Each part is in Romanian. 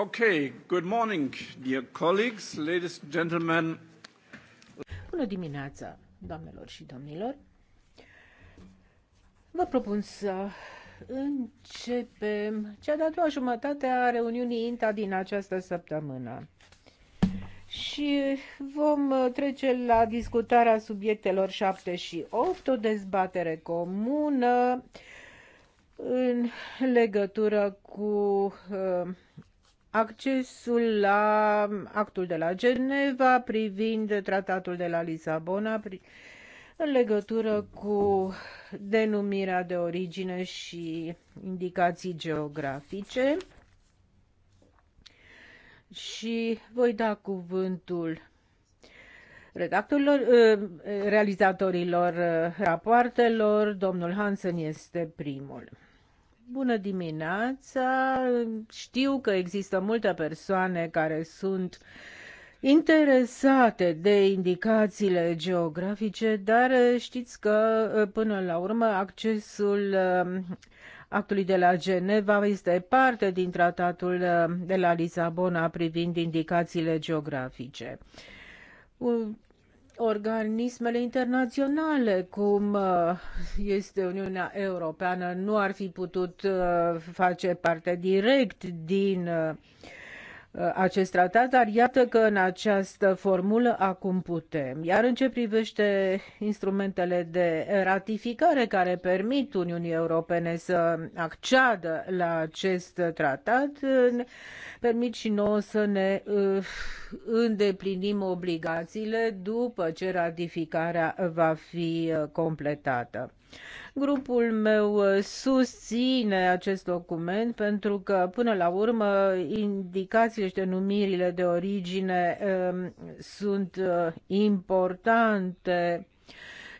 Okay, good morning, dear colleagues, ladies and gentlemen. Bună dimineața, doamnelor și domnilor. Vă propun să începem cea de-a doua jumătate a reuniunii INTA din această săptămână. Și vom trece la discutarea subiectelor 7 și 8, o dezbatere comună în legătură cu uh, accesul la actul de la Geneva privind tratatul de la Lisabona în legătură cu denumirea de origine și indicații geografice. Și voi da cuvântul redactorilor, eh, realizatorilor eh, rapoartelor. Domnul Hansen este primul. Bună dimineața! Știu că există multe persoane care sunt interesate de indicațiile geografice, dar eh, știți că eh, până la urmă accesul eh, actului de la Geneva este parte din tratatul de la Lisabona privind indicațiile geografice organismele internaționale, cum uh, este Uniunea Europeană, nu ar fi putut uh, face parte direct din uh, Uh, acest tratat, dar iată că în această formulă acum putem. Iar în ce privește instrumentele de ratificare care permit Uniunii Europene să acceadă la acest tratat, uh, permit și nouă să ne uh, îndeplinim obligațiile după ce ratificarea va fi completată. Grupul meu uh, susține acest document pentru că, până la urmă, indicațiile și denumirile de origine um, sunt uh, importante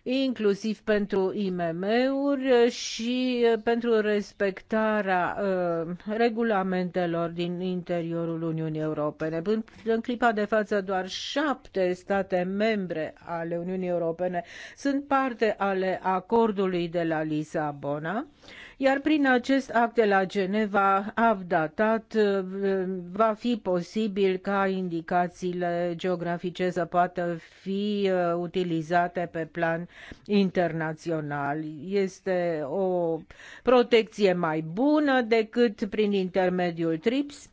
inclusiv pentru IMM-uri și eh, pentru respectarea eh, regulamentelor din interiorul Uniunii Europene. În clipa de față, doar șapte state membre ale Uniunii Europene sunt parte ale acordului de la Lisabona. Iar prin acest act de la Geneva avdatat eh, va fi posibil ca indicațiile geografice să poată fi eh, utilizate pe plan internațional. Este o protecție mai bună decât prin intermediul TRIPS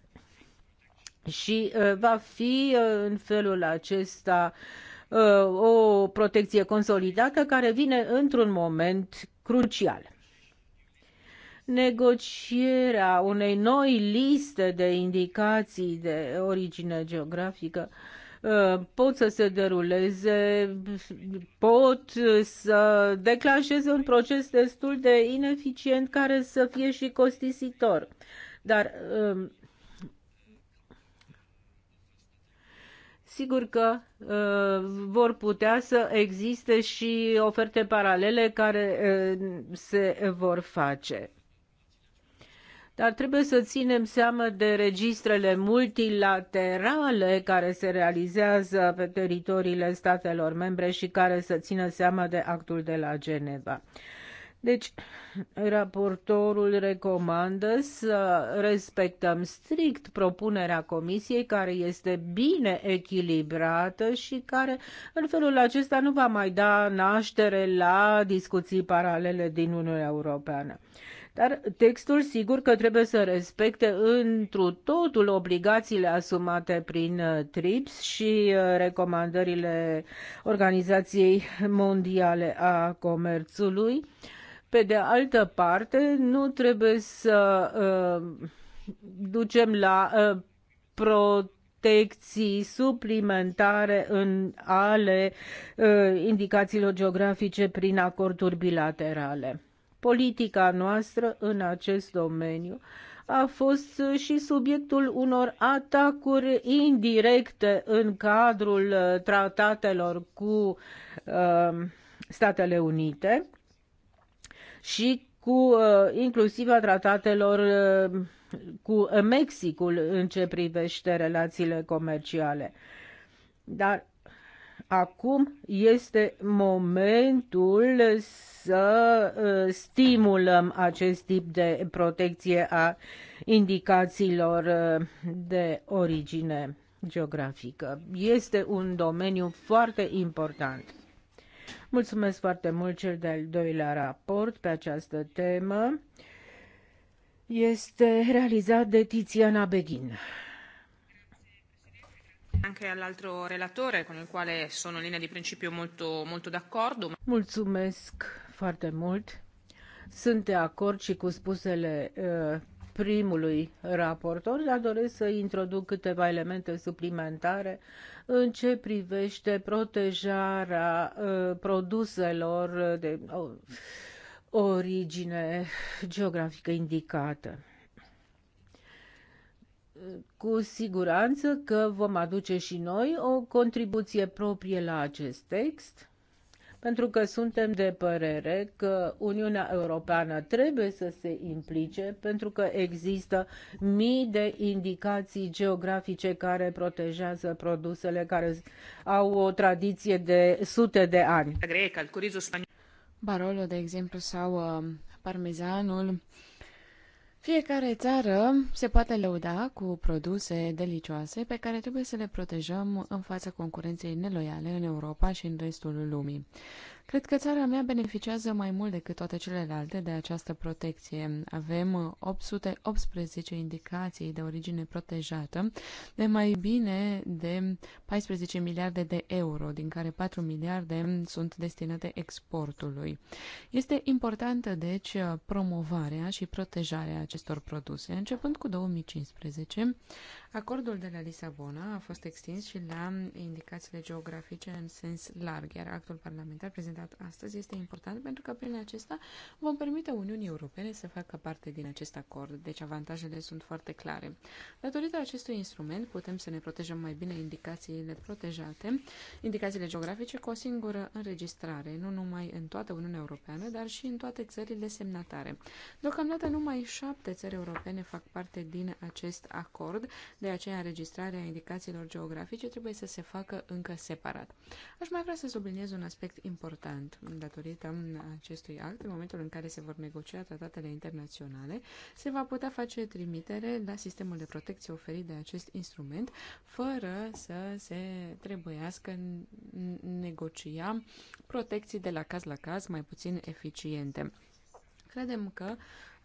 și eh, va fi în felul acesta o protecție consolidată care vine într-un moment crucial negocierea unei noi liste de indicații de origine geografică uh, pot să se deruleze, pot să declanșeze un proces destul de ineficient care să fie și costisitor. Dar um, sigur că uh, vor putea să existe și oferte paralele care uh, se vor face. Dar trebuie să ținem seama de registrele multilaterale care se realizează pe teritoriile statelor membre și care să țină seama de actul de la Geneva. Deci, raportorul recomandă să respectăm strict propunerea comisiei, care este bine echilibrată și care, în felul acesta, nu va mai da naștere la discuții paralele din Uniunea Europeană. Dar textul sigur că trebuie să respecte întru totul obligațiile asumate prin uh, TRIPS și uh, recomandările Organizației Mondiale a Comerțului. Pe de altă parte, nu trebuie să uh, ducem la pro protecții suplimentare în ale uh, indicațiilor geografice prin acorduri bilaterale. Politica noastră în acest domeniu a fost și subiectul unor atacuri indirecte în cadrul tratatelor cu uh, Statele Unite și cu uh, inclusiv a tratatelor uh, cu Mexicul în ce privește relațiile comerciale. Dar acum este momentul să uh, stimulăm acest tip de protecție a indicațiilor uh, de origine geografică. Este un domeniu foarte important. Mulțumesc foarte mult cel de-al doilea raport pe această temă. Este realizat de Tiziana Beghin. Anche all'altro relatore con il quale sono in linea di principio molto, molto d'accordo. Mulțumesc foarte mult. Sunt de acord și cu spusele uh, primului raportor, dar doresc să introduc câteva elemente suplimentare în ce privește protejarea uh, produselor de uh, origine geografică indicată cu siguranță că vom aduce și noi o contribuție proprie la acest text, pentru că suntem de părere că Uniunea Europeană trebuie să se implice, pentru că există mii de indicații geografice care protejează produsele care au o tradiție de sute de ani. Barolo, de exemplu, sau uh, parmezanul fiecare țară se poate lăuda cu produse delicioase pe care trebuie să le protejăm în fața concurenței neloiale în Europa și în restul lumii. Cred că țara mea beneficiază mai mult decât toate celelalte de această protecție. Avem 818 indicații de origine protejată de mai bine de 14 miliarde de euro, din care 4 miliarde sunt destinate exportului. Este importantă, deci, promovarea și protejarea acestor produse. Începând cu 2015, Acordul de la Lisabona a fost extins și la indicațiile geografice în sens larg, iar actul parlamentar prezentat astăzi este important pentru că prin acesta vom permite Uniunii Europene să facă parte din acest acord, deci avantajele sunt foarte clare. Datorită acestui instrument putem să ne protejăm mai bine indicațiile protejate, indicațiile geografice cu o singură înregistrare, nu numai în toată Uniunea Europeană, dar și în toate țările semnatare. Deocamdată numai șapte țări europene fac parte din acest acord, de aceea, înregistrarea indicațiilor geografice trebuie să se facă încă separat. Aș mai vrea să subliniez un aspect important. Datorită acestui act, în momentul în care se vor negocia tratatele internaționale, se va putea face trimitere la sistemul de protecție oferit de acest instrument, fără să se trebuiască negocia protecții de la caz la caz mai puțin eficiente. Credem că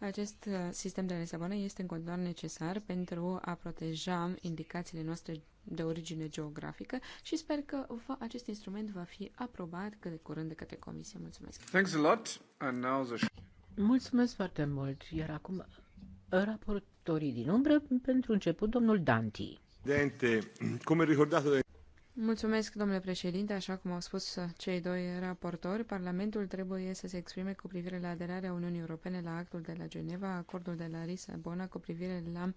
acest uh, sistem de Lisabona este în continuare necesar pentru a proteja indicațiile noastre de origine geografică și sper că va, acest instrument va fi aprobat cât de curând de către Comisie. Mulțumesc! Thanks a lot. And now the... Mulțumesc foarte mult! Iar acum raportorii din umbră, pentru început, domnul Danti. Presidente, come ricordato Mulțumesc, domnule președinte. Așa cum au spus cei doi raportori, Parlamentul trebuie să se exprime cu privire la aderarea Uniunii Europene la actul de la Geneva, acordul de la Lisabona, cu privire la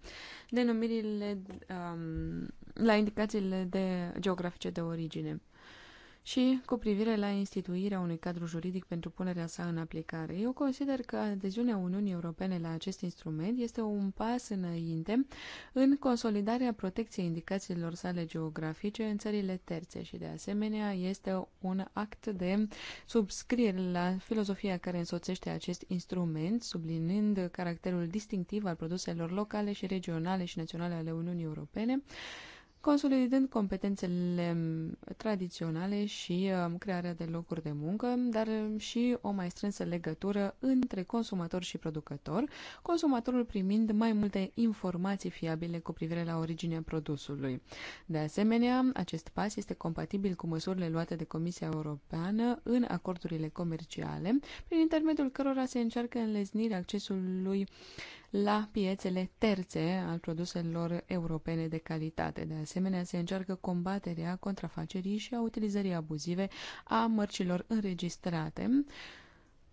denumirile, um, la indicațiile de geografice de origine și cu privire la instituirea unui cadru juridic pentru punerea sa în aplicare. Eu consider că adeziunea Uniunii Europene la acest instrument este un pas înainte în consolidarea protecției indicațiilor sale geografice în țările terțe și, de asemenea, este un act de subscriere la filozofia care însoțește acest instrument, sublinând caracterul distinctiv al produselor locale și regionale și naționale ale Uniunii Europene, consolidând competențele mm, tradiționale și mm, crearea de locuri de muncă, dar mm, și o mai strânsă legătură între consumator și producător, consumatorul primind mai multe informații fiabile cu privire la originea produsului. De asemenea, acest pas este compatibil cu măsurile luate de Comisia Europeană în acordurile comerciale, prin intermediul cărora se încearcă înleznirea accesului la piețele terțe al produselor europene de calitate. De asemenea, asemenea, se încearcă combaterea contrafacerii și a utilizării abuzive a mărcilor înregistrate,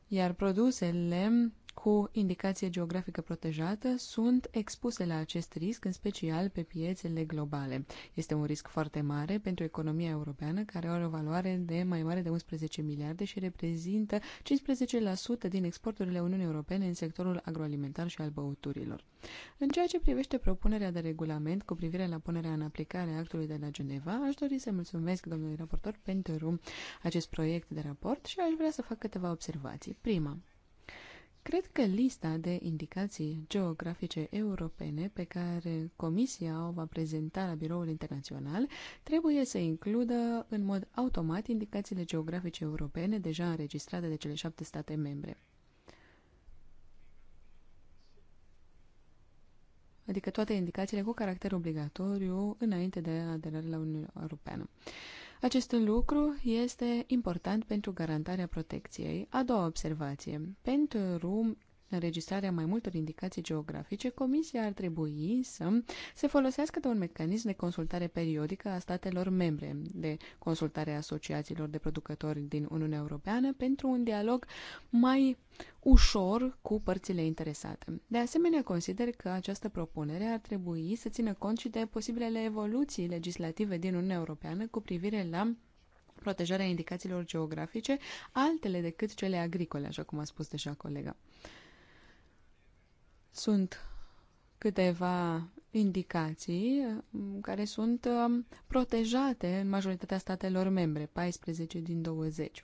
iar produsele cu indicație geografică protejată sunt expuse la acest risc, în special pe piețele globale. Este un risc foarte mare pentru economia europeană, care are o valoare de mai mare de 11 miliarde și reprezintă 15% din exporturile Uniunii Europene în sectorul agroalimentar și al băuturilor. În ceea ce privește propunerea de regulament cu privire la punerea în aplicare a actului de la Geneva, aș dori să mulțumesc domnului raportor pentru acest proiect de raport și aș vrea să fac câteva observații. Prima, Cred că lista de indicații geografice europene pe care Comisia o va prezenta la biroul internațional trebuie să includă în mod automat indicațiile geografice europene deja înregistrate de cele șapte state membre. Adică toate indicațiile cu caracter obligatoriu înainte de aderare la Uniunea Europeană. Uh, acest lucru este important pentru garantarea protecției. A doua observație. Pentru înregistrarea mai multor indicații geografice, Comisia ar trebui să se folosească de un mecanism de consultare periodică a statelor membre, de consultare a asociațiilor de producători din Uniunea Europeană pentru un dialog mai ușor cu părțile interesate. De asemenea, consider că această propunere ar trebui să țină cont și de posibilele evoluții legislative din Uniunea Europeană cu privire la protejarea indicațiilor geografice, altele decât cele agricole, așa cum a spus deja colega. Sunt câteva indicații mm, care sunt mm, protejate în majoritatea statelor membre, 14 din 20.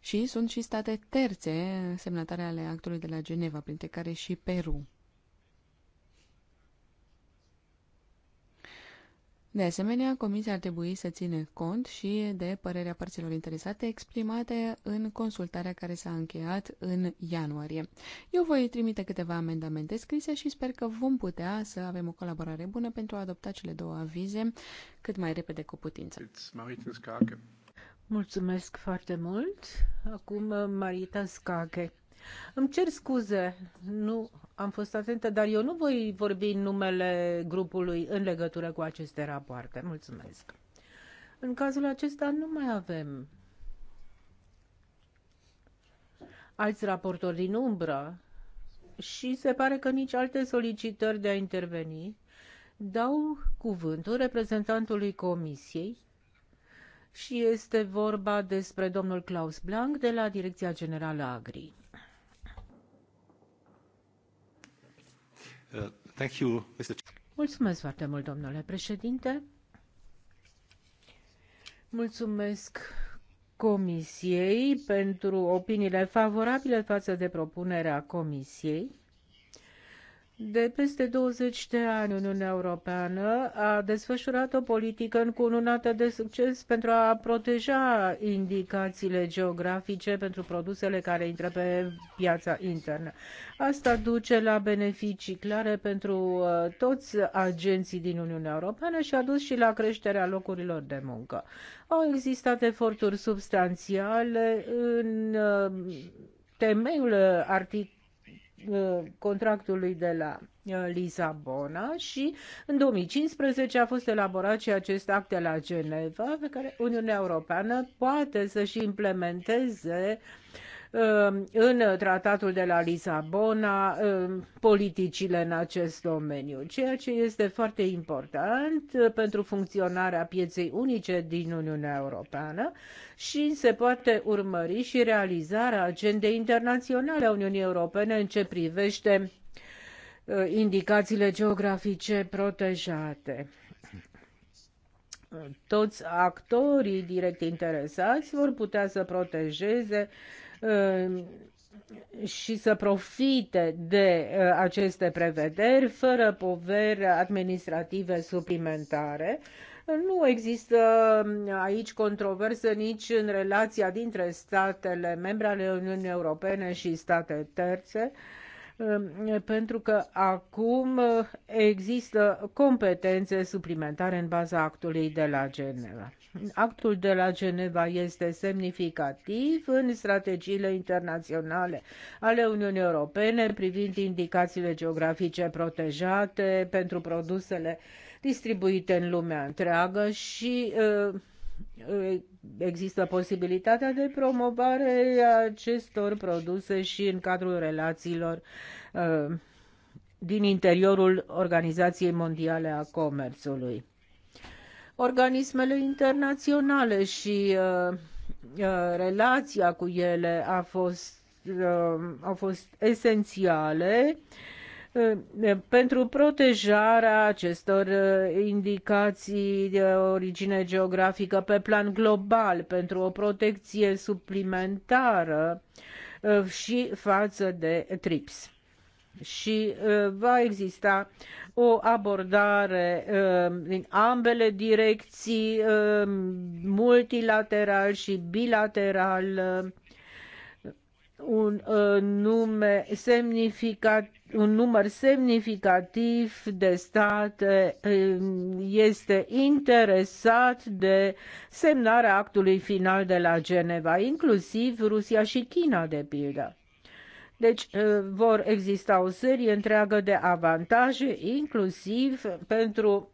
Și sunt și state terțe semnatare ale actului de la Geneva, printre care și Peru. De asemenea, Comisia ar trebui să țină cont și de părerea părților interesate exprimate în consultarea care s-a încheiat în ianuarie. Eu voi trimite câteva amendamente scrise și sper că vom putea să avem o colaborare bună pentru a adopta cele două avize cât mai repede cu putință. Mulțumesc foarte mult. Acum Marita Scache. Îmi cer scuze, nu am fost atentă, dar eu nu voi vorbi în numele grupului în legătură cu aceste rapoarte. Mulțumesc. În cazul acesta nu mai avem alți raportori din umbră și se pare că nici alte solicitări de a interveni. Dau cuvântul reprezentantului Comisiei și este vorba despre domnul Klaus Blank de la Direcția Generală Agri. Uh, thank you, Mr. Mulțumesc foarte mult, domnule președinte. Mulțumesc Comisiei pentru opiniile favorabile față de propunerea Comisiei. De peste 20 de ani, Uniunea Europeană a desfășurat o politică încununată de succes pentru a proteja indicațiile geografice pentru produsele care intră pe piața internă. Asta duce la beneficii clare pentru uh, toți agenții din Uniunea Europeană și a dus și la creșterea locurilor de muncă. Au existat eforturi substanțiale în uh, temeiul artic Uh, contractului de la uh, Lisabona și în 2015 a fost elaborat și acest act de la Geneva pe care Uniunea Europeană poate să-și implementeze uh, Um, în tratatul de la Lisabona um, politicile în acest domeniu, ceea ce este foarte important uh, pentru funcționarea pieței unice din Uniunea Europeană și se poate urmări și realizarea agendei internaționale a Uniunii Europene în ce privește uh, indicațiile geografice protejate toți actorii direct interesați vor putea să protejeze Ehm, și să profite de eh, aceste prevederi fără poveri administrative suplimentare. Nu există mm, aici controverse nici în relația dintre statele membre ale Uniunii Europene și state terțe, ehm, pentru că acum eh, există competențe suplimentare în baza actului de la Geneva. Actul de la Geneva este semnificativ în strategiile internaționale ale Uniunii Europene privind indicațiile geografice protejate pentru produsele distribuite în lumea întreagă și uh, uh, există posibilitatea de promovare a acestor produse și în cadrul relațiilor uh, din interiorul Organizației Mondiale a Comerțului organismele internaționale și uh, uh, relația cu ele a fost, uh, au fost esențiale uh, uh, pentru protejarea acestor indicații de origine geografică pe plan global, pentru o protecție suplimentară și față de TRIPS și uh, va exista o abordare uh, din ambele direcții, uh, multilateral și bilateral, un, nume semnificat, un număr semnificativ de state este interesat de semnarea actului final de la Geneva, inclusiv Rusia și China, de pildă. Deci uh, vor exista o serie întreagă de avantaje, inclusiv pentru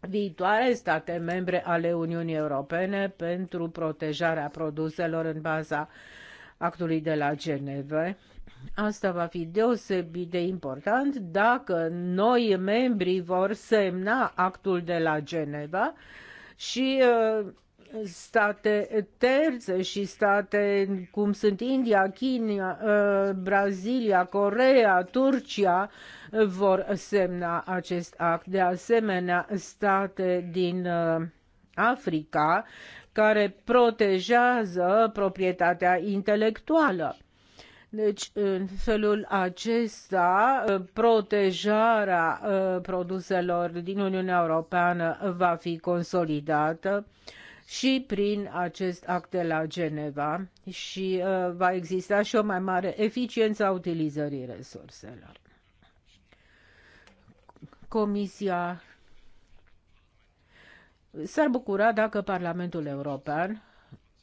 viitoare state membre ale Uniunii Europene pentru protejarea produselor în baza actului de la Geneve. Asta va fi deosebit de important dacă noi membrii vor semna actul de la Geneva și uh, state terțe și state cum sunt India, China, ă, Brazilia, Corea, Turcia vor semna acest act. De asemenea, state din ă, Africa care protejează proprietatea intelectuală. Deci, în felul acesta, ă, protejarea produselor din Uniunea Europeană va fi consolidată și prin acest act de la Geneva și uh, va exista și o mai mare eficiență a utilizării resurselor. Comisia s-ar bucura dacă Parlamentul European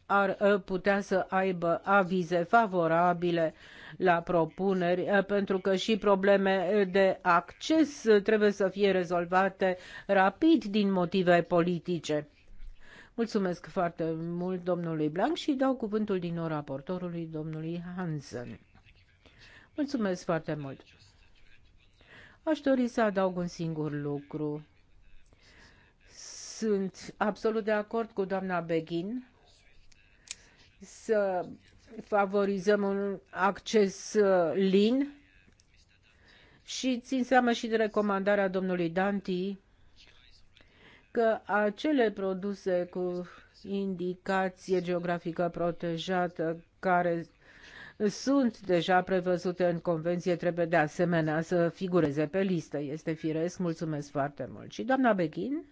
ar uh, putea să aibă avize favorabile la propuneri, uh, pentru că și probleme de acces trebuie să fie rezolvate rapid din motive politice. Mulțumesc foarte mult domnului Blanc și dau cuvântul din nou raportorului domnului Hansen. Mulțumesc foarte mult. Aș dori să adaug un singur lucru. Sunt absolut de acord cu doamna Begin să favorizăm un acces uh, lin și țin seama și de recomandarea domnului Danti că acele produse cu indicație geografică protejată care sunt deja prevăzute în convenție trebuie de asemenea să figureze pe listă. Este firesc, mulțumesc foarte mult. Și doamna Beghin?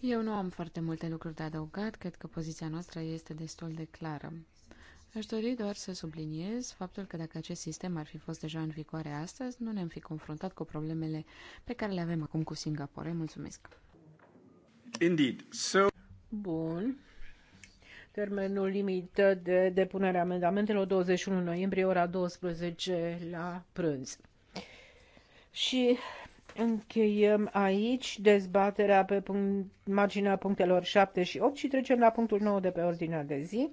Eu nu am foarte multe lucruri de adăugat, cred că poziția noastră este destul de clară. Aș dori doar să subliniez faptul că dacă acest sistem ar fi fost deja în vigoare astăzi, nu ne-am fi confruntat cu problemele pe care le avem acum cu Singapore. Mulțumesc! Indeed. So... Bun. Termenul limită de depunere a amendamentelor 21 noiembrie, ora 12 la prânz. Și încheiem aici dezbaterea pe punct, marginea punctelor 7 și 8 și trecem la punctul 9 de pe ordinea de zi.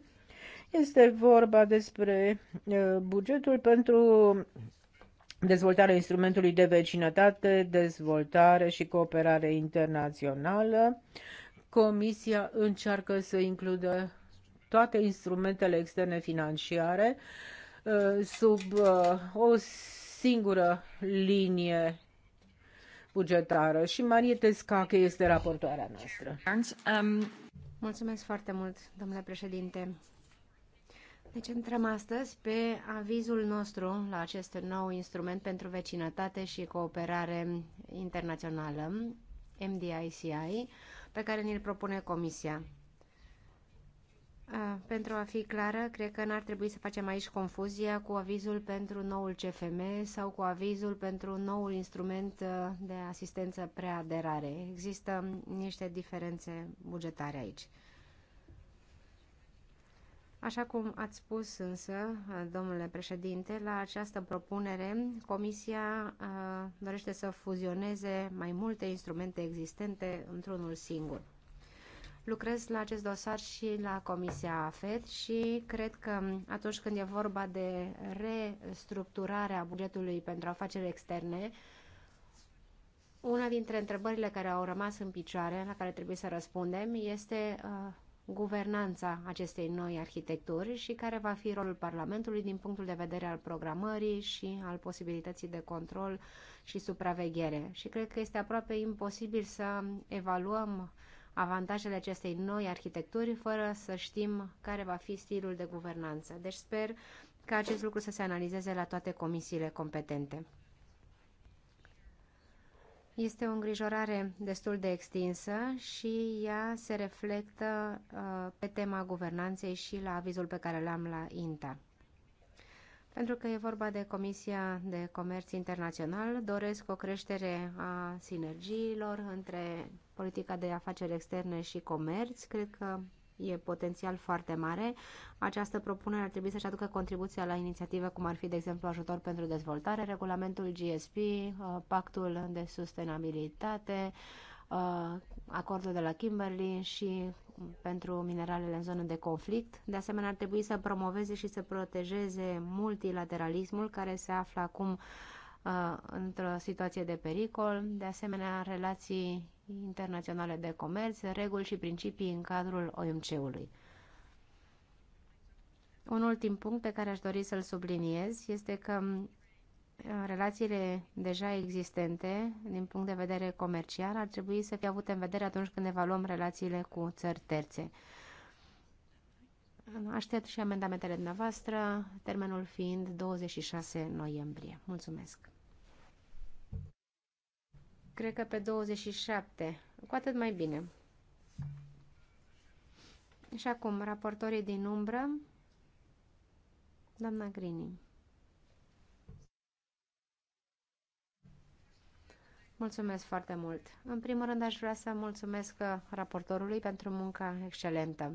Este vorba despre uh, bugetul pentru dezvoltarea instrumentului de vecinătate, dezvoltare și cooperare internațională. Comisia încearcă să includă toate instrumentele externe financiare uh, sub uh, o singură linie bugetară și Marie Tescache este raportoarea noastră. Mulțumesc foarte mult, domnule președinte. Ne deci centrăm astăzi pe avizul nostru la acest nou instrument pentru vecinătate și cooperare internațională, MDICI, pe care ne-l propune Comisia. Pentru a fi clară, cred că n-ar trebui să facem aici confuzia cu avizul pentru noul CFM sau cu avizul pentru noul instrument de asistență preaderare. Există niște diferențe bugetare aici. Așa cum ați spus însă, domnule președinte, la această propunere, Comisia dorește să fuzioneze mai multe instrumente existente într-unul singur. Lucrez la acest dosar și la Comisia AFET și cred că atunci când e vorba de restructurarea bugetului pentru afaceri externe, una dintre întrebările care au rămas în picioare, la care trebuie să răspundem, este guvernanța acestei noi arhitecturi și care va fi rolul Parlamentului din punctul de vedere al programării și al posibilității de control și supraveghere. Și cred că este aproape imposibil să evaluăm avantajele acestei noi arhitecturi fără să știm care va fi stilul de guvernanță. Deci sper ca acest lucru să se analizeze la toate comisiile competente. Este o îngrijorare destul de extinsă și ea se reflectă uh, pe tema guvernanței și la avizul pe care l-am la INTA. Pentru că e vorba de Comisia de Comerț Internațional, doresc o creștere a sinergiilor între politica de afaceri externe și comerț. Cred că e potențial foarte mare. Această propunere ar trebui să-și aducă contribuția la inițiative cum ar fi, de exemplu, ajutor pentru dezvoltare, regulamentul GSP, uh, pactul de sustenabilitate, uh, acordul de la Kimberley și pentru mineralele în zonă de conflict. De asemenea, ar trebui să promoveze și să protejeze multilateralismul care se află acum uh, într-o situație de pericol, de asemenea relații internaționale de comerț, reguli și principii în cadrul OMC-ului. Un ultim punct pe care aș dori să-l subliniez este că uh, relațiile deja existente din punct de vedere comercial ar trebui să fie avute în vedere atunci când evaluăm relațiile cu țări terțe. Aștept și amendamentele dumneavoastră, termenul fiind 26 noiembrie. Mulțumesc! Cred că pe 27. Cu atât mai bine. Și acum, raportorii din umbră, doamna Grini. Mulțumesc foarte mult. În primul rând aș vrea să mulțumesc raportorului pentru munca excelentă.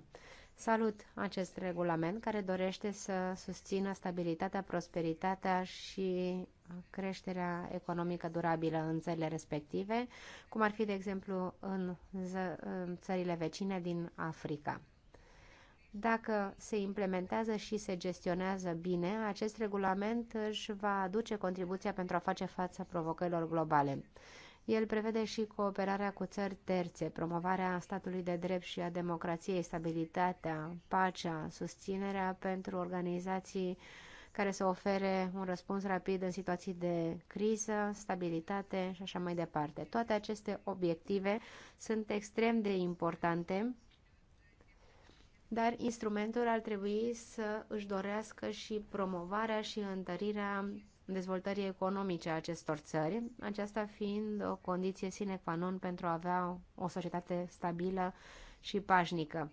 Salut acest regulament care dorește să susțină stabilitatea, prosperitatea și creșterea economică durabilă în țările respective, cum ar fi, de exemplu, în, în țările vecine din Africa. Dacă se implementează și se gestionează bine, acest regulament își va aduce contribuția pentru a face față provocărilor globale. El prevede și cooperarea cu țări terțe, promovarea statului de drept și a democrației, stabilitatea, pacea, susținerea pentru organizații care să ofere un răspuns rapid în situații de criză, stabilitate și așa mai departe. Toate aceste obiective sunt extrem de importante, dar instrumentul ar trebui să își dorească și promovarea și întărirea dezvoltării economice a acestor țări, aceasta fiind o condiție sine qua non pentru a avea o societate stabilă și pașnică.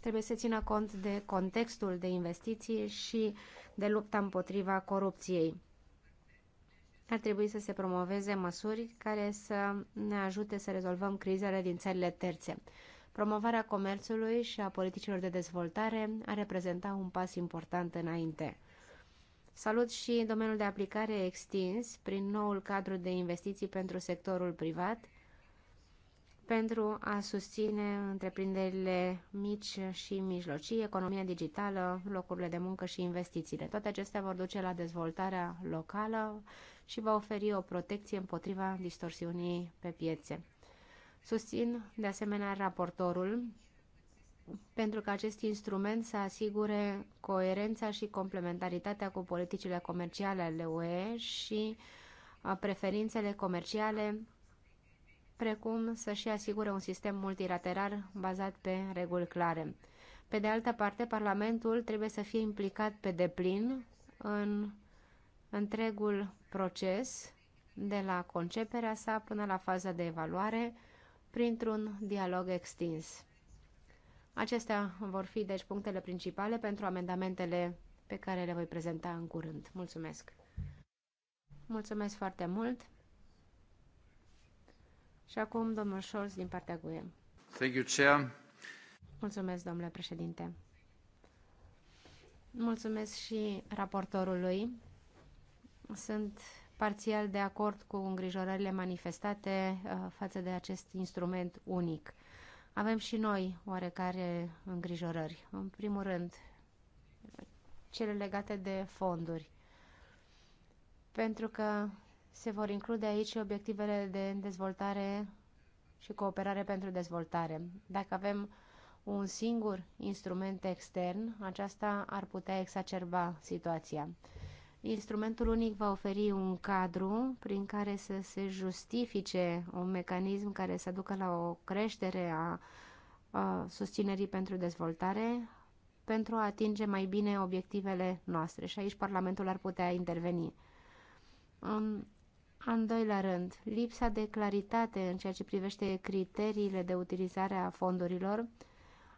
Trebuie să țină cont de contextul de investiții și de lupta împotriva corupției. Ar trebui să se promoveze măsuri care să ne ajute să rezolvăm crizele din țările terțe. Promovarea comerțului și a politicilor de dezvoltare a reprezentat un pas important înainte. Salut și domeniul de aplicare extins prin noul cadru de investiții pentru sectorul privat, pentru a susține întreprinderile mici și mijlocii, economia digitală, locurile de muncă și investițiile. Toate acestea vor duce la dezvoltarea locală și va oferi o protecție împotriva distorsiunii pe piețe. Susțin de asemenea raportorul pentru că acest instrument să asigure coerența și complementaritatea cu politicile comerciale ale UE și uh, preferințele comerciale, precum să și asigure un sistem multilateral bazat pe reguli clare. Pe de altă parte, Parlamentul trebuie să fie implicat pe deplin în întregul proces, de la conceperea sa până la faza de evaluare, printr-un dialog extins. Acestea vor fi, deci, punctele principale pentru amendamentele pe care le voi prezenta în curând. Mulțumesc! Mulțumesc foarte mult! Și acum, domnul Scholz, din partea GUE. Thank you, Chair. Mulțumesc, domnule președinte. Mulțumesc și raportorului. Sunt parțial de acord cu îngrijorările manifestate uh, față de acest instrument unic. Avem și noi oarecare îngrijorări. În primul rând, cele legate de fonduri. Pentru că se vor include aici obiectivele de dezvoltare și cooperare pentru dezvoltare. Dacă avem un singur instrument extern, aceasta ar putea exacerba situația. Instrumentul unic va oferi un cadru prin care să se justifice un mecanism care să ducă la o creștere a, a susținerii pentru dezvoltare pentru a atinge mai bine obiectivele noastre și aici Parlamentul ar putea interveni. În, în doilea rând, lipsa de claritate în ceea ce privește criteriile de utilizare a fondurilor,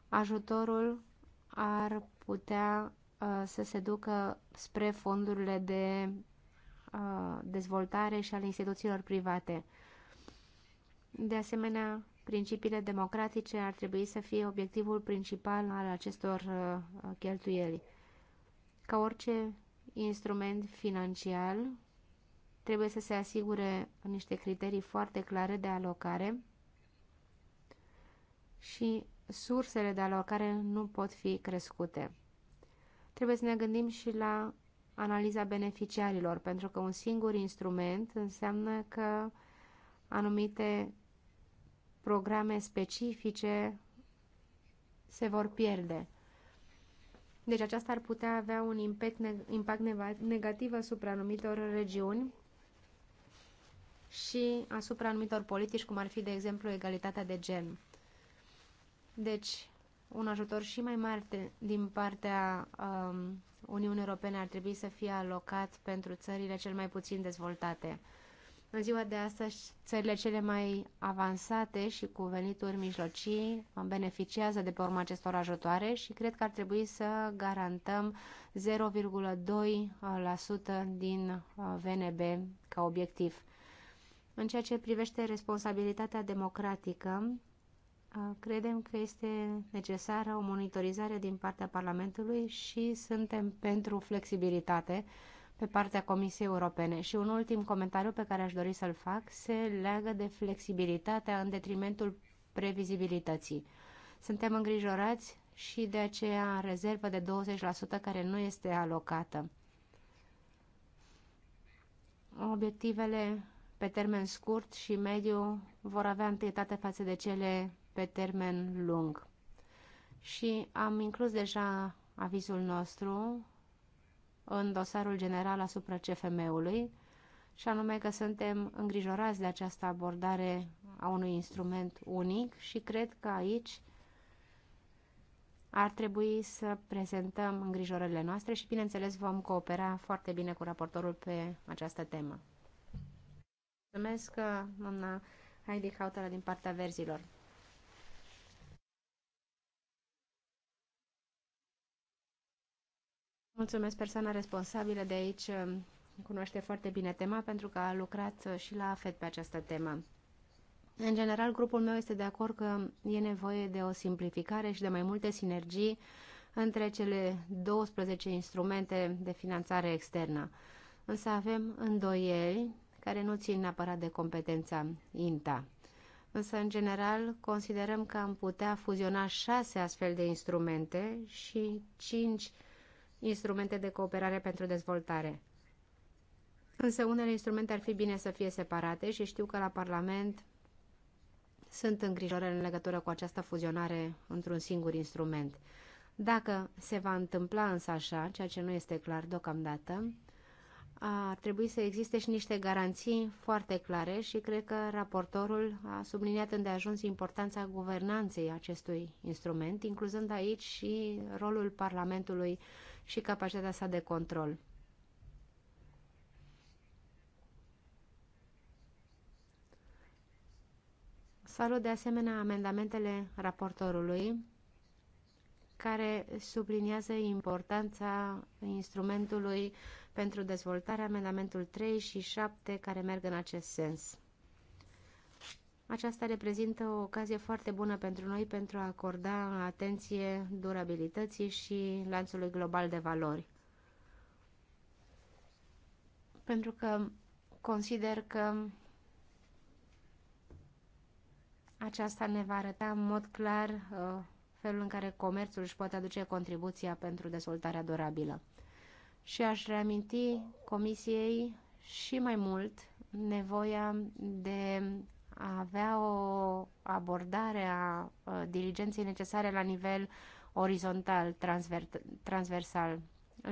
ajutorul ar putea Uh, să se ducă spre fondurile de uh, dezvoltare și ale instituțiilor private. De asemenea, principiile democratice ar trebui să fie obiectivul principal al acestor uh, cheltuieli. Ca orice instrument financiar, trebuie să se asigure niște criterii foarte clare de alocare și sursele de alocare nu pot fi crescute. Trebuie să ne gândim și la analiza beneficiarilor, pentru că un singur instrument înseamnă că anumite programe specifice se vor pierde. Deci aceasta ar putea avea un impact, impact negativ asupra anumitor regiuni și asupra anumitor politici, cum ar fi, de exemplu, egalitatea de gen. Deci, un ajutor și mai mare din partea um, Uniunii Europene ar trebui să fie alocat pentru țările cel mai puțin dezvoltate. În ziua de astăzi, țările cele mai avansate și cu venituri mijlocii beneficiază de pe urma acestor ajutoare și cred că ar trebui să garantăm 0,2% din uh, VNB ca obiectiv. În ceea ce privește responsabilitatea democratică, Credem că este necesară o monitorizare din partea Parlamentului și suntem pentru flexibilitate pe partea Comisiei Europene. Și un ultim comentariu pe care aș dori să-l fac se leagă de flexibilitatea în detrimentul previzibilității. Suntem îngrijorați și de aceea rezervă de 20% care nu este alocată. Obiectivele pe termen scurt și mediu vor avea întâietate față de cele pe termen lung. Și am inclus deja avizul nostru în dosarul general asupra CFM-ului, și anume că suntem îngrijorați de această abordare a unui instrument unic și cred că aici ar trebui să prezentăm îngrijorările noastre și, bineînțeles, vom coopera foarte bine cu raportorul pe această temă. Mulțumesc, doamna Heidi Hautala, din partea verzilor. Mulțumesc, persoana responsabilă de aici um, cunoaște foarte bine tema pentru că a lucrat uh, și la AFET pe această temă. În general, grupul meu este de acord că e nevoie de o simplificare și de mai multe sinergii între cele 12 instrumente de finanțare externă. Însă avem îndoieli care nu țin neapărat de competența INTA. Însă, în general, considerăm că am putea fuziona șase astfel de instrumente și cinci instrumente de cooperare pentru dezvoltare. Însă unele instrumente ar fi bine să fie separate și știu că la Parlament sunt îngrijorări în legătură cu această fuzionare într-un singur instrument. Dacă se va întâmpla însă așa, ceea ce nu este clar deocamdată, ar trebui să existe și niște garanții foarte clare și cred că raportorul a subliniat îndeajuns importanța guvernanței acestui instrument, incluzând aici și rolul Parlamentului uh, și capacitatea sa de control. Salut de asemenea amendamentele raportorului care subliniază importanța instrumentului pentru dezvoltare, amendamentul 3 și 7 care merg în acest sens. Aceasta reprezintă o ocazie foarte bună pentru noi pentru a acorda atenție durabilității și lanțului global de valori. Pentru că consider că aceasta ne va arăta în mod clar uh, felul în care comerțul își poate aduce contribuția pentru dezvoltarea durabilă. Și aș reaminti Comisiei și mai mult nevoia de a avea o abordare a diligenței necesare la nivel orizontal, transver, transversal.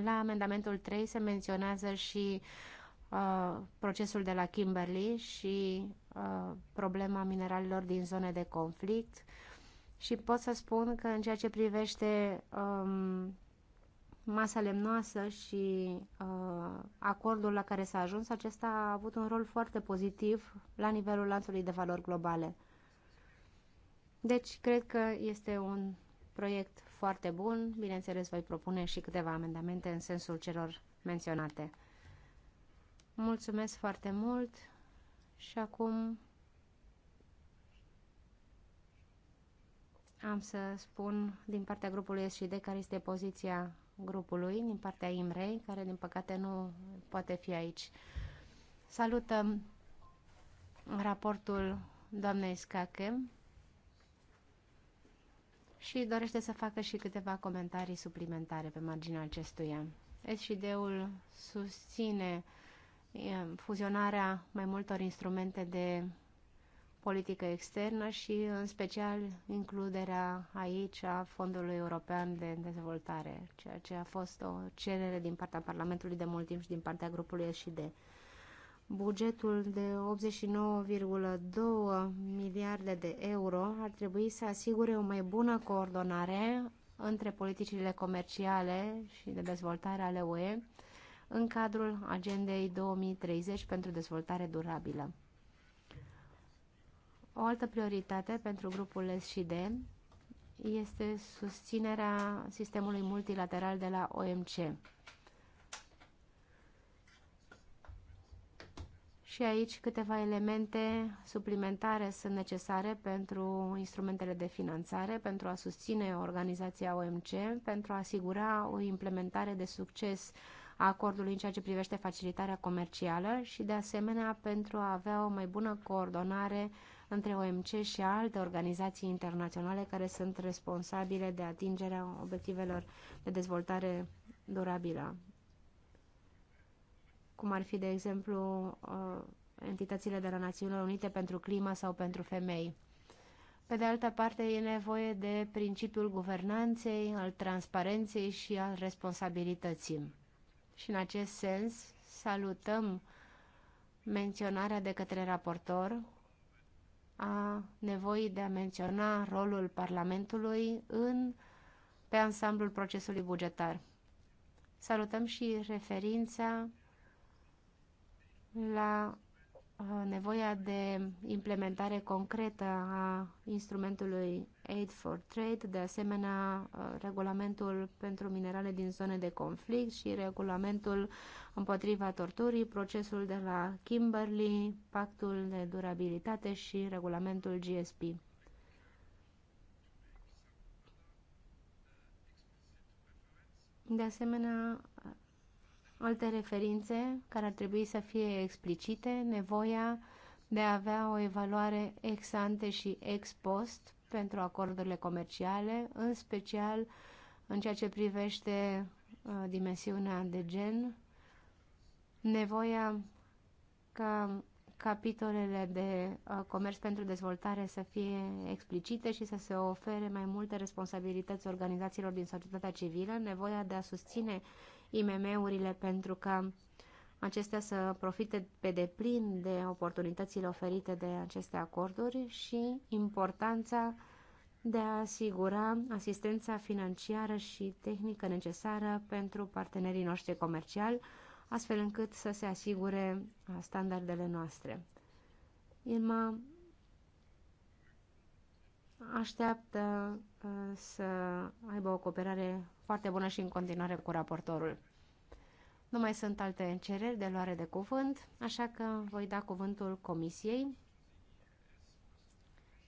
La amendamentul 3 se menționează și uh, procesul de la Kimberley și uh, problema mineralelor din zone de conflict și pot să spun că în ceea ce privește um, masa lemnoasă și uh, acordul la care s-a ajuns, acesta a avut un rol foarte pozitiv la nivelul lanțului de valori globale. Deci, cred că este un proiect foarte bun. Bineînțeles, voi propune și câteva amendamente în sensul celor menționate. Mulțumesc foarte mult și acum am să spun din partea grupului SD care este poziția grupului din partea Imrei, care din păcate nu poate fi aici. Salutăm raportul doamnei Scache și dorește să facă și câteva comentarii suplimentare pe marginea acestuia. SID-ul susține fuzionarea mai multor instrumente de politică externă și, în special, includerea aici a Fondului European de Dezvoltare, ceea ce a fost o cerere din partea Parlamentului de mult timp și din partea grupului SID. Bugetul de 89,2 miliarde de euro ar trebui să asigure o mai bună coordonare între politicile comerciale și de dezvoltare ale UE în cadrul Agendei 2030 pentru dezvoltare durabilă. O altă prioritate pentru grupul SD este susținerea sistemului multilateral de la OMC. Și aici câteva elemente suplimentare sunt necesare pentru instrumentele de finanțare, pentru a susține organizația OMC, pentru a asigura o implementare de succes a acordului în ceea ce privește facilitarea comercială și, de asemenea, pentru a avea o mai bună coordonare între OMC și alte organizații internaționale care sunt responsabile de atingerea obiectivelor de dezvoltare durabilă, cum ar fi, de exemplu, uh, entitățile de la Națiunile Unite pentru clima sau pentru femei. Pe de altă parte, e nevoie de principiul guvernanței, al transparenței și al responsabilității. Și în acest sens, salutăm menționarea de către raportor a nevoii de a menționa rolul Parlamentului în, pe ansamblul procesului bugetar. Salutăm și referința la Uh, nevoia de implementare concretă a instrumentului Aid for Trade, de asemenea uh, regulamentul pentru minerale din zone de conflict și regulamentul împotriva torturii, procesul de la Kimberley, pactul de durabilitate și regulamentul GSP. De asemenea, Alte referințe care ar trebui să fie explicite, nevoia de a avea o evaluare ex ante și ex post pentru acordurile comerciale, în special în ceea ce privește uh, dimensiunea de gen, nevoia ca capitolele de uh, comerț pentru dezvoltare să fie explicite și să se ofere mai multe responsabilități organizațiilor din societatea civilă, nevoia de a susține IMM-urile pentru că acestea să profite pe deplin de oportunitățile oferite de aceste acorduri și importanța de a asigura asistența financiară și tehnică necesară pentru partenerii noștri comerciali, astfel încât să se asigure standardele noastre. Irma așteaptă uh, să aibă o cooperare foarte bună și în continuare cu raportorul. Nu mai sunt alte cereri de luare de cuvânt, așa că voi da cuvântul comisiei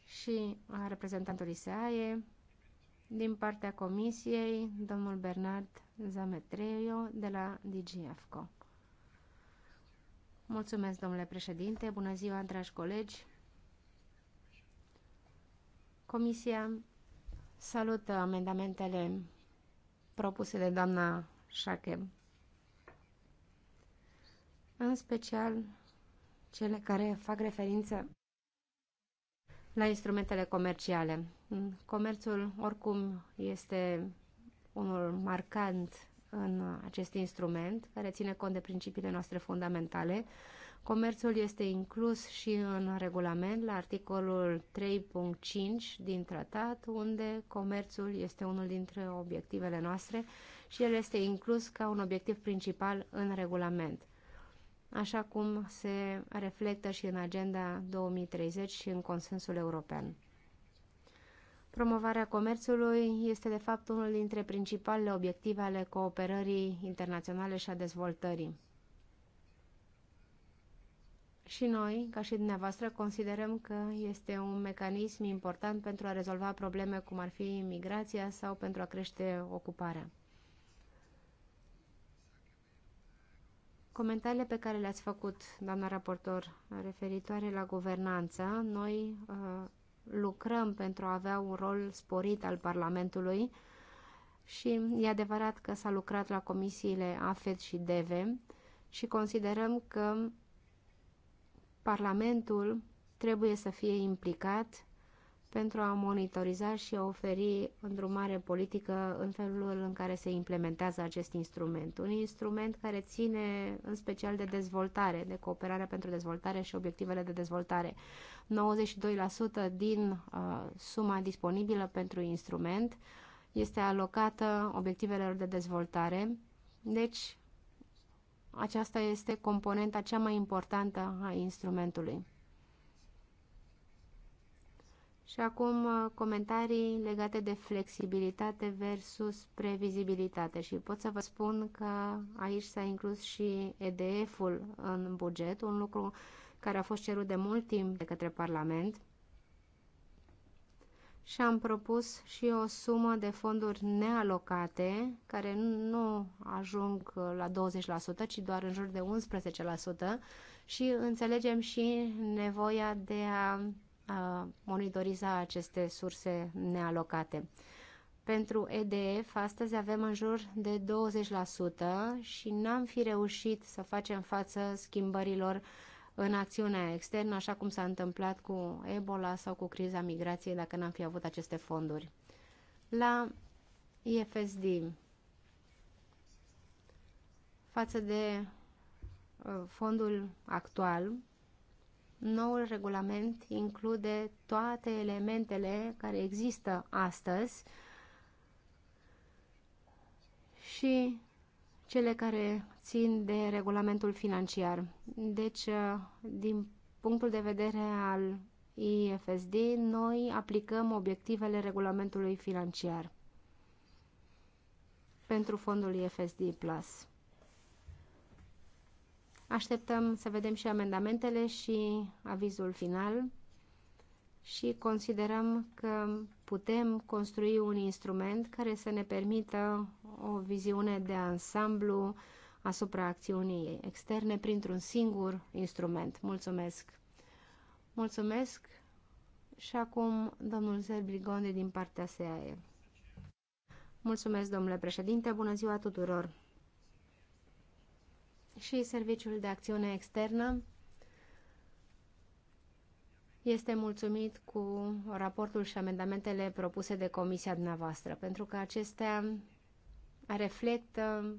și a reprezentantului SAE din partea comisiei, domnul Bernard Zametreio de la DGFCO. Mulțumesc, domnule președinte, bună ziua, dragi colegi. Comisia salută amendamentele propuse de doamna Shakem. În special cele care fac referință la instrumentele comerciale. Comerțul, oricum, este unul marcant în acest instrument, care ține cont de principiile noastre fundamentale, Comerțul este inclus și în regulament la articolul 3.5 din tratat, unde comerțul este unul dintre obiectivele noastre și el este inclus ca un obiectiv principal în regulament, așa cum se reflectă și în Agenda 2030 și în Consensul European. Promovarea comerțului este de fapt unul dintre principalele obiective ale cooperării internaționale și a dezvoltării. Și noi, ca și dumneavoastră, considerăm că este un mecanism important pentru a rezolva probleme cum ar fi imigrația sau pentru a crește ocuparea. Comentariile pe care le-ați făcut, doamna raportor, referitoare la guvernanță, noi uh, lucrăm pentru a avea un rol sporit al Parlamentului și e adevărat că s-a lucrat la comisiile AFED și DEVE și considerăm că Parlamentul trebuie să fie implicat pentru a monitoriza și a oferi îndrumare politică în felul în care se implementează acest instrument. Un instrument care ține în special de dezvoltare, de cooperarea pentru dezvoltare și obiectivele de dezvoltare. 92% din uh, suma disponibilă pentru instrument este alocată obiectivelor de dezvoltare, deci aceasta este componenta cea mai importantă a instrumentului. Și acum uh, comentarii legate de flexibilitate versus previzibilitate. Și pot să vă spun că aici s-a inclus și EDF-ul în buget, un lucru care a fost cerut de mult timp de către Parlament și am propus și o sumă de fonduri nealocate, care nu ajung uh, la 20%, ci doar în jur de 11%, și înțelegem și nevoia de a, a monitoriza aceste surse nealocate. Pentru EDF, astăzi avem în jur de 20% și n-am fi reușit să facem față schimbărilor uh, în acțiunea externă, așa cum s-a întâmplat cu Ebola sau cu criza migrației, dacă n-am fi avut aceste fonduri. La IFSD, față de uh, fondul actual, noul regulament include toate elementele care există astăzi și cele care țin de regulamentul financiar. Deci, uh, din punctul de vedere al IFSD, noi aplicăm obiectivele regulamentului financiar pentru fondul IFSD+. Așteptăm să vedem și amendamentele și avizul final și considerăm că putem construi un instrument care să ne permită o viziune de ansamblu asupra acțiunii externe printr-un singur instrument. Mulțumesc! Mulțumesc și acum domnul Zerbligonde din partea SEAE. Mulțumesc, domnule președinte, bună ziua tuturor! Și Serviciul de Acțiune Externă este mulțumit cu raportul și amendamentele propuse de comisia dumneavoastră, pentru că acestea reflectă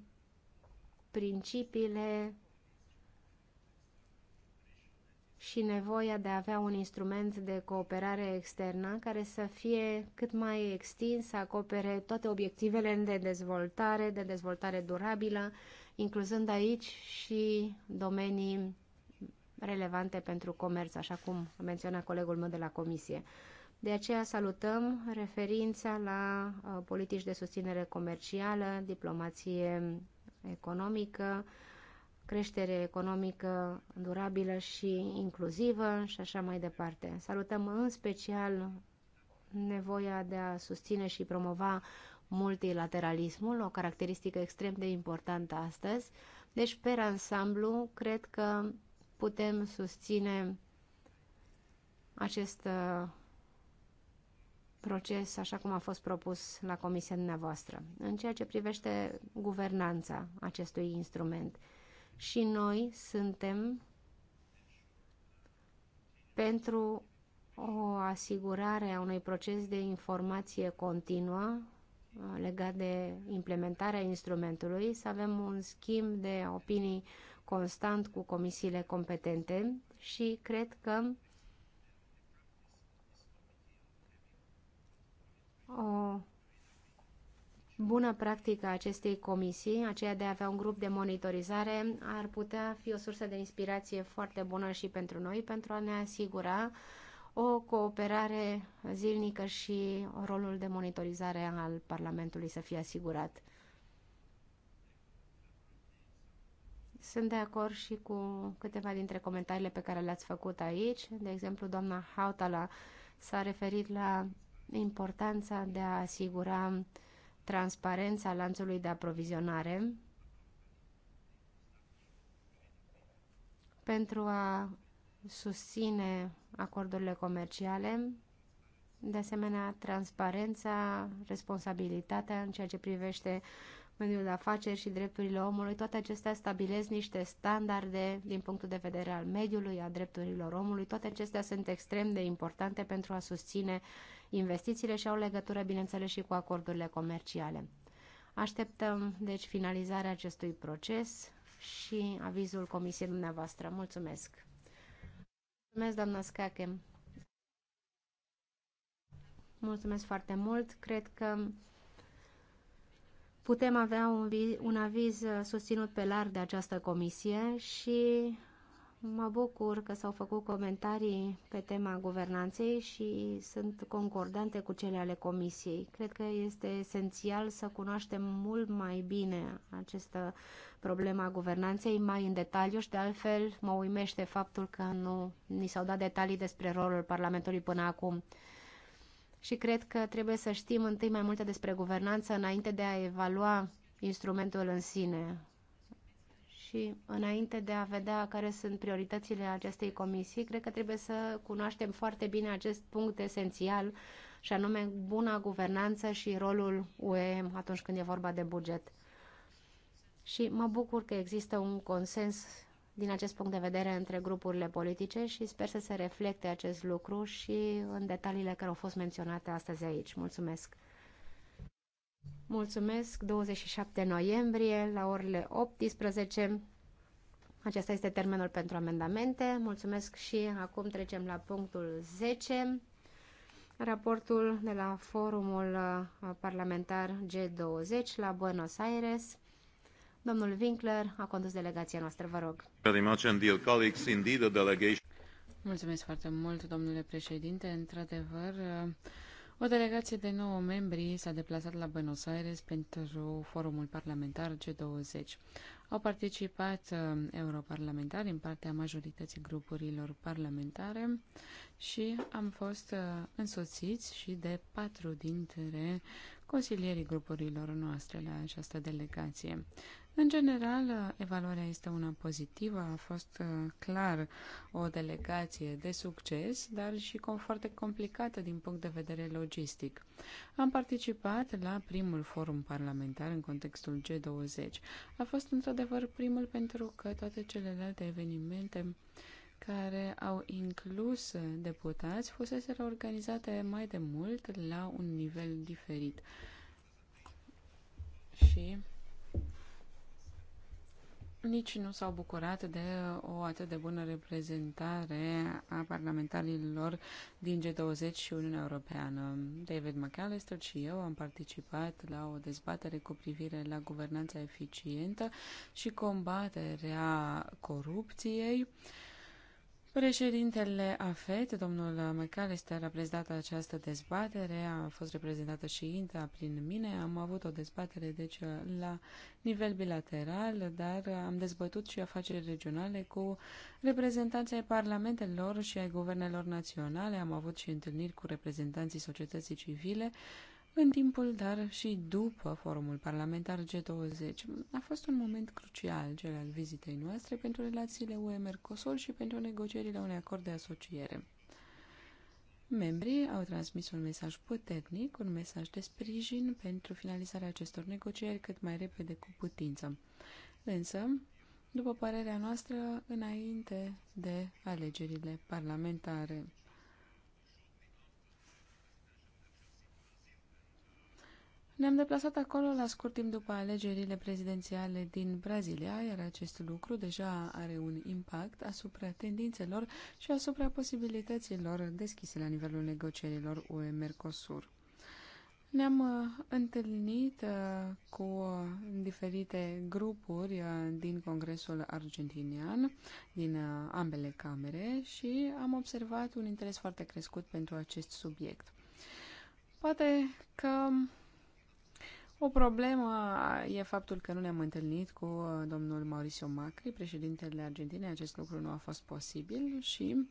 principiile și nevoia de a avea un instrument de cooperare externă care să fie cât mai extins, să acopere toate obiectivele de dezvoltare, de dezvoltare durabilă, incluzând aici și domenii relevante pentru comerț, așa cum menționa colegul meu de la Comisie. De aceea salutăm referința la uh, politici de susținere comercială, diplomație economică, creștere economică durabilă și inclusivă și așa mai departe. Salutăm în special nevoia de a susține și promova multilateralismul, o caracteristică extrem de importantă astăzi. Deci, pe ansamblu, cred că putem susține acest uh, proces așa cum a fost propus la comisia dumneavoastră, în ceea ce privește guvernanța acestui instrument. Și noi suntem pentru o asigurare a unui proces de informație continuă uh, legat de implementarea instrumentului, să avem un schimb de opinii constant cu comisiile competente și cred că o bună practică a acestei comisii, aceea de a avea un grup de monitorizare, ar putea fi o sursă de inspirație foarte bună și pentru noi, pentru a ne asigura o cooperare zilnică și rolul de monitorizare al Parlamentului să fie asigurat. Sunt de acord și cu câteva dintre comentariile pe care le-ați făcut aici. De exemplu, doamna Hautala s-a referit la importanța de a asigura transparența lanțului de aprovizionare pentru a susține acordurile comerciale, de asemenea transparența, responsabilitatea în ceea ce privește uh, mediul de afaceri și drepturile omului, toate acestea stabilesc niște standarde din punctul de vedere al mediului, a drepturilor omului, toate acestea sunt extrem de importante pentru a susține investițiile și au legătură, bineînțeles, și cu acordurile comerciale. Așteptăm, deci, finalizarea acestui proces și avizul comisiei dumneavoastră. Mulțumesc! Mulțumesc, doamna Scache! Mulțumesc foarte mult! Cred că putem avea un, un aviz uh, susținut pe larg de această comisie și mă bucur că s-au făcut comentarii pe tema guvernanței și sunt concordante cu cele ale comisiei. Cred că este esențial să cunoaștem mult mai bine această problema guvernanței mai în detaliu și de altfel mă uimește faptul că nu ni s-au dat detalii despre rolul Parlamentului până acum și cred că trebuie să știm întâi mai multe despre guvernanță înainte de a evalua instrumentul în sine și înainte de a vedea care sunt prioritățile acestei comisii, cred că trebuie să cunoaștem foarte bine acest punct esențial și anume buna guvernanță și rolul UE atunci când e vorba de buget. Și mă bucur că există un consens din acest punct de vedere între grupurile politice și sper să se reflecte acest lucru și în detaliile care au fost menționate astăzi aici. Mulțumesc! Mulțumesc! 27 noiembrie la orele 18. Acesta este termenul pentru amendamente. Mulțumesc și acum trecem la punctul 10. Raportul de la forumul parlamentar G20 la Buenos Aires Domnul Winkler a condus delegația noastră, vă rog. Very much colleagues, indeed a delegation. Mulțumesc foarte mult, domnule președinte. Într-adevăr, o delegație de nouă membri s-a deplasat la Buenos Aires pentru forumul parlamentar G20. Au participat uh, europarlamentari în partea majorității grupurilor parlamentare și am fost uh, însoțiți și de patru dintre consilierii grupurilor noastre la această delegație. În general, evaluarea este una pozitivă, a fost uh, clar o delegație de succes, dar și foarte complicată din punct de vedere logistic. Am participat la primul forum parlamentar în contextul G20. A fost într-adevăr primul pentru că toate celelalte evenimente care au inclus deputați fuseseră organizate mai de mult la un nivel diferit. Și nici nu s-au bucurat de o atât de bună reprezentare a parlamentarilor din G20 și Uniunea Europeană. David McAllister și eu am participat la o dezbatere cu privire la guvernanța eficientă și combaterea corupției. Uh, Președintele AFET, domnul McAllister, a prezidat această dezbatere, a fost reprezentată și INTA prin mine. Am avut o dezbatere, deci, la nivel bilateral, dar am dezbătut și afaceri regionale cu reprezentanții ai parlamentelor și ai guvernelor naționale. Am avut și întâlniri cu reprezentanții societății civile în timpul, dar și după forumul parlamentar G20. A fost un moment crucial cel al vizitei noastre pentru relațiile UE-Mercosur și pentru negocierile unui acord de asociere. Membrii au transmis un mesaj puternic, un mesaj de sprijin pentru finalizarea acestor negocieri cât mai repede cu putință. Însă, după părerea noastră, înainte de alegerile parlamentare. Ne-am deplasat acolo la scurt timp după alegerile prezidențiale din Brazilia, iar acest lucru deja are un impact asupra tendințelor și asupra posibilităților deschise la nivelul negocierilor UE-Mercosur. Ne-am uh, întâlnit uh, cu uh, diferite grupuri uh, din Congresul Argentinian, din uh, ambele camere, și am observat un interes foarte crescut pentru acest subiect. Poate că o problemă e faptul că nu ne-am întâlnit cu uh, domnul Mauricio Macri, președintele Argentinei. Acest lucru nu a fost posibil și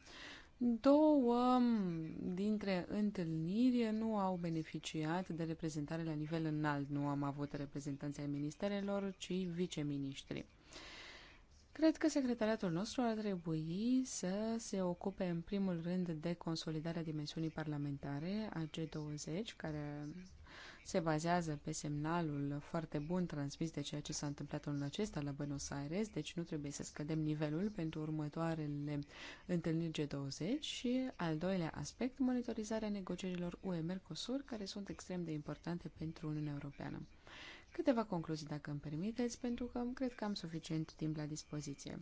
două mm, dintre întâlniri nu au beneficiat de reprezentare la nivel înalt. Nu am avut reprezentanți ai ministerelor, ci viceministri. Cred că secretariatul nostru ar trebui să se ocupe în primul rând de consolidarea dimensiunii parlamentare a G20, care se bazează pe semnalul foarte bun transmis de ceea ce s-a întâmplat în acesta la Buenos Aires, deci nu trebuie să scădem nivelul pentru următoarele întâlniri G20 și al doilea aspect, monitorizarea negocierilor UE-Mercosur, care sunt extrem de importante pentru Uniunea Europeană. Câteva concluzii, dacă îmi permiteți, pentru că cred că am suficient timp la dispoziție.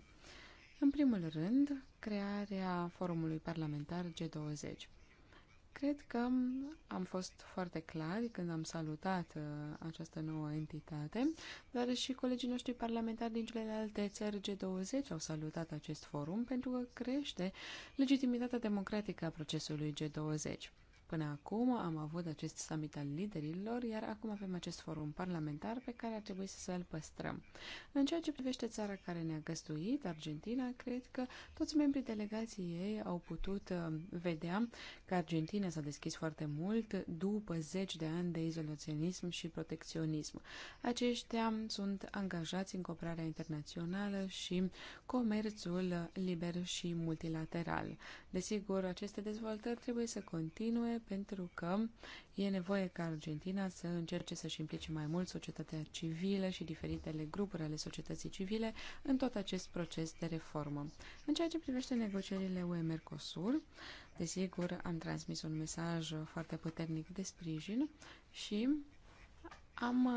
În primul rând, crearea forumului parlamentar G20. Cred că am fost foarte clari când am salutat uh, această nouă entitate, dar și colegii noștri parlamentari din celelalte țări G20 au salutat acest forum pentru că crește legitimitatea democratică a procesului G20. Până acum am avut acest summit al liderilor, iar acum avem acest forum parlamentar pe care ar trebui să îl păstrăm. În ceea ce privește țara care ne-a găstuit, Argentina, cred că toți membrii delegației ei au putut uh, vedea că Argentina s-a deschis foarte mult după zeci de ani de izolaționism și protecționism. Aceștia sunt angajați în cooperarea internațională și comerțul liber și multilateral. Desigur, aceste dezvoltări trebuie să continue pentru că e nevoie ca Argentina să încerce să-și implice mai mult societatea civilă și diferitele grupuri ale societății civile în tot acest proces de reformă. În ceea ce privește negocierile UE-Mercosur, desigur am transmis un mesaj foarte puternic de sprijin și am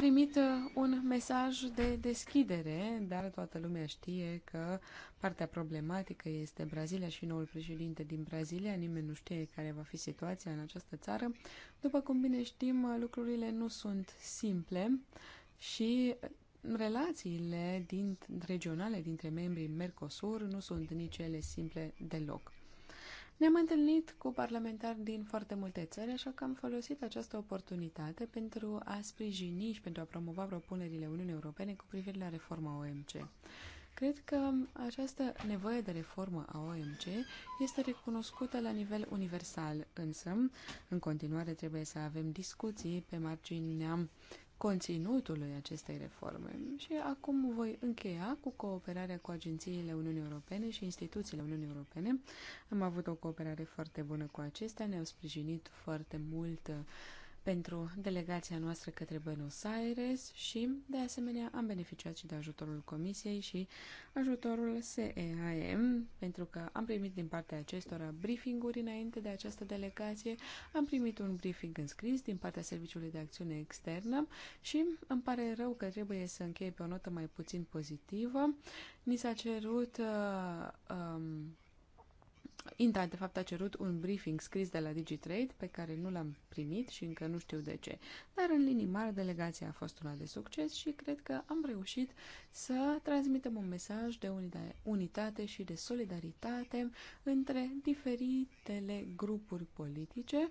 primit uh, un mesaj de deschidere, dar toată lumea știe că partea problematică este Brazilia și noul președinte din Brazilia. Nimeni nu știe care va fi situația în această țară. După cum bine știm, uh, lucrurile nu sunt simple și uh, relațiile din, regionale dintre membrii Mercosur nu sunt nici ele simple deloc. Ne-am întâlnit cu parlamentari din foarte multe țări, așa că am folosit această oportunitate pentru a sprijini și pentru a promova propunerile Uniunii Europene cu privire la reforma OMC. Cred că această nevoie de reformă a OMC este recunoscută la nivel universal, însă, în continuare trebuie să avem discuții pe marginea conținutului acestei reforme. Și acum voi încheia cu cooperarea cu agențiile Uniunii Europene și instituțiile Uniunii Europene. Am avut o cooperare foarte bună cu acestea, ne-au sprijinit foarte mult uh, pentru delegația noastră către Buenos Aires și, de asemenea, am beneficiat și de ajutorul Comisiei și ajutorul SEAM, pentru că am primit din partea acestora briefinguri înainte de această delegație, am primit un briefing înscris din partea Serviciului de Acțiune Externă și îmi pare rău că trebuie să închei pe o notă mai puțin pozitivă. Ni s-a cerut uh, um, Inta, de fapt, a cerut un briefing scris de la DigiTrade, pe care nu l-am primit și încă nu știu de ce. Dar, în linii mari, delegația a fost una de succes și cred că am reușit să transmitem un mesaj de unitate și de solidaritate între diferitele grupuri politice uh,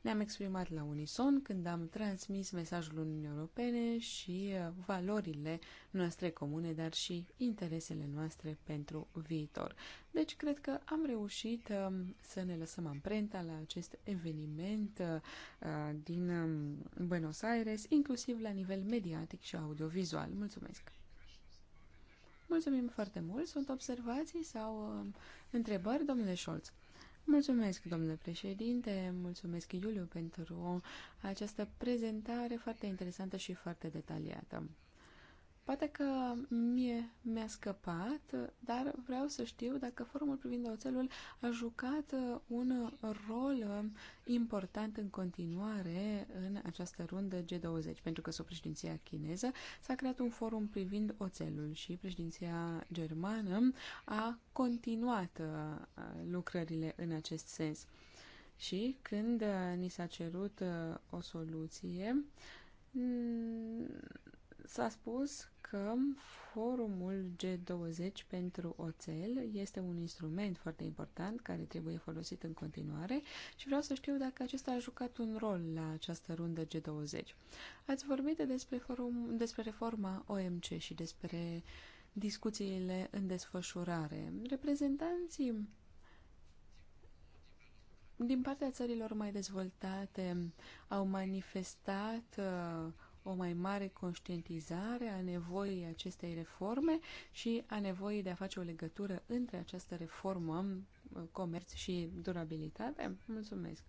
ne-am exprimat la unison când am transmis mesajul Uniunii Europene și uh, valorile noastre comune, dar și interesele noastre pentru viitor. Deci, cred că am reușit um, să ne lăsăm amprenta la acest eveniment uh, uh, din um, Buenos Aires, inclusiv la nivel mediatic și audiovizual. Mulțumesc! Mulțumim foarte mult. Sunt observații sau um, întrebări, domnule Scholz? Mulțumesc, domnule președinte, mulțumesc, Iuliu, pentru această prezentare foarte interesantă și foarte detaliată. Poate că mie mi-a scăpat, dar vreau să știu dacă forumul privind oțelul a jucat uh, un rol uh, important în continuare în această rundă G20, pentru că sub președinția chineză s-a creat un forum privind oțelul și președinția germană a continuat uh, lucrările în acest sens. Și când ni s-a cerut o soluție, S-a spus că forumul G20 pentru oțel este un instrument foarte important care trebuie folosit în continuare și vreau să știu dacă acesta a jucat un rol la această rundă G20. Ați vorbit despre, forum, despre reforma OMC și despre discuțiile în desfășurare. Reprezentanții din partea țărilor mai dezvoltate au manifestat uh, o mai mare conștientizare a nevoii acestei reforme și a nevoii de a face o legătură între această reformă, uh, comerț și durabilitate? Mulțumesc!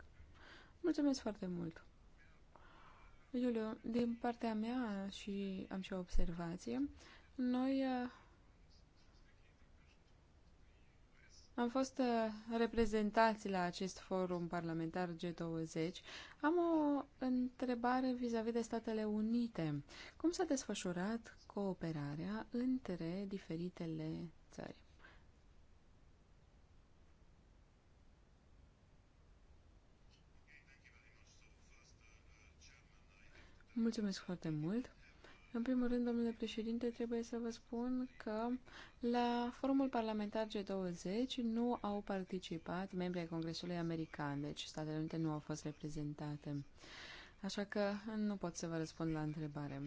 Mulțumesc foarte mult! Iuliu, din partea mea și am și o observație, noi uh, Am fost uh, reprezentați la acest forum parlamentar G20. Am o întrebare vis-a-vis -vis de Statele Unite. Cum s-a desfășurat cooperarea între diferitele țări? Mulțumesc foarte mult. În primul rând, domnule președinte, trebuie să vă spun că la forumul parlamentar G20 nu au participat membrii ai Congresului American, deci Statele Unite nu au fost reprezentate. Așa că nu pot să vă răspund la întrebare.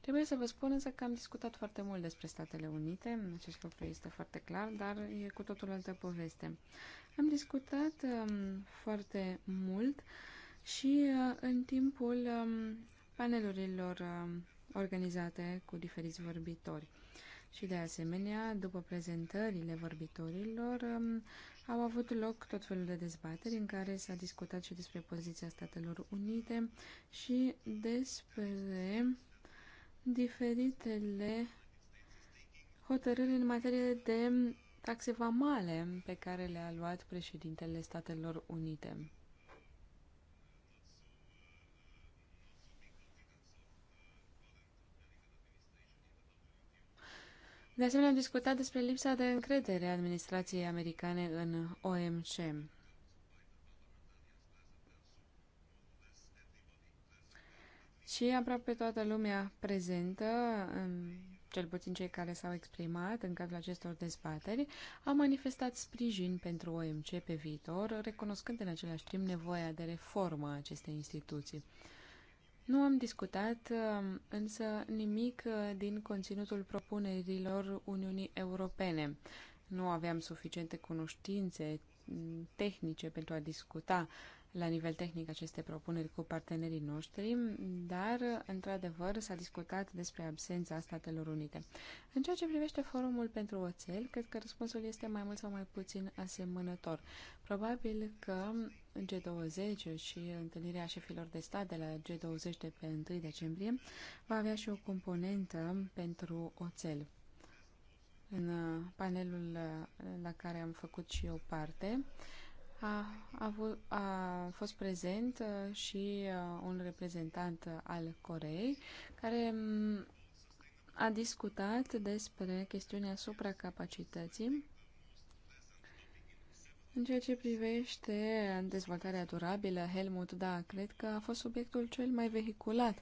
Trebuie să vă spun însă că am discutat foarte mult despre Statele Unite, acest lucru este foarte clar, dar e cu totul altă poveste. Am discutat um, foarte mult și uh, în timpul um, panelurilor um, organizate cu diferiți vorbitori. Și de asemenea, după prezentările vorbitorilor, um, au avut loc tot felul de dezbateri în care s-a discutat și despre poziția Statelor Unite și despre diferitele hotărâri în materie de taxe vamale pe care le-a luat președintele Statelor Unite. De asemenea, am discutat despre lipsa de încredere a administrației americane în OMC. Și aproape toată lumea prezentă, cel puțin cei care s-au exprimat în cadrul acestor dezbateri, au manifestat sprijin pentru OMC pe viitor, recunoscând în același timp nevoia de reformă a acestei instituții. Nu am discutat um, însă nimic uh, din conținutul propunerilor Uniunii Europene. Nu aveam suficiente cunoștințe mm, tehnice pentru a discuta la nivel tehnic aceste propuneri cu partenerii noștri, dar, într-adevăr, s-a discutat despre absența Statelor Unite. În ceea ce privește forumul pentru oțel, cred că răspunsul este mai mult sau mai puțin asemănător. Probabil că în G20 și întâlnirea șefilor de stat de la G20 de pe 1 decembrie va avea și o componentă pentru oțel. În uh, panelul uh, la care am făcut și eu parte, a, avut, a fost prezent uh, și un reprezentant al Coreei care mm, a discutat despre chestiunea supracapacității în ceea ce privește dezvoltarea durabilă, Helmut, da, cred că a fost subiectul cel mai vehiculat.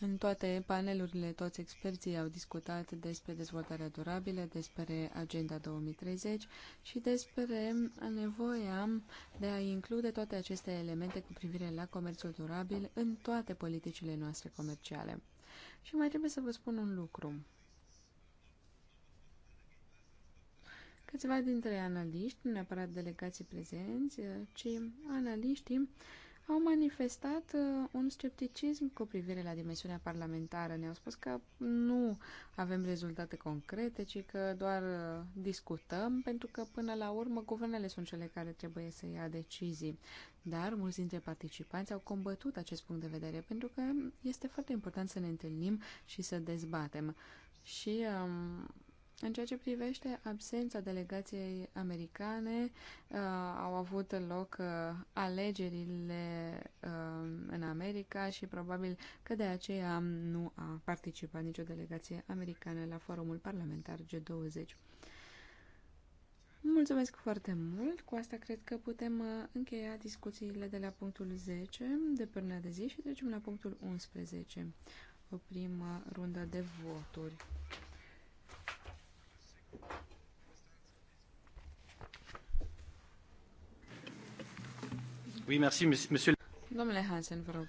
În toate panelurile, toți experții au discutat despre dezvoltarea durabilă, despre Agenda 2030 și despre nevoia de a include toate aceste elemente cu privire la comerțul durabil în toate politicile noastre comerciale. Și mai trebuie să vă spun un lucru. câțiva dintre analiști, nu neapărat delegații prezenți, ci analiștii, au manifestat uh, un scepticism cu privire la dimensiunea parlamentară. Ne-au spus că nu avem rezultate concrete, ci că doar uh, discutăm, pentru că până la urmă guvernele sunt cele care trebuie să ia decizii. Dar mulți dintre participanți au combătut acest punct de vedere, pentru că este foarte important să ne întâlnim și să dezbatem. Și um, în ceea ce privește absența delegației americane, uh, au avut loc uh, alegerile uh, în America și probabil că de aceea nu a participat nicio delegație americană la forumul parlamentar G20. Mulțumesc foarte mult! Cu asta cred că putem uh, încheia discuțiile de la punctul 10 de până de zi și trecem la punctul 11, o runda rundă de voturi. Oui, merci, monsieur. Domnule Hansen, vă rog.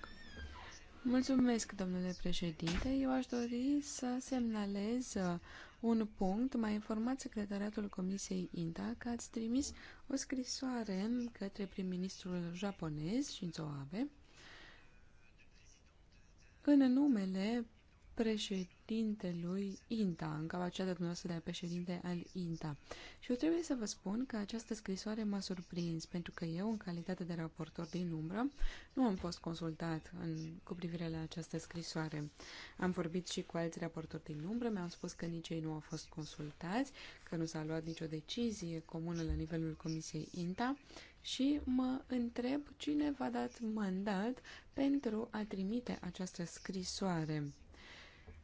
Mulțumesc, domnule președinte. Eu aș dori să semnalez uh, un punct. M-a informat secretariatul Comisiei INTA că ați trimis o scrisoare către prim-ministrul japonez, Shinzo Abe, în numele președintelui președintelui INTA, în capacitatea dumneavoastră de președinte al INTA. Și eu trebuie să vă spun că această scrisoare m-a surprins, pentru că eu, în calitate de raportor din umbră, nu am fost consultat în, cu privire la această scrisoare. Am vorbit și cu alți raportori din umbră, mi-au spus că nici ei nu au fost consultați, că nu s-a luat nicio decizie comună la nivelul Comisiei INTA și mă întreb cine v-a dat mandat pentru a trimite această scrisoare.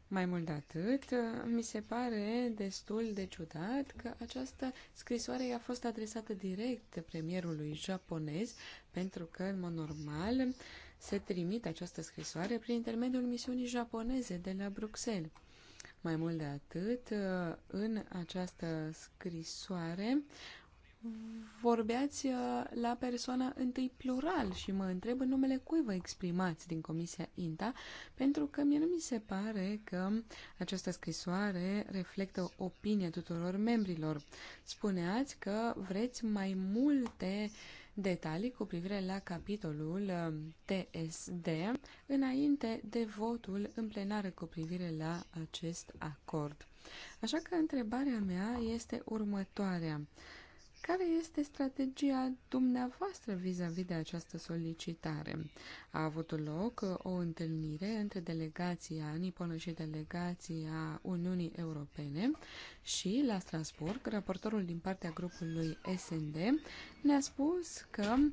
Mai mult de atât, mi se pare destul de ciudat că această scrisoare i-a fost adresată direct premierului japonez, pentru că, în mod normal, se trimite această scrisoare prin intermediul misiunii japoneze de la Bruxelles. Mai mult de atât, în această scrisoare, vorbeați uh, la persoana întâi plural și mă întreb în numele cui vă exprimați din Comisia INTA, pentru că mie nu mi se pare că această scrisoare reflectă opinia tuturor membrilor. Spuneați că vreți mai multe detalii cu privire la capitolul uh, TSD înainte de votul în plenară cu privire la acest acord. Așa că întrebarea mea este următoarea. Care este strategia dumneavoastră vis-a-vis -vis de această solicitare? A avut loc o întâlnire între delegația niponă și delegația Uniunii Europene și la Strasburg, raportorul din partea grupului SND ne-a spus că uh,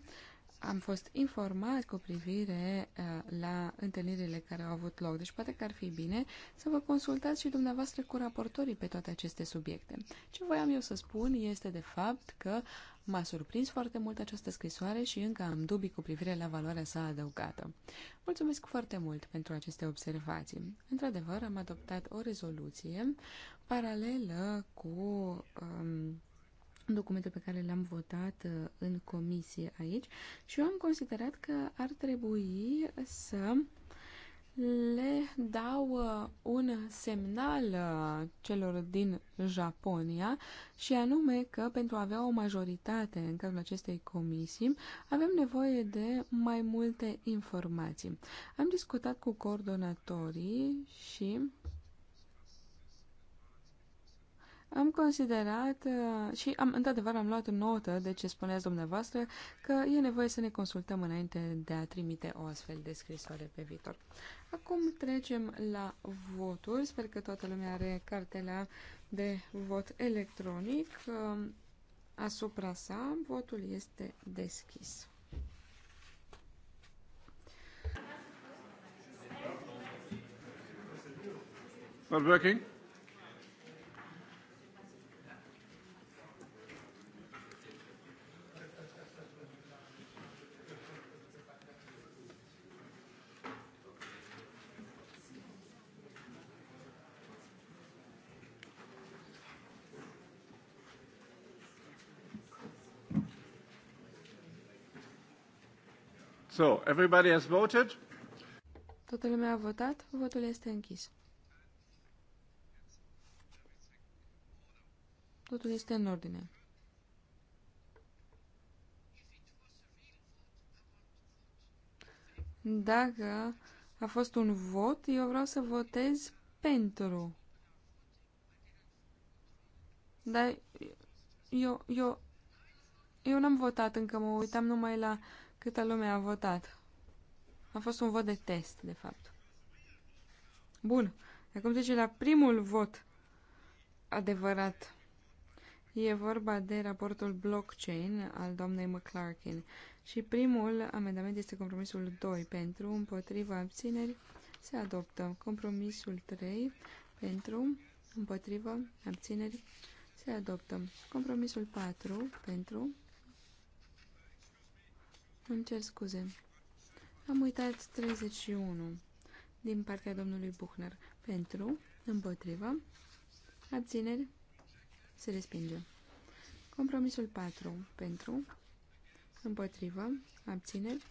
am fost informat cu privire uh, la întâlnirile care au avut loc, deci poate că ar fi bine să vă consultați și dumneavoastră cu raportorii pe toate aceste subiecte. Ce voiam eu să spun este de fapt că m-a surprins foarte mult această scrisoare și încă am dubii cu privire la valoarea sa adăugată. Mulțumesc foarte mult pentru aceste observații. Într-adevăr, am adoptat o rezoluție paralelă cu... Um, documente pe care le-am votat uh, în comisie aici și eu am considerat că ar trebui să le dau uh, un semnal uh, celor din Japonia și anume că pentru a avea o majoritate în cadrul acestei comisii avem nevoie de mai multe informații. Am discutat cu coordonatorii și am considerat uh, și, am, într-adevăr, am luat notă de ce spuneați dumneavoastră că e nevoie să ne consultăm înainte de a trimite o astfel de scrisoare pe viitor. Acum trecem la voturi. Sper că toată lumea are cartela de vot electronic uh, asupra sa. Votul este deschis. Not working? So, everybody has voted? Toată lumea a votat, votul este închis. Totul este în ordine. Dacă a fost un vot, eu vreau să votez pentru. Dar eu, eu, eu n-am votat încă, mă uitam numai la Câtă lume a votat? A fost un vot de test, de fapt. Bun. Acum zice la primul vot adevărat. E vorba de raportul blockchain al doamnei McClarkin și primul amendament este compromisul 2 pentru, împotriva abțineri, se adoptă. Compromisul 3 pentru, împotriva abțineri, se adoptă. Compromisul 4 pentru, îmi cer scuze. Am uitat 31 din partea domnului Buchner. Pentru, împotriva, abțineri, se respinge. Compromisul 4. Pentru, împotriva, abțineri,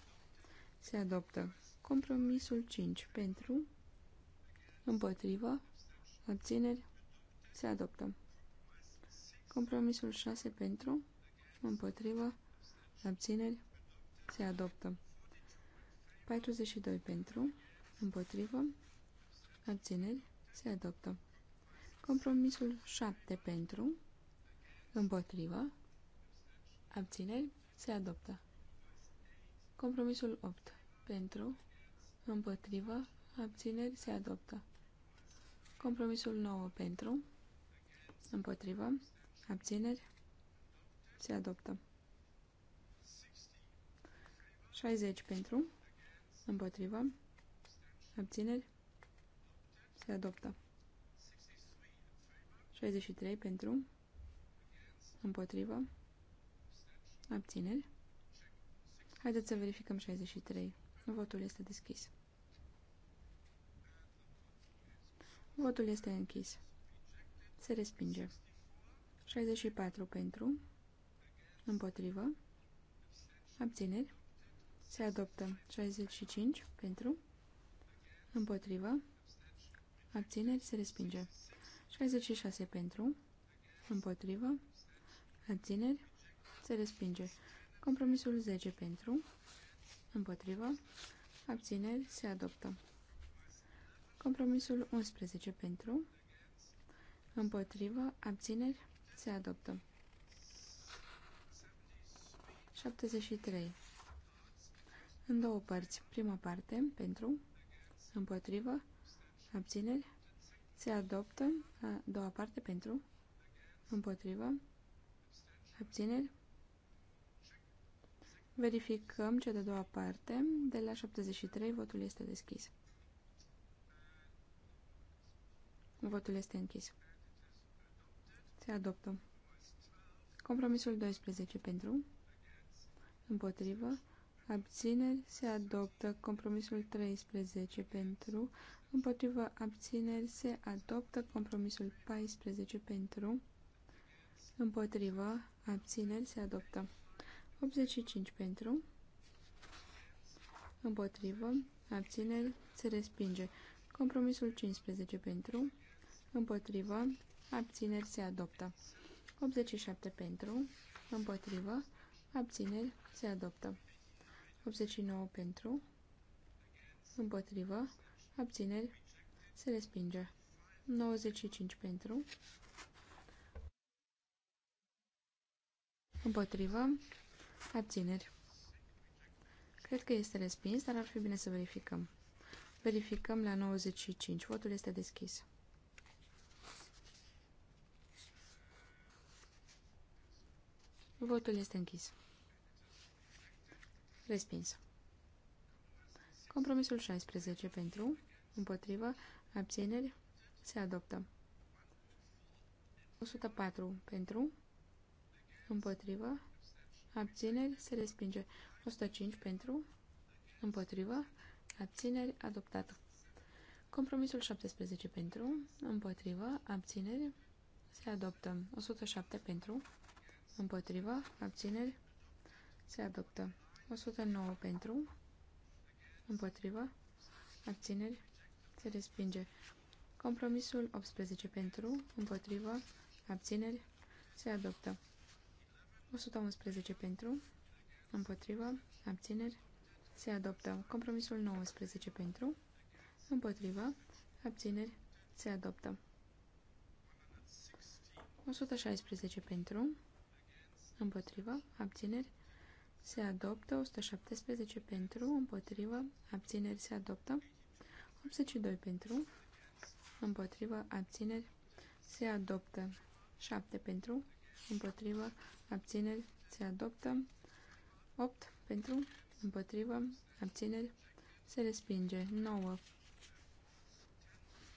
se adoptă. Compromisul 5. Pentru, împotriva, abțineri, se adoptă. Compromisul 6. Pentru, împotriva, abțineri, se adoptă. 42 pentru, împotrivă, abțineri, se adoptă. Compromisul 7 pentru, împotrivă, abțineri, se adoptă. Compromisul 8 pentru, împotrivă, abțineri, se adoptă. Compromisul 9 pentru, împotrivă, abțineri, se adoptă. 60 pentru, împotrivă, abțineri, se adoptă. 63 pentru, împotrivă, abțineri. Haideți să verificăm 63. Votul este deschis. Votul este închis. Se respinge. 64 pentru, împotrivă, abțineri. Se adoptă. 65 pentru. Împotrivă. Abțineri. Se respinge. 66 pentru. Împotrivă. Abțineri. Se respinge. Compromisul 10 pentru. Împotrivă. Abțineri. Se adoptă. Compromisul 11 pentru. Împotrivă. Abțineri. Se adoptă. 73 în două părți. Prima parte, pentru, împotrivă, abțineri, se adoptă. A doua parte, pentru, împotrivă, abțineri. Verificăm cea de doua parte. De la 73, votul este deschis. Votul este închis. Se adoptă. Compromisul 12 pentru, împotrivă, abțineri se adoptă. Compromisul 13 pentru, Împotriva abțineri se adoptă. Compromisul 14 pentru, Împotriva abțineri se adoptă. 85 pentru, împotrivă abțineri se respinge. Compromisul 15 pentru, împotrivă abțineri se adoptă. 87 pentru, împotrivă, abțineri se adoptă. 89 pentru, împotrivă, abțineri, se respinge. 95 pentru, împotrivă, abțineri. Cred că este respins, dar ar fi bine să verificăm. Verificăm la 95. Votul este deschis. Votul este închis. Respins. Compromisul 16 pentru, împotrivă, abțineri, se adoptă. 104 pentru, împotrivă, abțineri, se respinge. 105 pentru, împotrivă, abțineri, adoptat. Compromisul 17 pentru, împotrivă, abțineri, se adoptă. 107 pentru, împotrivă, abțineri, se adoptă. 109 pentru, împotrivă, abțineri, se respinge. Compromisul 18 pentru, împotrivă, abțineri, se adoptă. 111 pentru, împotrivă, abțineri, se adoptă. Compromisul 19 pentru, împotrivă, abțineri, se adoptă. 116 pentru, împotrivă, abțineri, se adoptă, 117 pentru, împotrivă, abțineri se adoptă, 82 pentru, împotrivă, abțineri se adoptă, 7 pentru, împotrivă, abțineri se adoptă, 8 pentru, împotrivă, abțineri se respinge, 9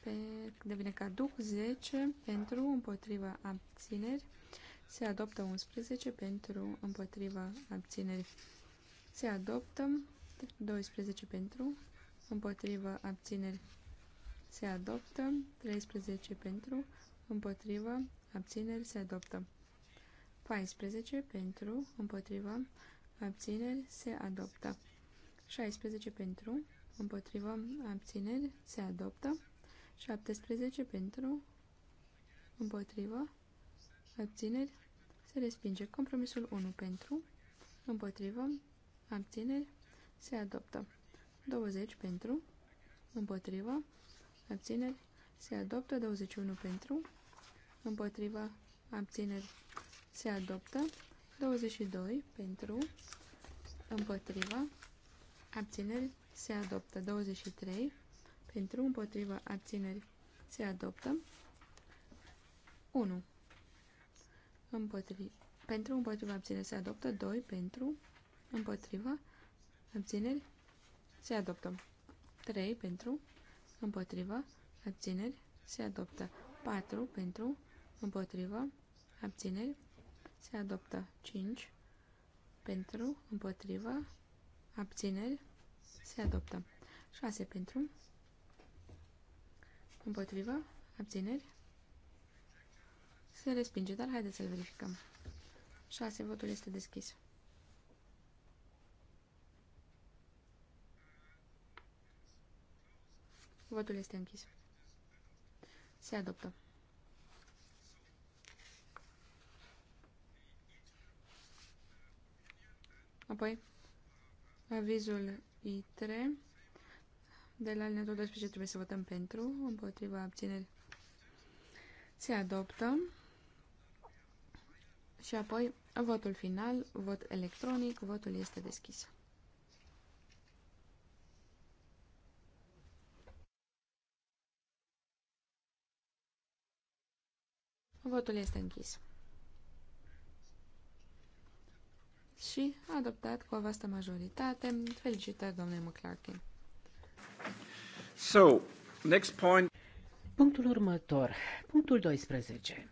pe, devine caduc, 10 pentru, împotrivă, abțineri se adoptă 11 pentru, împotriva, abținerii Se adoptă 12 pentru, împotriva, abținerii Se adoptă 13 pentru, împotriva, abțineri. Se adoptă 14 pentru, împotriva, abțineri. Se adoptă 16 pentru, împotriva, abțineri. Se adoptă 17 pentru, împotriva, abțineri, se respinge. Compromisul 1 pentru, împotrivă, abțineri, se adoptă. 20 pentru, împotrivă, abțineri, se adoptă. 21 pentru, împotrivă, abțineri, se adoptă. 22 pentru, împotriva, abțineri, se adoptă. 23 pentru, împotriva, abțineri, se adoptă. 1 împotriva, pentru, împotriva, abțineri se adoptă, 2 pentru, împotriva, abțineri se adoptă, 3 pentru, împotriva, abțineri se adoptă, 4 pentru, împotriva, abțineri se adoptă, 5 pentru, împotriva, abțineri se adoptă, 6 pentru, împotriva, abțineri se respinge, dar haideți să-l verificăm. 6. Votul este deschis. Votul este închis. Se adoptă. Apoi, avizul I3 de la alineatul 12 trebuie să votăm pentru, împotriva abțineri. Se adoptă. Și apoi votul final, vot electronic, votul este deschis. Votul este închis. Și adoptat cu o vastă majoritate. Felicitări, domnule McClarkin. So, next point. Punctul următor, punctul 12.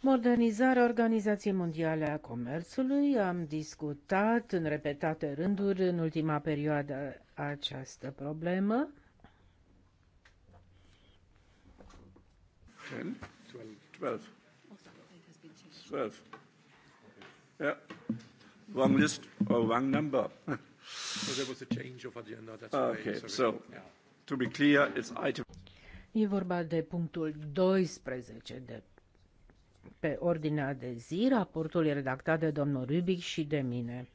Modernizarea Organizației Mondiale a Comerțului. Am discutat în repetate rânduri în ultima perioadă această problemă. Ten, twelve, 12. Yeah. Wrong list or wrong number. there was a change of agenda. That's okay, why, so yeah. to be clear, it's item. E vorba de punctul 12 de pe ordinea de zi. Raportul e redactat de domnul Rubic și de mine.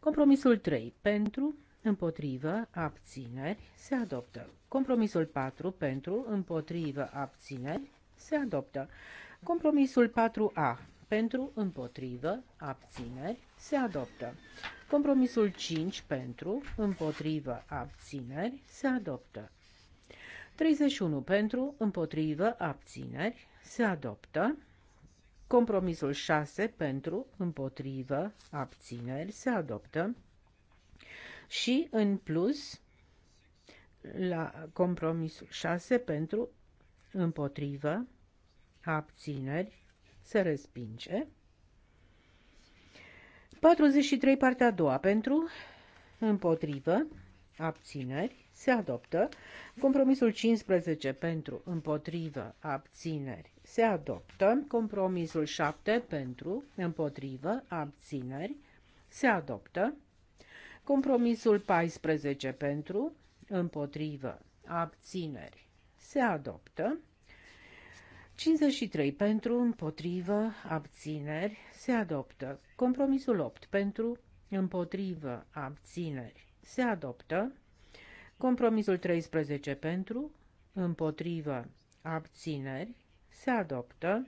Compromisul 3. Pentru, împotrivă, abțineri, se adoptă. Compromisul 4. Pentru, împotrivă, abțineri, se adoptă. Compromisul 4A. Pentru, împotrivă, abțineri, se adoptă. Compromisul 5. Pentru, împotrivă, abțineri, se adoptă. 31 pentru, împotrivă, abțineri, se adoptă. Compromisul 6 pentru, împotrivă, abțineri se adoptă. Și în plus, la compromisul 6 pentru, împotrivă, abțineri se respinge. 43 partea a doua pentru, împotrivă, abțineri se adoptă. Compromisul 15 pentru, împotrivă, abțineri se adoptă. Compromisul 7 pentru, împotrivă, abțineri, se adoptă. Compromisul 14 pentru, împotrivă, abțineri, se adoptă. 53 pentru, împotrivă, abțineri, se adoptă. Compromisul 8 pentru, împotrivă, abțineri, se adoptă. Compromisul 13 pentru, împotrivă, abțineri, se adoptă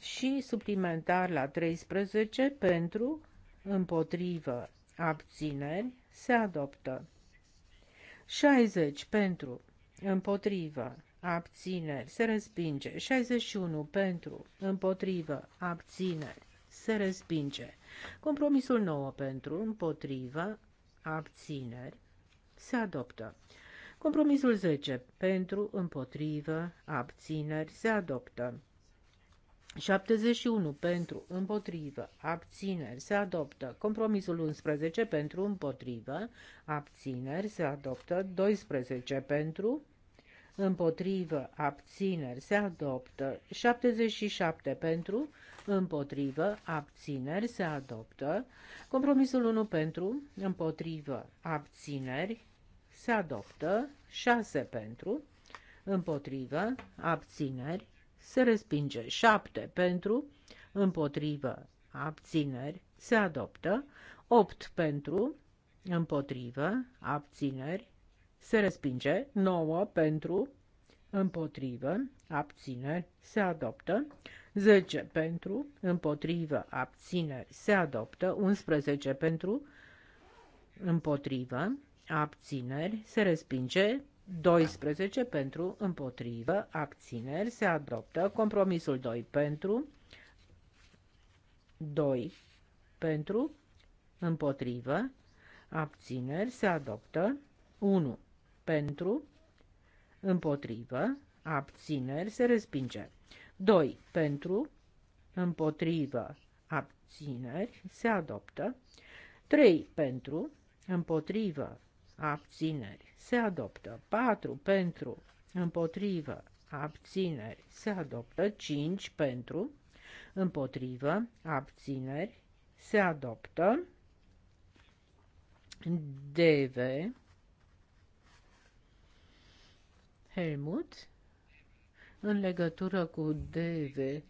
și suplimentar la 13 pentru, împotrivă, abțineri, se adoptă. 60 pentru, împotrivă, abțineri, se respinge. 61 pentru, împotrivă, abțineri, se respinge. Compromisul 9 pentru, împotrivă, abțineri, se adoptă. Compromisul 10. Pentru, împotrivă, abțineri se adoptă. 71 pentru, împotrivă, abțineri, se adoptă. Compromisul 11 pentru, împotrivă, abțineri, se adoptă. 12 pentru, împotrivă, abțineri, se adoptă. 77 pentru, împotrivă, abțineri, se adoptă. Compromisul 1 pentru, împotrivă, abțineri, se adoptă, 6 pentru, împotrivă, abțineri, se respinge, 7 pentru, împotrivă, abțineri, se adoptă, 8 pentru, împotrivă, abțineri, se respinge, 9 pentru, împotrivă, abțineri, se adoptă, 10 pentru, împotrivă, abțineri, se adoptă, 11 pentru, împotrivă, abțineri, se respinge. 12 pentru, împotrivă, abțineri, se adoptă. Compromisul 2 pentru, 2 pentru, împotrivă, abțineri, se adoptă. 1 pentru, împotrivă, abțineri, se respinge. 2 pentru, împotrivă, abțineri, se adoptă. 3 pentru, împotrivă, abțineri, se adoptă. 4 pentru, împotrivă, abțineri, se adoptă. 5 pentru, împotrivă, abțineri, se adoptă. DV Helmut în legătură cu DV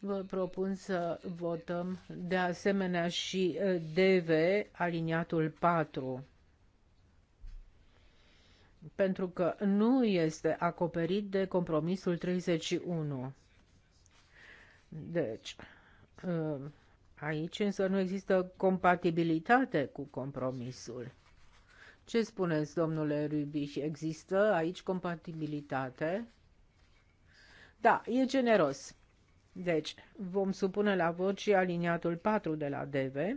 vă propun să votăm de asemenea și eh, DV aliniatul 4 pentru că nu este acoperit de compromisul 31. Deci, uh, aici însă nu există compatibilitate cu compromisul. Ce spuneți, domnule Rubiș? Există aici compatibilitate? Da, e generos. Deci, vom supune la vot și aliniatul 4 de la DV.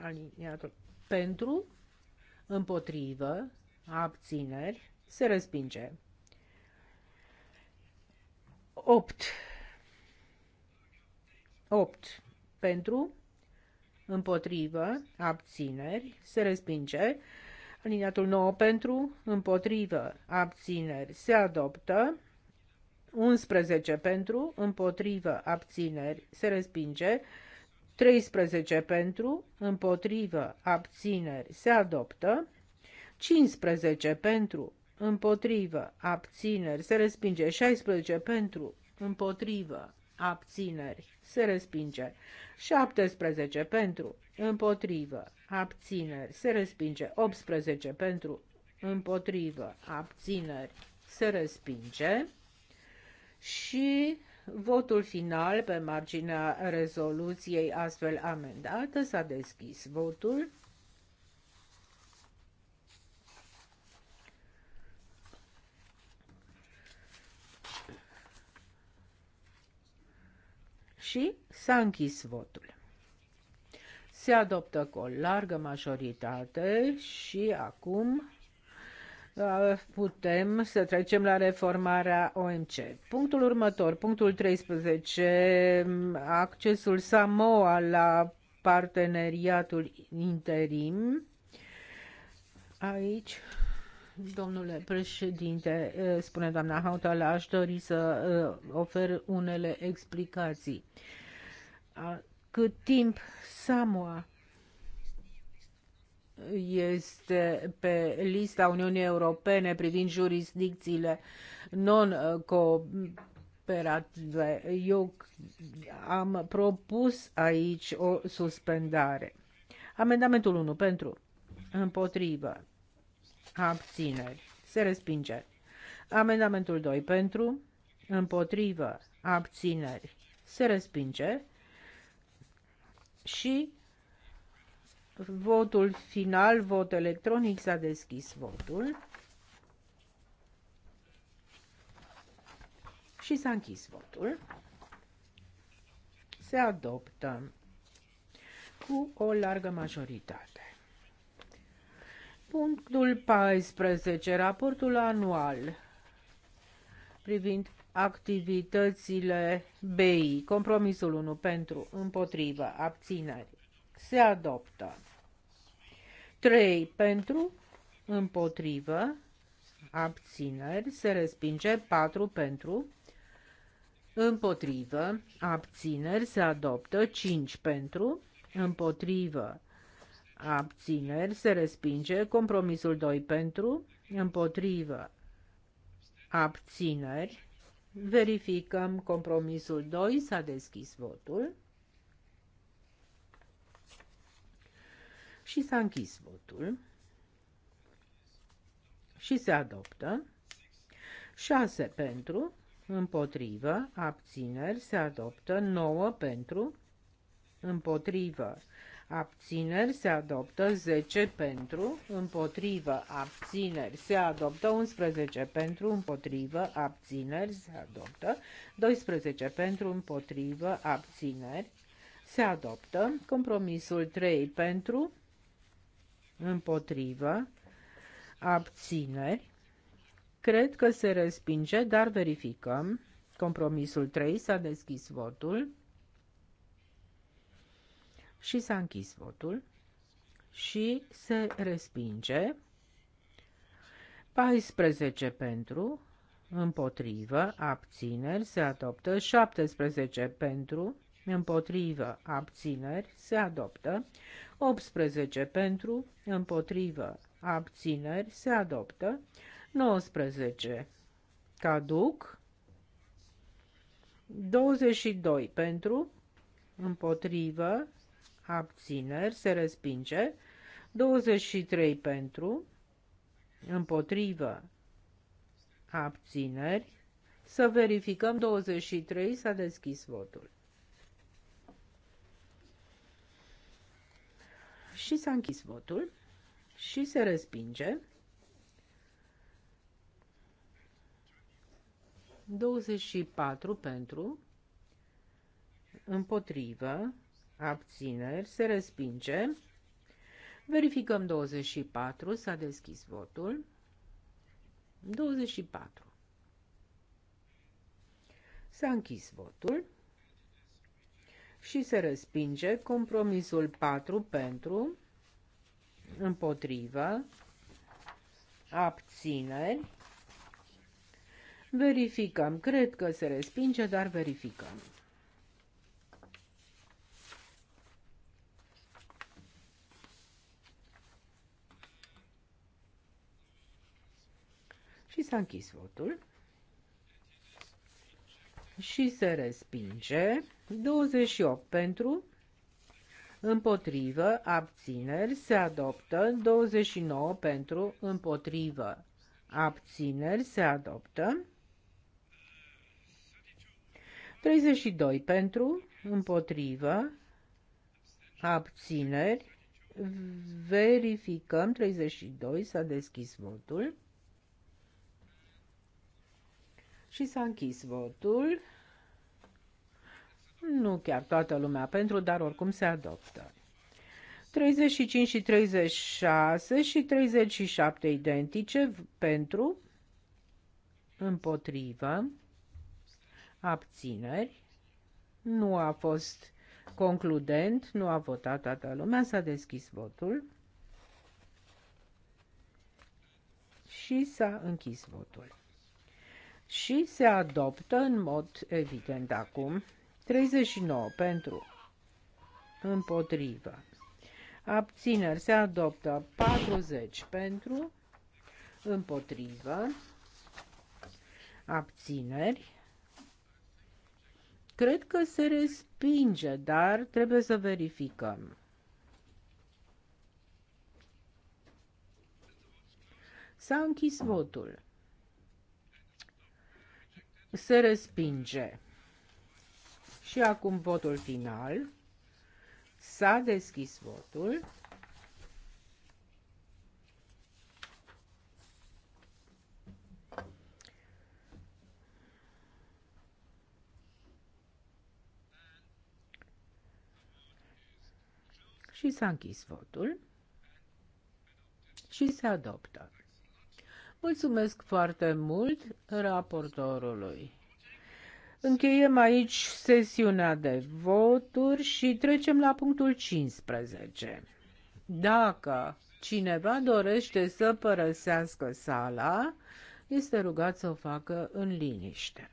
Aliniatul pentru, împotrivă, abțineri, se respinge. 8. 8. Pentru, împotrivă, abțineri, se respinge. Aliniatul 9 pentru, împotrivă, abțineri, se adoptă. 11 pentru, împotrivă, abțineri, se respinge. 13 pentru, împotrivă, abțineri, se adoptă. 15 pentru, împotrivă, abțineri, se respinge. 16 pentru, împotrivă, abțineri, se respinge. 17 pentru, împotrivă, abțineri, se respinge. 18 pentru, împotrivă, abțineri, se respinge. Și Votul final pe marginea rezoluției astfel amendată s-a deschis votul. Și s-a închis votul. Se adoptă cu o largă majoritate și acum putem să trecem la reformarea OMC. Punctul următor, punctul 13, accesul Samoa la parteneriatul interim. Aici, domnule președinte, spune doamna Hautala, aș dori să uh, ofer unele explicații. Cât timp Samoa este pe lista Uniunii Europene privind jurisdicțiile non-cooperative. Eu am propus aici o suspendare. Amendamentul 1 pentru împotrivă abțineri se respinge. Amendamentul 2 pentru împotrivă abțineri se respinge și Votul final, vot electronic, s-a deschis votul. Și s-a închis votul. Se adoptă cu o largă majoritate. Punctul 14. Raportul anual privind activitățile BI. Compromisul 1 pentru împotrivă abțineri se adoptă. 3 pentru, împotrivă, abțineri, se respinge 4 pentru, împotrivă, abțineri, se adoptă 5 pentru, împotrivă, abțineri, se respinge compromisul 2 pentru, împotrivă, abțineri, verificăm compromisul 2, s-a deschis votul. și s-a închis votul și se adoptă. 6 pentru, împotrivă, abțineri, se adoptă. 9 pentru, împotrivă, abțineri, se adoptă. 10 pentru, împotrivă, abțineri, se adoptă. 11 pentru, împotrivă, abțineri, se adoptă. 12 pentru, împotrivă, abțineri, se adoptă. Compromisul 3 pentru, împotrivă, abțineri. Cred că se respinge, dar verificăm. Compromisul 3 s-a deschis votul și s-a închis votul și se respinge. 14 pentru, împotrivă, abțineri, se adoptă 17 pentru, împotrivă, abțineri, se adoptă. 18 pentru, împotrivă, abțineri, se adoptă. 19 caduc. 22 pentru, împotrivă, abțineri, se respinge. 23 pentru, împotrivă, abțineri. Să verificăm 23, s-a deschis votul. și s-a închis votul și se respinge. 24 pentru, împotrivă, abțineri, se respinge. Verificăm 24, s-a deschis votul. 24. S-a închis votul și se respinge compromisul 4 pentru, împotrivă, abțineri. Verificăm, cred că se respinge, dar verificăm. Și s-a închis votul și se respinge. 28 pentru, împotrivă, abțineri, se adoptă. 29 pentru, împotrivă, abțineri, se adoptă. 32 pentru, împotrivă, abțineri, verificăm, 32 s-a deschis votul. Și s-a închis votul. Nu chiar toată lumea pentru, dar oricum se adoptă. 35 și 36 și 37 identice pentru, împotrivă, abțineri. Nu a fost concludent, nu a votat toată lumea, s-a deschis votul și s-a închis votul și se adoptă în mod evident acum 39 pentru împotrivă. Abțineri se adoptă 40 pentru împotrivă. Abțineri. Cred că se respinge, dar trebuie să verificăm. S-a închis votul se respinge. Și acum votul final. S-a deschis votul. Și s-a închis votul și se adoptă. Mulțumesc foarte mult raportorului. Încheiem aici sesiunea de voturi și trecem la punctul 15. Dacă cineva dorește să părăsească sala, este rugat să o facă în liniște.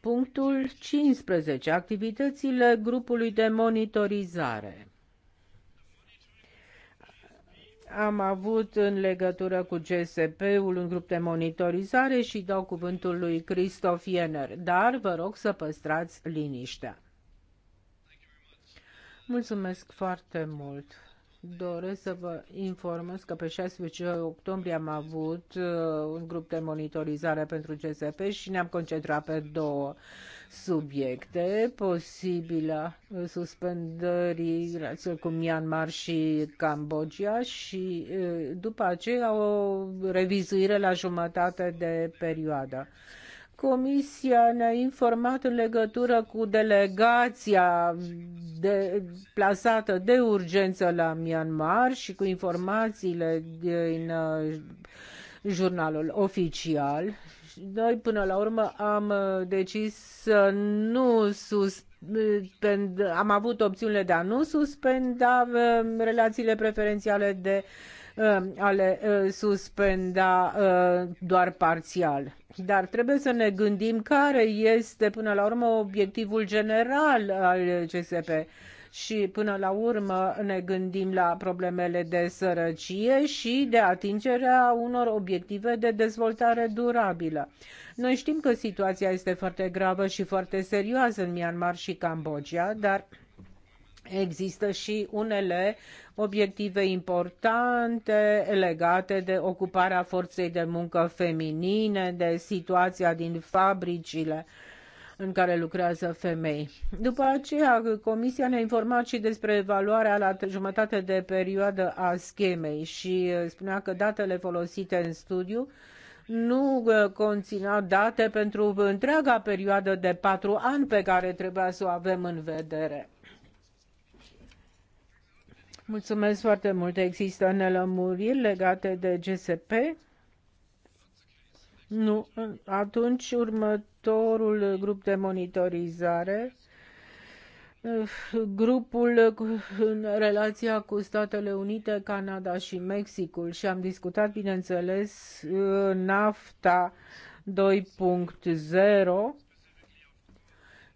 Punctul 15. Activitățile grupului de monitorizare am avut în legătură cu GSP-ul un grup de monitorizare și dau cuvântul lui Christoph Jenner, dar vă rog să păstrați liniștea. Mulțumesc foarte mult doresc să vă informez că pe 16 octombrie am avut uh, un grup de monitorizare pentru CSP și ne-am concentrat pe două subiecte, posibilă suspendării relațiilor cu Myanmar și Cambodgia și uh, după aceea o revizuire la jumătate de perioadă. Comisia ne-a informat în legătură cu delegația de, plasată de urgență la Myanmar și cu informațiile din uh, jurnalul oficial. Noi, până la urmă, am uh, decis să nu suspend, am avut opțiunile de a nu suspenda uh, relațiile preferențiale de Uh, a le uh, suspenda uh, doar parțial. Dar trebuie să ne gândim care este până la urmă obiectivul general al CSP și până la urmă ne gândim la problemele de sărăcie și de atingerea unor obiective de dezvoltare durabilă. Noi știm că situația este foarte gravă și foarte serioasă în Myanmar și Cambodgia, dar Există și unele obiective importante legate de ocuparea forței de muncă feminine, de situația din fabricile în care lucrează femei. După aceea, Comisia ne-a informat și despre evaluarea la jumătate de perioadă a schemei și uh, spunea că datele folosite în studiu nu uh, conținea date pentru întreaga perioadă de patru ani pe care trebuia să o avem în vedere. Mulțumesc foarte mult. Există nelămuriri legate de GSP? Nu. Atunci, următorul grup de monitorizare, grupul în relația cu Statele Unite, Canada și Mexicul și am discutat, bineînțeles, NAFTA 2.0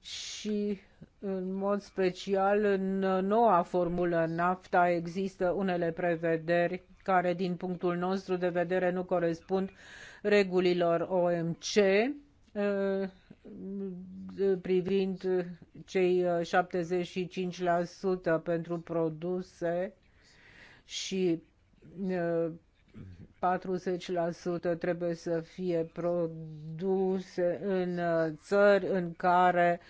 și în mod special, în noua formulă NAFTA există unele prevederi care, din punctul nostru de vedere, nu corespund regulilor OMC eh, privind cei 75% eh, pentru produse și 40% eh, trebuie să fie produse în țări în care uh,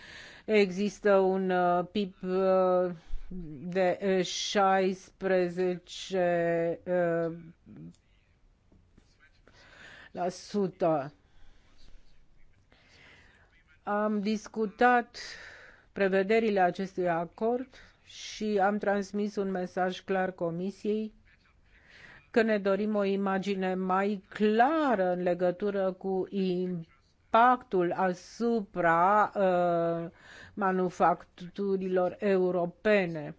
Există un uh, PIB uh, de 16 uh, la sută. Am discutat prevederile acestui acord și am transmis un mesaj clar Comisiei că ne dorim o imagine mai clară în legătură cu impactul impactul asupra uh, manufacturilor europene.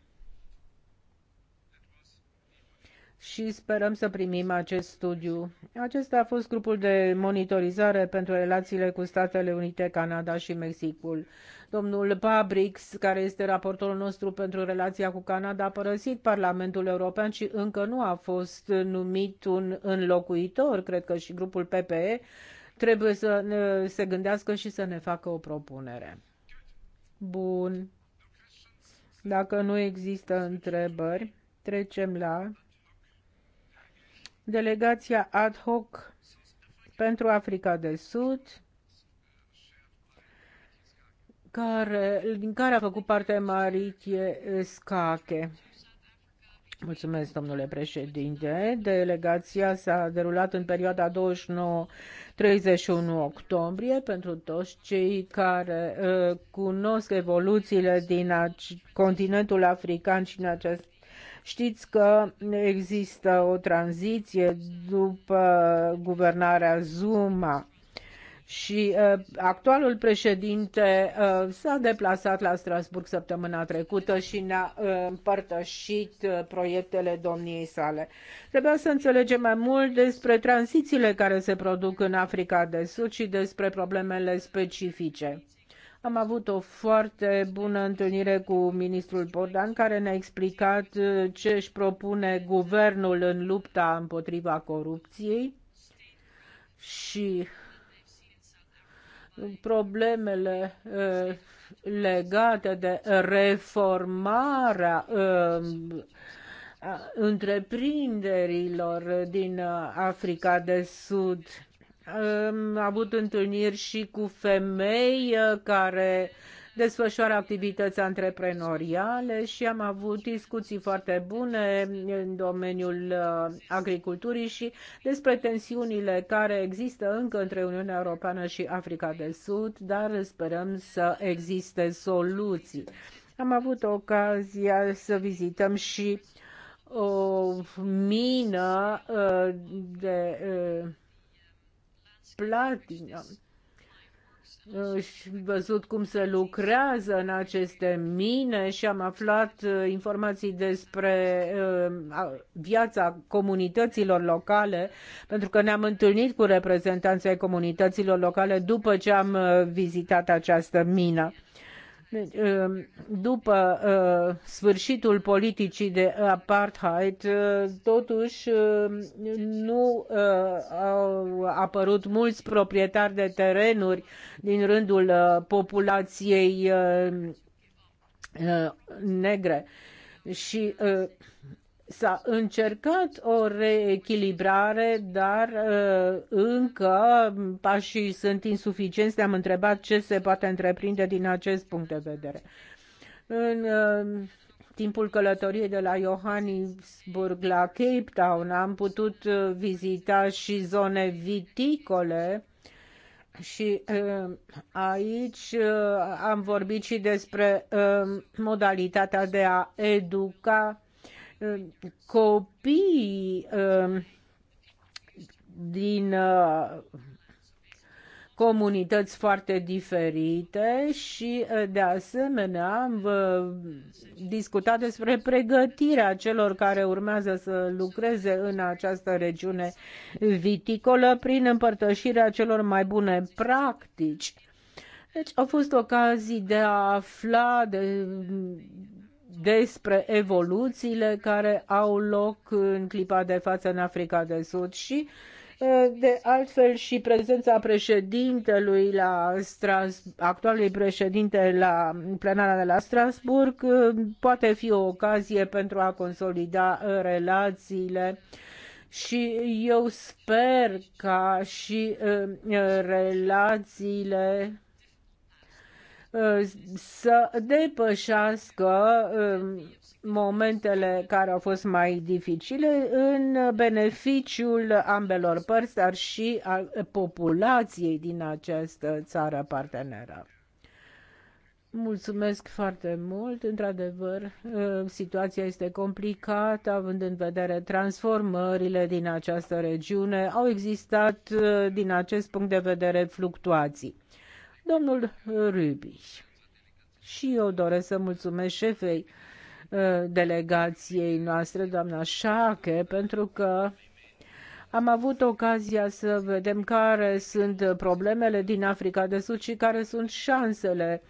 și sperăm să primim acest studiu. Acesta a fost grupul de monitorizare pentru relațiile cu Statele Unite, Canada și Mexicul. Domnul Pabrix, care este raportorul nostru pentru relația cu Canada, a părăsit Parlamentul European și încă nu a fost numit un înlocuitor. Cred că și grupul PPE trebuie să ne, se gândească și să ne facă o propunere. Bun. Dacă nu există întrebări, trecem la delegația ad hoc pentru Africa de Sud, care, din care a făcut parte Maritie Scache. Mulțumesc, domnule președinte. Delegația s-a derulat în perioada 29-31 octombrie pentru toți cei care uh, cunosc evoluțiile din continentul african și în acest Știți că există o tranziție după guvernarea Zuma și uh, actualul președinte uh, s-a deplasat la Strasburg săptămâna trecută și ne-a uh, împărtășit uh, proiectele domniei sale. Trebuia să înțelegem mai mult despre tranzițiile care se produc în Africa de Sud și despre problemele specifice. Am avut o foarte bună întâlnire cu ministrul Bordan, care ne-a explicat uh, ce își propune guvernul în lupta împotriva corupției și problemele uh, legate de reformarea um, întreprinderilor din Africa de Sud. Am avut întâlniri și cu femei uh, care uh, desfășoară activități antreprenoriale și am avut discuții foarte bune în domeniul uh, agriculturii și despre tensiunile care există încă între Uniunea Europeană și Africa de Sud, dar sperăm să existe soluții. Am avut ocazia să vizităm și o mină uh, de uh, platină și văzut cum se lucrează în aceste mine și am aflat uh, informații despre uh, viața comunităților locale, pentru că ne-am întâlnit cu reprezentanții comunităților locale după ce am uh, vizitat această mină. Deci, um, după uh, sfârșitul politicii de apartheid, uh, totuși um, nu uh, au apărut mulți proprietari de terenuri din rândul populației negre. Și S-a încercat o reechilibrare, dar uh, încă pașii sunt insuficienți. Ne-am întrebat ce se poate întreprinde din acest punct de vedere. În uh, timpul călătoriei de la Johannesburg la Cape Town am putut uh, vizita și zone viticole și aici am vorbit și despre modalitatea de a educa copiii um, din uh, comunități foarte diferite și, uh, de asemenea, am uh, discutat despre pregătirea celor care urmează să lucreze în această regiune viticolă prin împărtășirea celor mai bune practici. Deci au fost ocazii de a afla de despre evoluțiile care au loc în clipa de față în Africa de Sud și uh, de altfel și prezența președintelui la Stras, actualului președinte la plenara de la Strasburg uh, poate fi o ocazie pentru a consolida uh, relațiile și eu sper ca și relațiile să depășească um, momentele care au fost mai dificile în beneficiul ambelor părți, dar și a populației din această țară parteneră. Mulțumesc foarte mult. Într-adevăr, um, situația este complicată, având în vedere transformările din această regiune. Au existat, uh, din acest punct de vedere, fluctuații. Domnul uh, Rubiș. și eu doresc să mulțumesc șefei uh, delegației noastre, doamna Șache, pentru că am avut ocazia să vedem care sunt problemele din Africa de Sud și care sunt șansele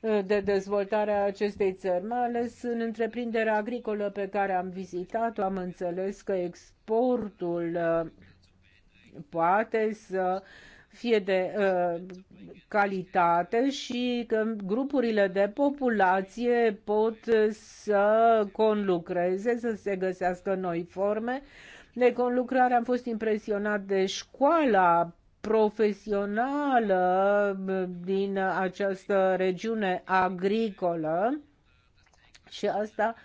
uh, de dezvoltare a acestei țări, mai ales în întreprinderea agricolă pe care am vizitat-o. Am înțeles că exportul poate să fie de uh, calitate și că grupurile de populație pot să conlucreze, să se găsească noi forme. De conlucrare am fost impresionat de școala profesională uh, din această regiune agricolă și asta uh,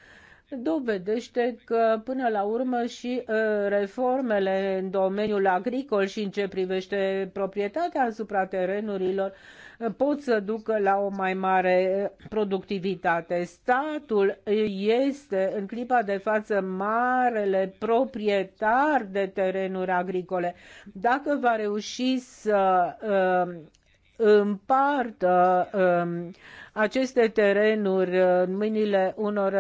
dovedește că până la urmă și uh, reformele în domeniul agricol și în ce privește proprietatea asupra terenurilor uh, pot să ducă la o mai mare uh, productivitate. Statul este în clipa de față marele proprietar de terenuri agricole. Dacă va reuși să împartă um, aceste terenuri în mâinile unor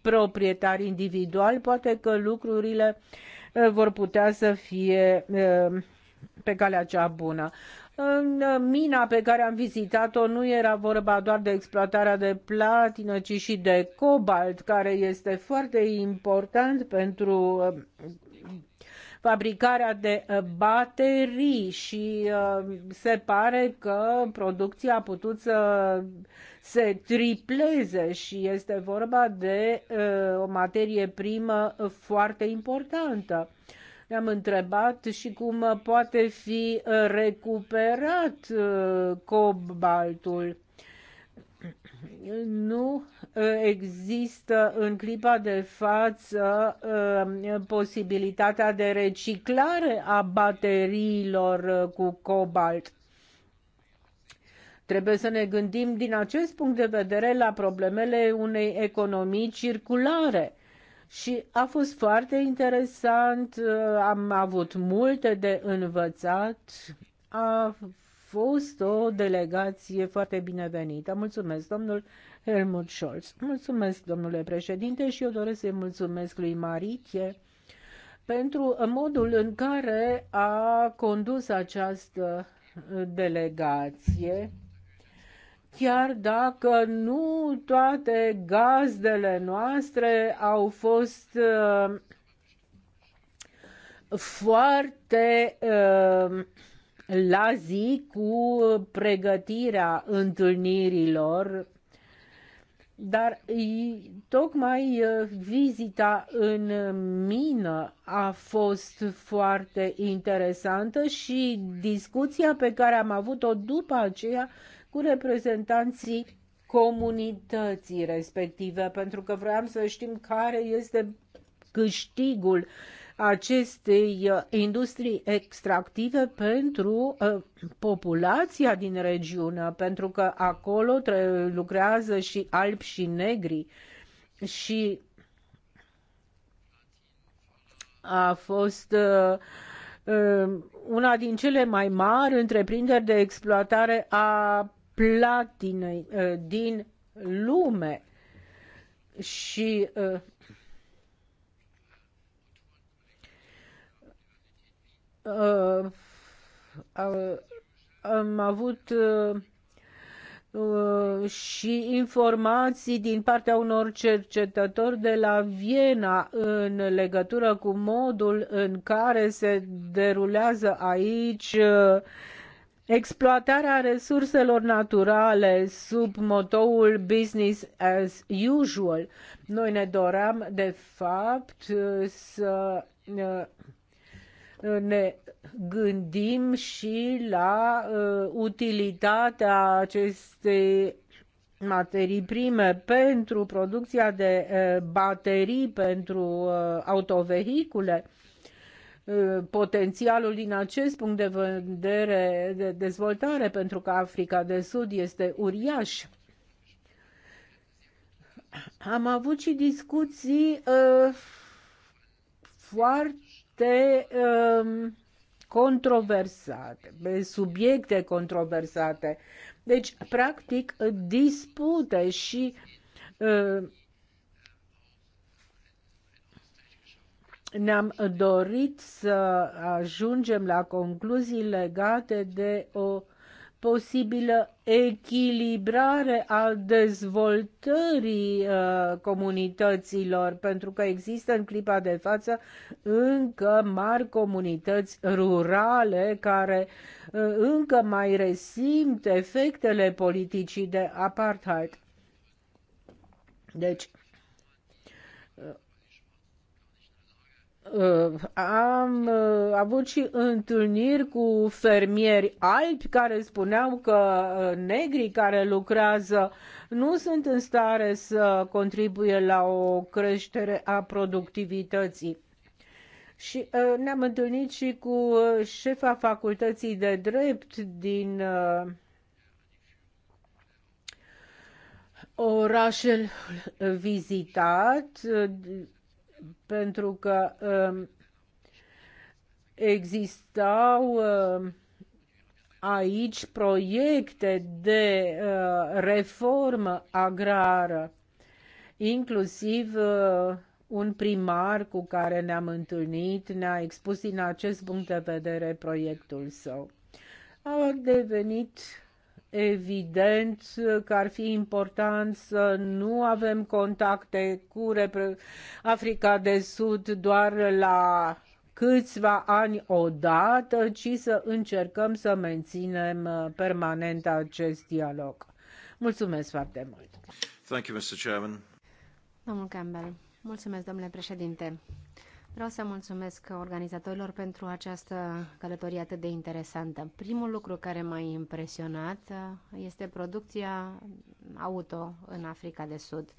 proprietari individuali, poate că lucrurile uh, vor putea să fie uh, pe calea cea bună. În uh, mina pe care am vizitat-o nu era vorba doar de exploatarea de platină, ci și de cobalt, care este foarte important pentru fabricarea de uh, baterii și uh, se pare că producția a putut să se tripleze și este vorba de uh, o materie primă foarte importantă. Ne-am întrebat și cum poate fi recuperat cobaltul nu uh, există în clipa de față uh, posibilitatea de reciclare a bateriilor uh, cu cobalt. Trebuie să ne gândim din acest punct de vedere la problemele unei economii circulare. Și a fost foarte interesant, am avut multe de învățat, a fost o delegație foarte binevenită. Mulțumesc, domnul Helmut Scholz. Mulțumesc, domnule președinte, și eu doresc să-i mulțumesc lui Maritie pentru modul în care a condus această delegație chiar dacă nu toate gazdele noastre au fost uh, foarte uh, la zi cu pregătirea întâlnirilor dar tocmai uh, vizita în mină a fost foarte interesantă și discuția pe care am avut-o după aceea cu reprezentanții comunității respective, pentru că vreau să știm care este câștigul acestei uh, industrii extractive pentru uh, populația din regiune, pentru că acolo lucrează și albi și negri și a fost uh, uh, una din cele mai mari întreprinderi de exploatare a platinei din lume. Și uh, am avut uh, uh, și informații din partea unor cercetători de la Viena în legătură cu modul în care se derulează aici uh, exploatarea resurselor naturale sub motoul business as usual. Noi ne doream, de fapt, să uh, ne gândim și la uh, utilitatea acestei materii prime pentru producția de uh, baterii pentru uh, autovehicule. Uh, potențialul din acest punct de vedere de dezvoltare pentru că Africa de Sud este uriaș. Am avut și discuții uh, foarte foarte um, controversate, subiecte controversate. Deci, practic, dispute și uh, ne-am dorit să ajungem la concluzii legate de o posibilă echilibrare a dezvoltării uh, comunităților, pentru că există în clipa de față încă mari comunități rurale care uh, încă mai resimt efectele politicii de apartheid. Deci, Uh, am uh, avut și întâlniri cu fermieri albi care spuneau că uh, negrii care lucrează nu sunt în stare să contribuie la o creștere a productivității. Și ne-am întâlnit și cu șefa facultății de drept din orașul vizitat pentru că um, existau um, aici proiecte de uh, reformă agrară, inclusiv uh, un primar cu care ne-am întâlnit ne-a expus din acest punct de vedere proiectul său. Au devenit evident că ar fi important să nu avem contacte cu Africa de Sud doar la câțiva ani odată, ci să încercăm să menținem uh, permanent acest dialog. Mulțumesc foarte mult! Thank you, Mr. Chairman. Domnul Campbell, mulțumesc, domnule președinte. Vreau să mulțumesc organizatorilor pentru această călătorie atât de interesantă. Primul lucru care m-a impresionat uh, este producția auto în Africa de Sud.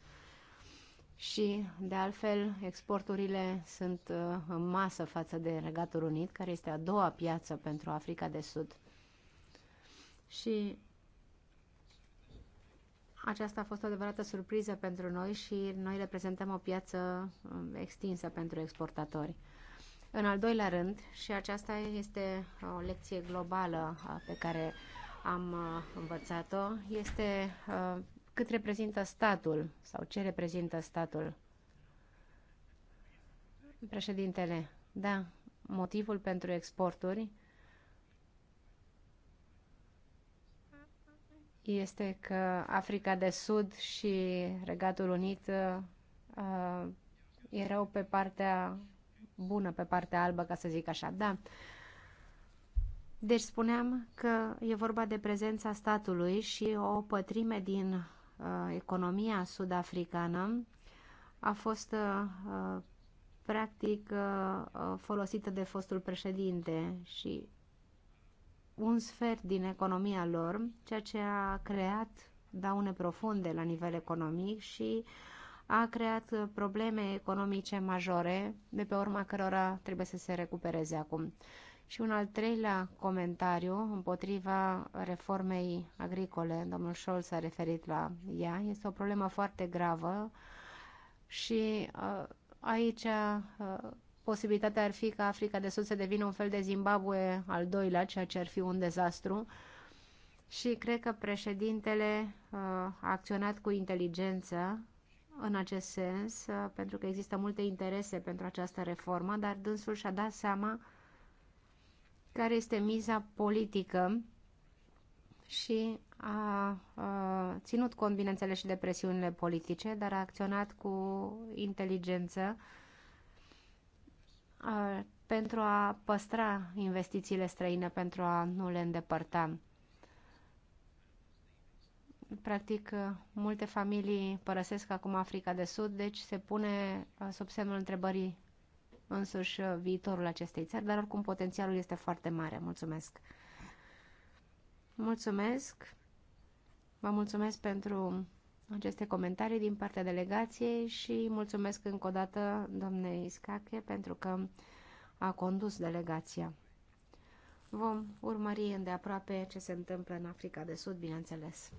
Și, de altfel, exporturile sunt uh, în masă față de Regatul Unit, care este a doua piață pentru Africa de Sud. Și aceasta a fost o adevărată surpriză pentru noi și noi reprezentăm o piață um, extinsă pentru exportatori. În al doilea rând, și aceasta este uh, o lecție globală uh, pe care am uh, învățat-o, este cât reprezintă statul sau ce reprezintă statul. Președintele, da, motivul pentru exporturi este că Africa de Sud și Regatul Unit uh, erau pe partea bună, pe partea albă, ca să zic așa. Da. Deci spuneam că e vorba de prezența statului și o pătrime din uh, economia sud-africană a fost uh, uh practic uh, uh, folosită de fostul președinte și un sfert din economia lor, ceea ce a creat daune profunde la nivel economic și a creat probleme economice majore, de pe urma cărora trebuie să se recupereze acum. Și un al treilea comentariu împotriva reformei agricole, domnul Scholz s-a referit la ea, este o problemă foarte gravă și uh, aici uh, posibilitatea ar fi ca Africa de Sud să devină un fel de Zimbabwe al doilea, ceea ce ar fi un dezastru. Și cred că președintele uh, a acționat cu inteligență în acest sens, uh, pentru că există multe interese pentru această reformă, dar dânsul și-a dat seama care este miza politică și a, a uh, ținut cont, bineînțeles, și de presiunile politice, dar a acționat cu inteligență pentru a păstra investițiile străine, pentru a nu le îndepărta. Practic, multe familii părăsesc acum Africa de Sud, deci se pune sub semnul întrebării însuși viitorul acestei țări, dar oricum potențialul este foarte mare. Mulțumesc! Mulțumesc! Vă mulțumesc pentru aceste comentarii din partea delegației și mulțumesc încă o dată doamnei Scache pentru că a condus delegația. Vom urmări îndeaproape ce se întâmplă în Africa de Sud, bineînțeles.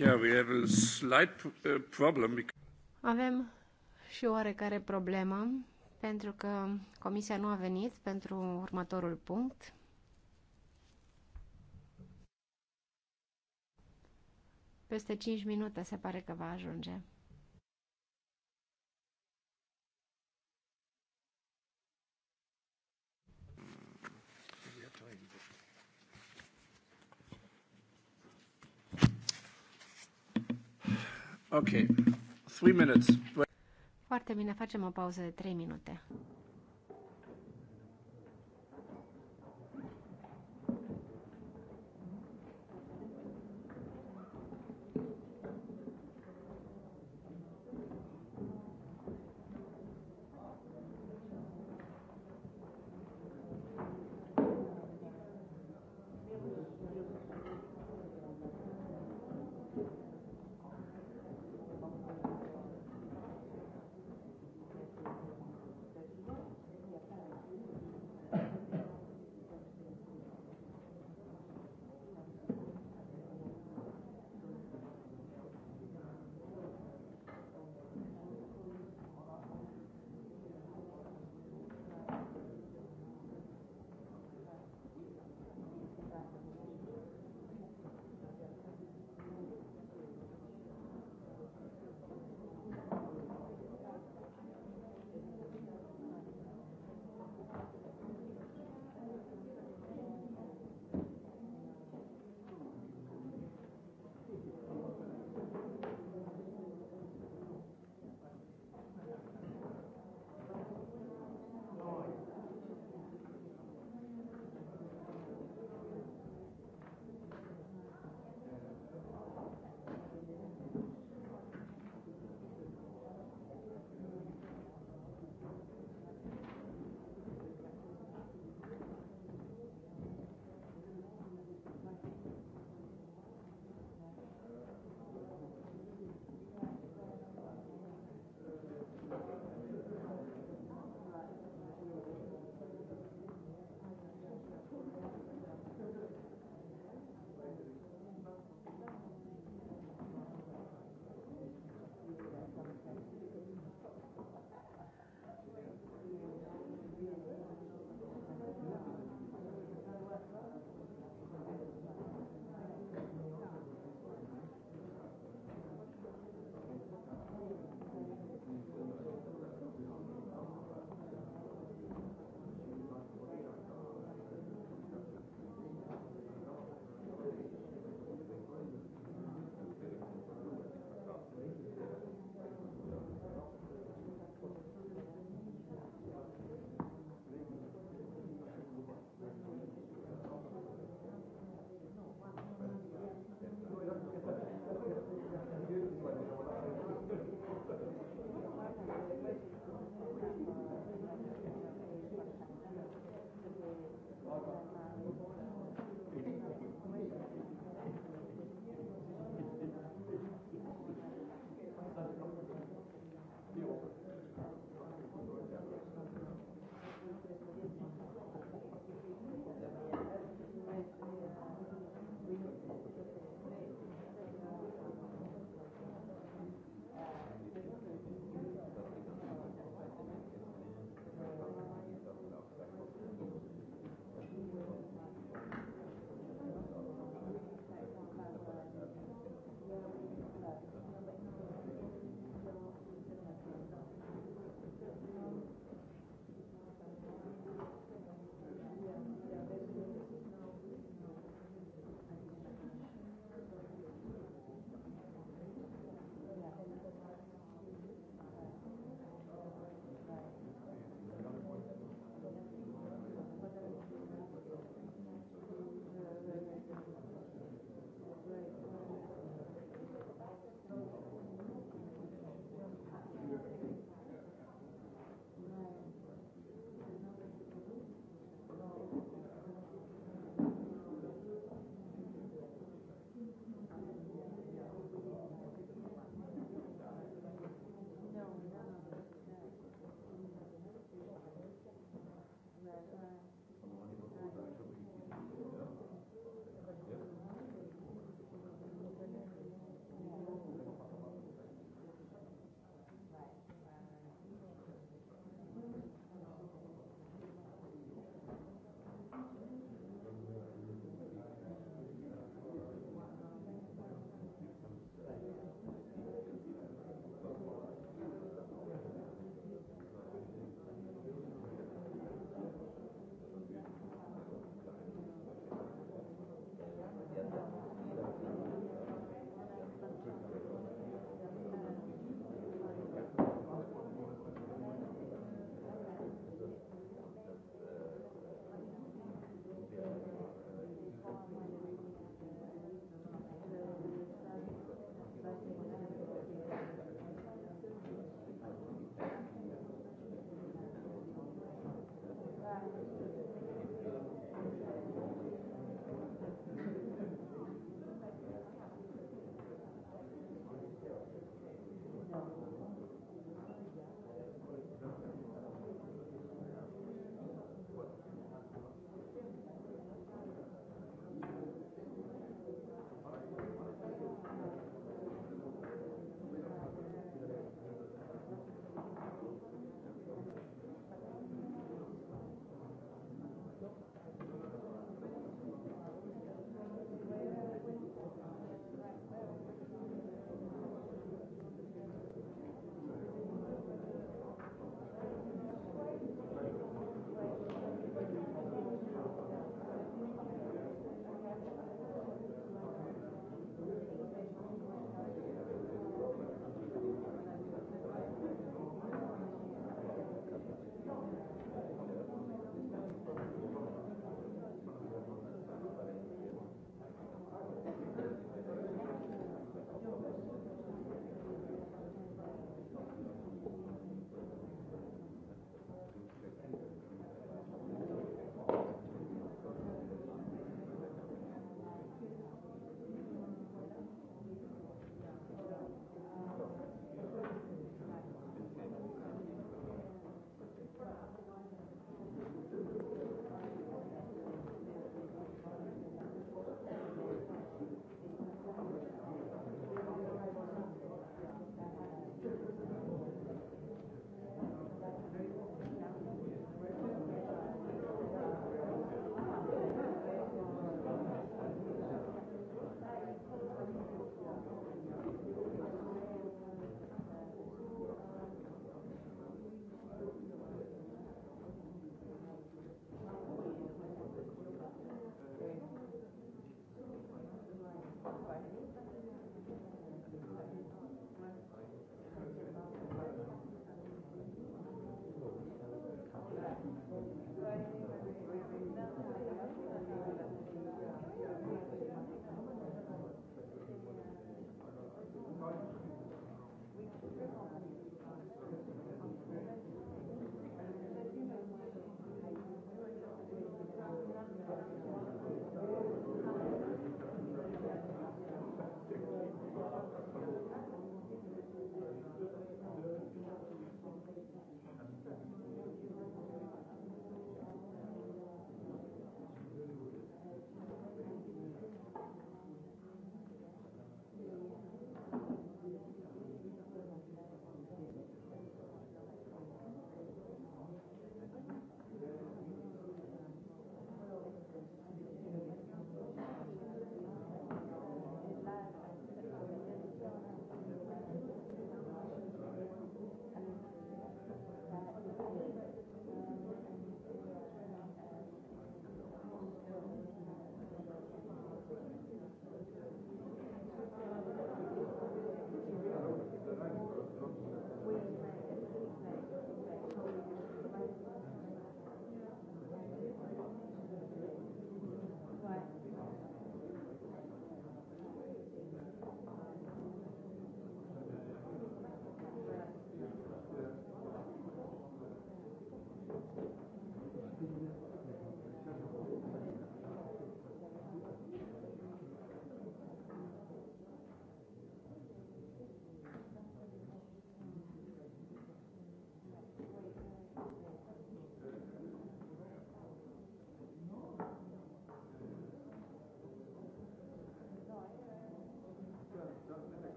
Uh, Avem și oarecare problemă pentru că comisia nu a venit pentru următorul punct. Peste 5 minute se pare că va ajunge. Ok. Three minutes. Foarte bine, facem o pauză de 3 minute.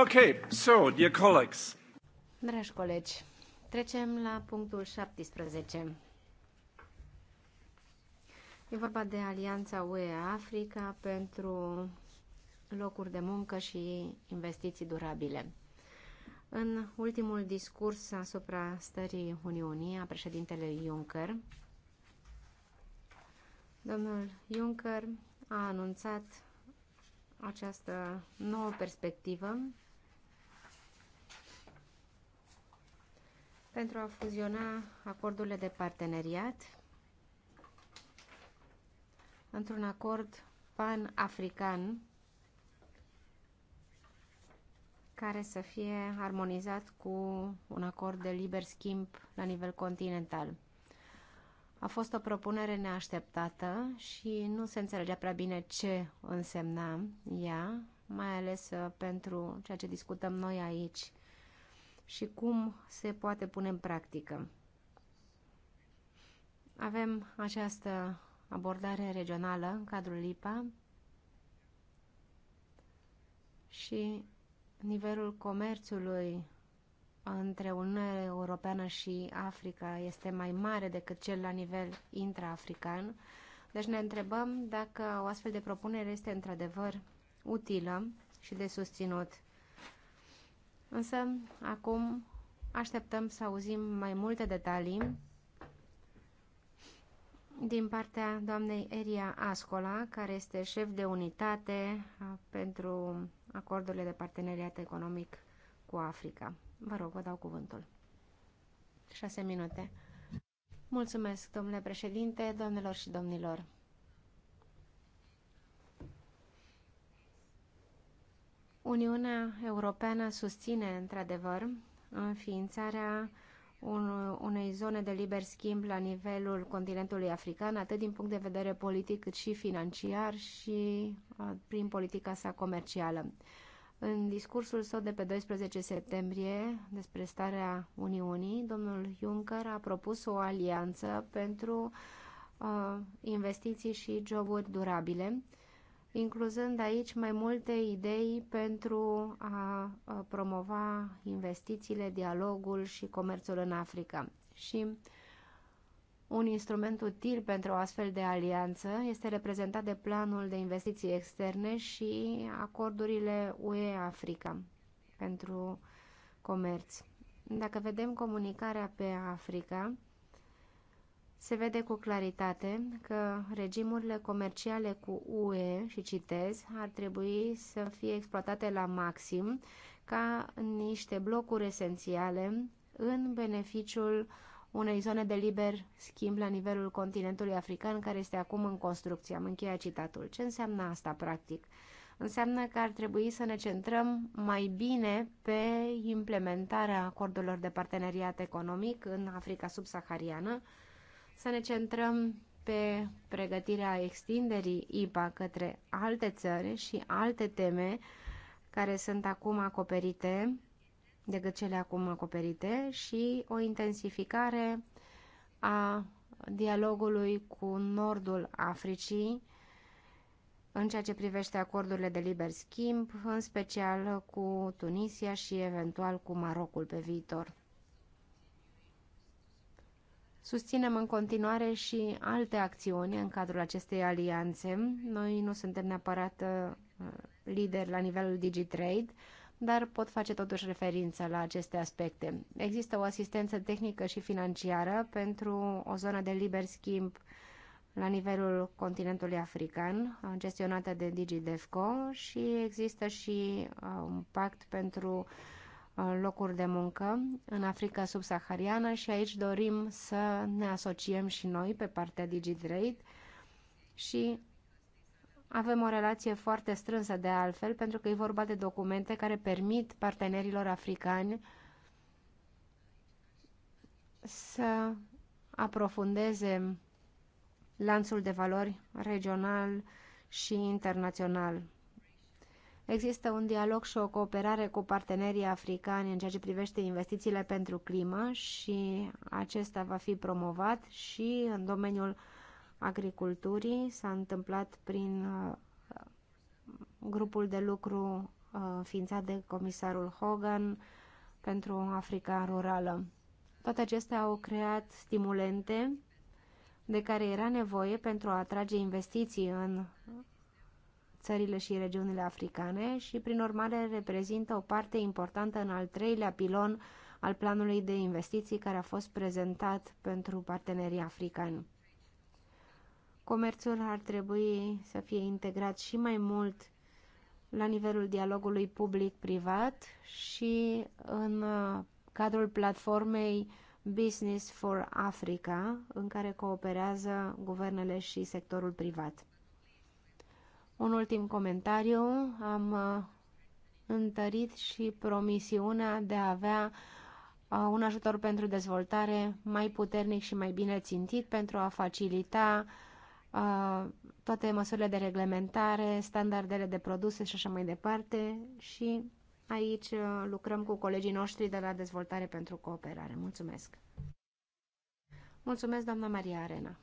Ok, so, dear colleagues. Dragi colegi, trecem la punctul 17. E vorba de Alianța UE-Africa pentru locuri de muncă și investiții durabile. În ultimul discurs asupra stării Uniunii a președintele Juncker, domnul Juncker a anunțat această nouă perspectivă pentru a fuziona acordurile de parteneriat într-un acord pan-african care să fie armonizat cu un acord de liber schimb la nivel continental. A fost o propunere neașteptată și nu se înțelegea prea bine ce însemna ea, mai ales uh, pentru ceea ce discutăm noi aici și cum se poate pune în practică. Avem această abordare regională în cadrul LIPA și nivelul comerțului între Uniunea Europeană și Africa este mai mare decât cel la nivel intraafrican. Deci ne întrebăm dacă o astfel de propunere este într-adevăr utilă și de susținut. Însă, acum așteptăm să auzim mai multe detalii din partea doamnei Eria Ascola, care este șef de unitate pentru acordurile de parteneriat economic cu Africa. Vă rog, vă dau cuvântul. Șase minute. Mulțumesc, domnule președinte, doamnelor și domnilor. Uniunea Europeană susține, într-adevăr, înființarea unei zone de liber schimb la nivelul continentului african, atât din punct de vedere politic cât și financiar și prin politica sa comercială. În discursul său de pe 12 septembrie despre starea Uniunii, domnul Juncker a propus o alianță pentru uh, investiții și joburi durabile incluzând aici mai multe idei pentru a promova investițiile, dialogul și comerțul în Africa. Și un instrument util pentru o astfel de alianță este reprezentat de planul de investiții externe și acordurile UE-Africa pentru comerț. Dacă vedem comunicarea pe Africa, se vede cu claritate că regimurile comerciale cu UE, și citez, ar trebui să fie exploatate la maxim ca niște blocuri esențiale în beneficiul unei zone de liber schimb la nivelul continentului african care este acum în construcție. Am încheiat citatul. Ce înseamnă asta practic? Înseamnă că ar trebui să ne centrăm mai bine pe implementarea acordurilor de parteneriat economic în Africa subsahariană, să ne centrăm pe pregătirea extinderii IPA către alte țări și alte teme care sunt acum acoperite decât cele acum acoperite și o intensificare a dialogului cu nordul Africii în ceea ce privește acordurile de liber schimb, în special cu Tunisia și eventual cu Marocul pe viitor. Susținem în continuare și alte acțiuni în cadrul acestei alianțe. Noi nu suntem neapărat uh, lideri la nivelul DigiTrade, dar pot face totuși referință la aceste aspecte. Există o asistență tehnică și financiară pentru o zonă de liber schimb la nivelul continentului african, gestionată de DigiDevco și există și uh, un pact pentru uh, Uh, locuri de muncă în Africa subsahariană și aici dorim să ne asociem și noi pe partea DigiTrade și avem o relație foarte strânsă de altfel pentru că e vorba de documente care permit partenerilor africani să aprofundeze lanțul de valori regional și internațional Există un dialog și o cooperare cu partenerii africani în ceea ce privește investițiile pentru climă și acesta va fi promovat și în domeniul agriculturii s-a întâmplat prin uh, grupul de lucru uh, ființat de comisarul Hogan pentru Africa rurală. Toate acestea au creat stimulente de care era nevoie pentru a atrage investiții în țările și regiunile africane și, prin urmare, reprezintă o parte importantă în al treilea pilon al planului de investiții care a fost prezentat pentru partenerii africani. Comerțul ar trebui să fie integrat și mai mult la nivelul dialogului public-privat și în uh, cadrul platformei Business for Africa, în care cooperează guvernele și sectorul privat. Un ultim comentariu. Am uh, întărit și promisiunea de a avea uh, un ajutor pentru dezvoltare mai puternic și mai bine țintit pentru a facilita uh, toate măsurile de reglementare, standardele de produse și așa mai departe și aici lucrăm cu colegii noștri de la Dezvoltare pentru Cooperare. Mulțumesc! Mulțumesc, doamna Maria Arena!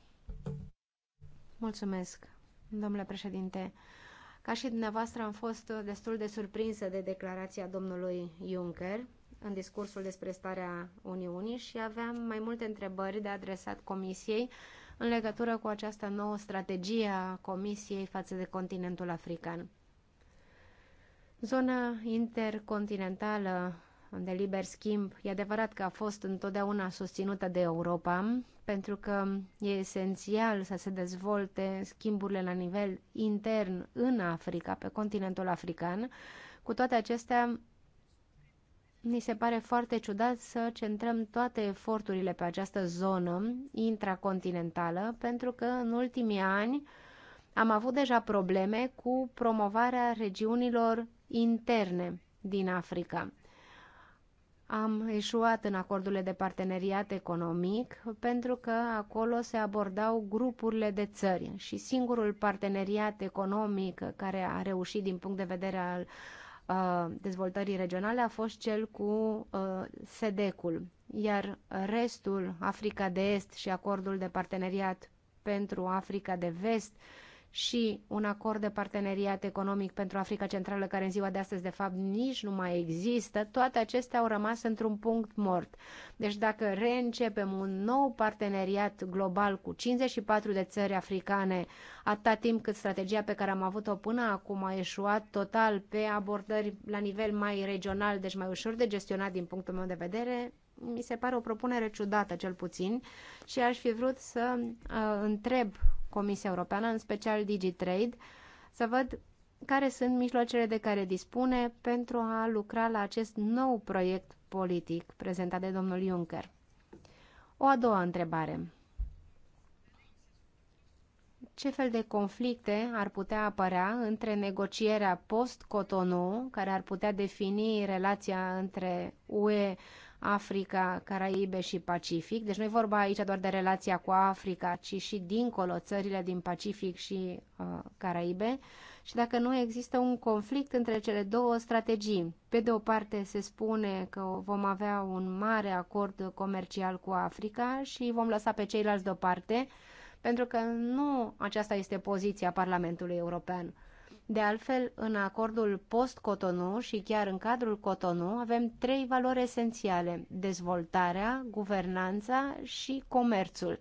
Mulțumesc, domnule președinte. Ca și dumneavoastră am fost destul de surprinsă de declarația domnului Juncker în discursul despre starea Uniunii și aveam mai multe întrebări de adresat Comisiei în legătură cu această nouă strategie a Comisiei față de continentul african. Zona intercontinentală de liber schimb, e adevărat că a fost întotdeauna susținută de Europa, pentru că e esențial să se dezvolte schimburile la nivel intern în Africa, pe continentul african. Cu toate acestea, ni se pare foarte ciudat să centrăm toate eforturile pe această zonă intracontinentală, pentru că în ultimii ani am avut deja probleme cu promovarea regiunilor interne din Africa am eșuat în acordurile de parteneriat economic pentru că acolo se abordau grupurile de țări și singurul parteneriat economic care a reușit din punct de vedere al uh, dezvoltării regionale a fost cel cu uh, SEDEC-ul, iar restul, Africa de Est și acordul de parteneriat pentru Africa de Vest, uh, și un acord de parteneriat economic pentru Africa Centrală, care în ziua de astăzi, de fapt, nici nu mai există, toate acestea au rămas într-un punct mort. Deci dacă reîncepem un nou parteneriat global cu 54 de țări africane, atât timp cât strategia pe care am avut-o până acum a eșuat total pe abordări la nivel mai regional, deci mai ușor de gestionat din punctul meu de vedere, mi se pare o propunere ciudată, cel puțin, și aș fi vrut să uh, întreb Comisia Europeană, în special DigiTrade, să văd care sunt mijloacele de care dispune pentru a lucra la acest nou proiect politic prezentat de domnul Juncker. O a doua întrebare. Ce fel de conflicte ar putea apărea între negocierea post-Cotonou, care ar putea defini relația între UE Africa, Caraibe și Pacific. Deci nu e vorba aici doar de relația cu Africa, ci și dincolo, țările din Pacific și uh, Caraibe. Și dacă nu există un conflict între cele două strategii. Pe de o parte se spune că vom avea un mare acord comercial cu Africa și vom lăsa pe ceilalți deoparte, pentru că nu aceasta este poziția Parlamentului European. De altfel, în acordul post-Cotonou și chiar în cadrul Cotonou avem trei valori esențiale, dezvoltarea, guvernanța și comerțul.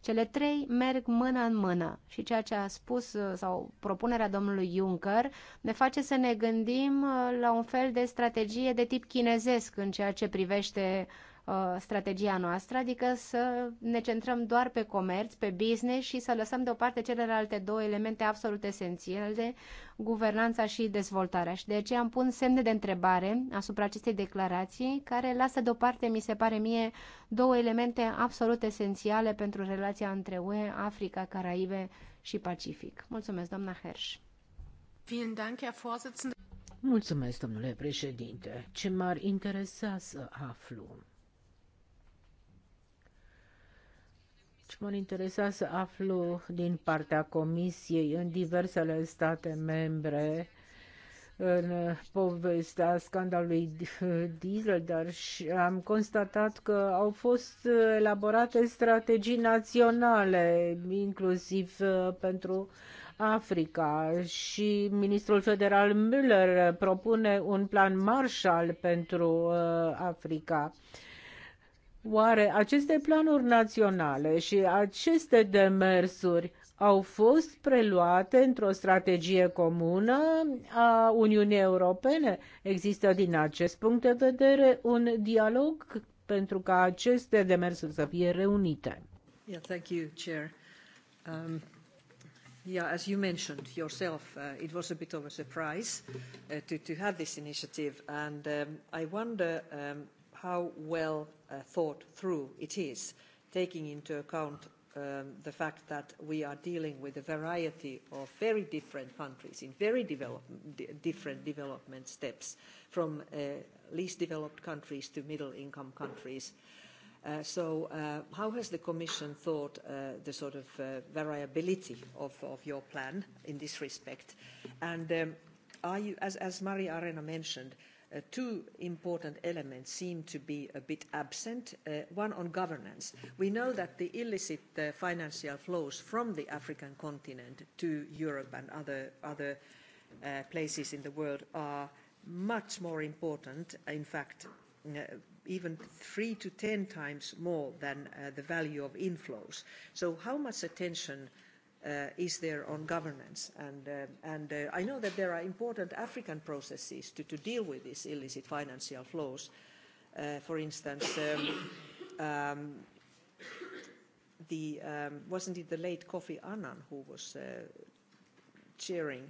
Cele trei merg mână în mână și ceea ce a spus uh, sau propunerea domnului Juncker ne face să ne gândim uh, la un fel de strategie de tip chinezesc în ceea ce privește Uh, strategia noastră, adică să ne centrăm doar pe comerț, pe business și să lăsăm deoparte celelalte două elemente absolut esențiale, guvernanța și dezvoltarea. Și de aceea am pun semne de întrebare asupra acestei declarații, care lasă deoparte, mi se pare mie, două elemente absolut esențiale pentru relația între UE, Africa, Caraibe și Pacific. Mulțumesc, doamna Hersh. Mulțumesc, domnule președinte. Ce m-ar interesa să aflu Ce m-ar interesa să aflu din partea Comisiei în diversele state membre în povestea scandalului diesel, dar și am constatat că au fost elaborate strategii naționale, inclusiv uh, pentru Africa și ministrul federal Müller propune un plan Marshall pentru uh, Africa. Oare aceste planuri naționale și aceste demersuri au fost preluate într-o strategie comună a Uniunii Europene? Există din acest punct de vedere un dialog pentru ca aceste demersuri să fie reunite? Yeah, thank you, Chair. Um... Yeah, as you mentioned yourself, uh, it was a bit of a surprise uh, to, to have this initiative, and um, I wonder um, how well uh, thought through it is, taking into account um, the fact that we are dealing with a variety of very different countries in very develop different development steps, from uh, least developed countries to middle-income countries. Uh, so uh, how has the Commission thought uh, the sort of uh, variability of, of, your plan in this respect? And um, are you, as, as Maria Arena mentioned, Uh, two important elements seem to be a bit absent. Uh, one on governance. We know that the illicit uh, financial flows from the African continent to Europe and other, other uh, places in the world are much more important, in fact, uh, even three to ten times more than uh, the value of inflows. So how much attention uh, Uh, is there on governance. And, uh, and uh, I know that there are important African processes to, to deal with these illicit financial flows. Uh, for instance, um, um, the, um, wasn't it the late Kofi Annan who was uh, chairing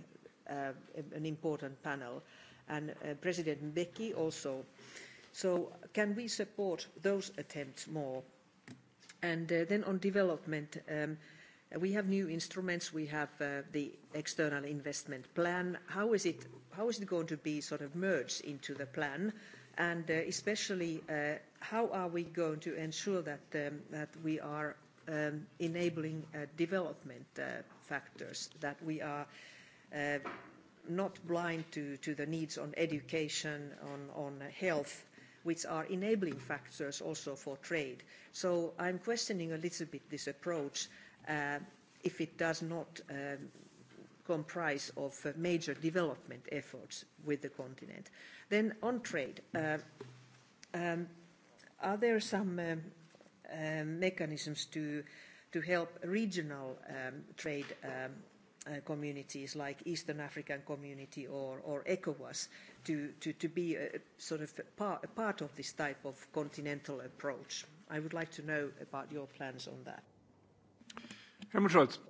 uh, an important panel, and President Mbeki also. So can we support those attempts more? And then on development, um, Uh, we have new instruments. We have uh, the external investment plan. How is, it, going to be sort of merged into the plan? And uh, especially, how are we going to ensure that, um, we are um, enabling development factors, that we are not blind to, the needs on education, on health, which are enabling factors also for trade. So I'm questioning a little bit this approach uh, if it does not um, comprise of uh, major development efforts with the continent. Then on trade, uh, um, are there some uh, um, uh, mechanisms to, to help regional um, trade um, Uh, communities like Eastern African Community or, or ECOWAS to, to, to be a, uh, sort of a par, a part of this type of continental approach. I would like to know about your plans on that. Helmut Scholz.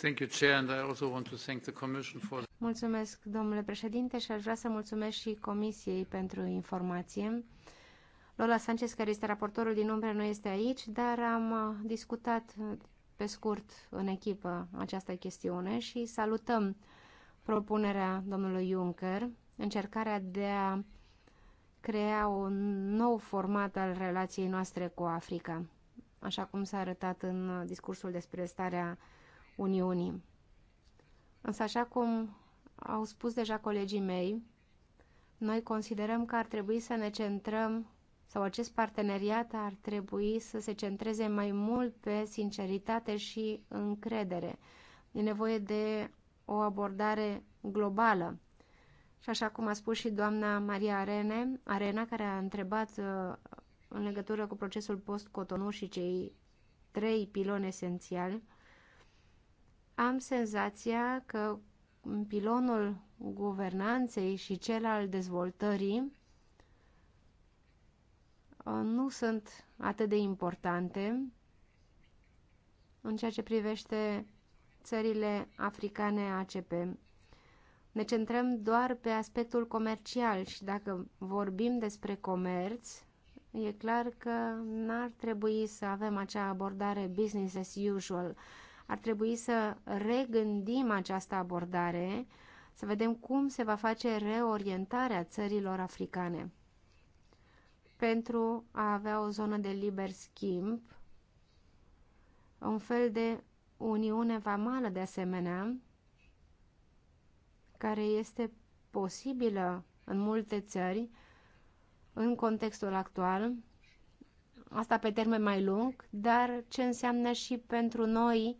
Thank you, Chair, and I also want to thank the Commission for... Mulțumesc, domnule președinte, și aș vrea să mulțumesc și Comisiei pentru informație. Lola Sanchez, care este raportorul din umbră, nu este aici, dar am uh, discutat uh, pe scurt în echipă această chestiune și salutăm propunerea domnului Juncker, încercarea de a crea un nou format al relației noastre cu Africa așa cum s-a arătat în discursul despre starea Uniunii. Însă, așa cum au spus deja colegii mei, noi considerăm că ar trebui să ne centrăm sau acest parteneriat ar trebui să se centreze mai mult pe sinceritate și încredere. E nevoie de o abordare globală. Și așa cum a spus și doamna Maria Arene, Arena, care a întrebat uh, în legătură cu procesul post-Cotonou și cei trei piloni esențiali, am senzația că pilonul guvernanței și cel al dezvoltării uh, nu sunt atât de importante în ceea ce privește țările africane ACP. Ne centrăm doar pe aspectul comercial și dacă vorbim despre comerț, E clar că n-ar trebui să avem acea abordare business as usual. Ar trebui să regândim această abordare, să vedem cum se va face reorientarea țărilor africane pentru a avea o zonă de liber schimb, un fel de uniune vamală de asemenea, care este posibilă în multe țări, în contextul actual, asta pe termen mai lung, dar ce înseamnă și pentru noi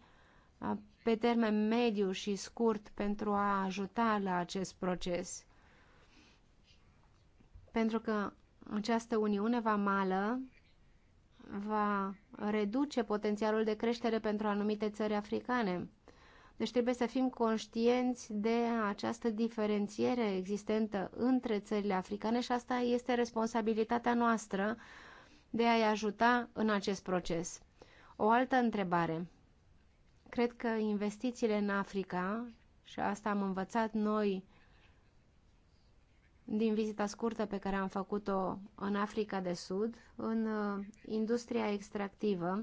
pe termen mediu și scurt pentru a ajuta la acest proces. Pentru că această uniune vamală va reduce potențialul de creștere pentru anumite țări africane. Deci trebuie să fim conștienți de această diferențiere existentă între țările africane și asta este responsabilitatea noastră de a-i ajuta în acest proces. O altă întrebare. Cred că investițiile în Africa, și asta am învățat noi din vizita scurtă pe care am făcut-o în Africa de Sud, în uh, industria extractivă,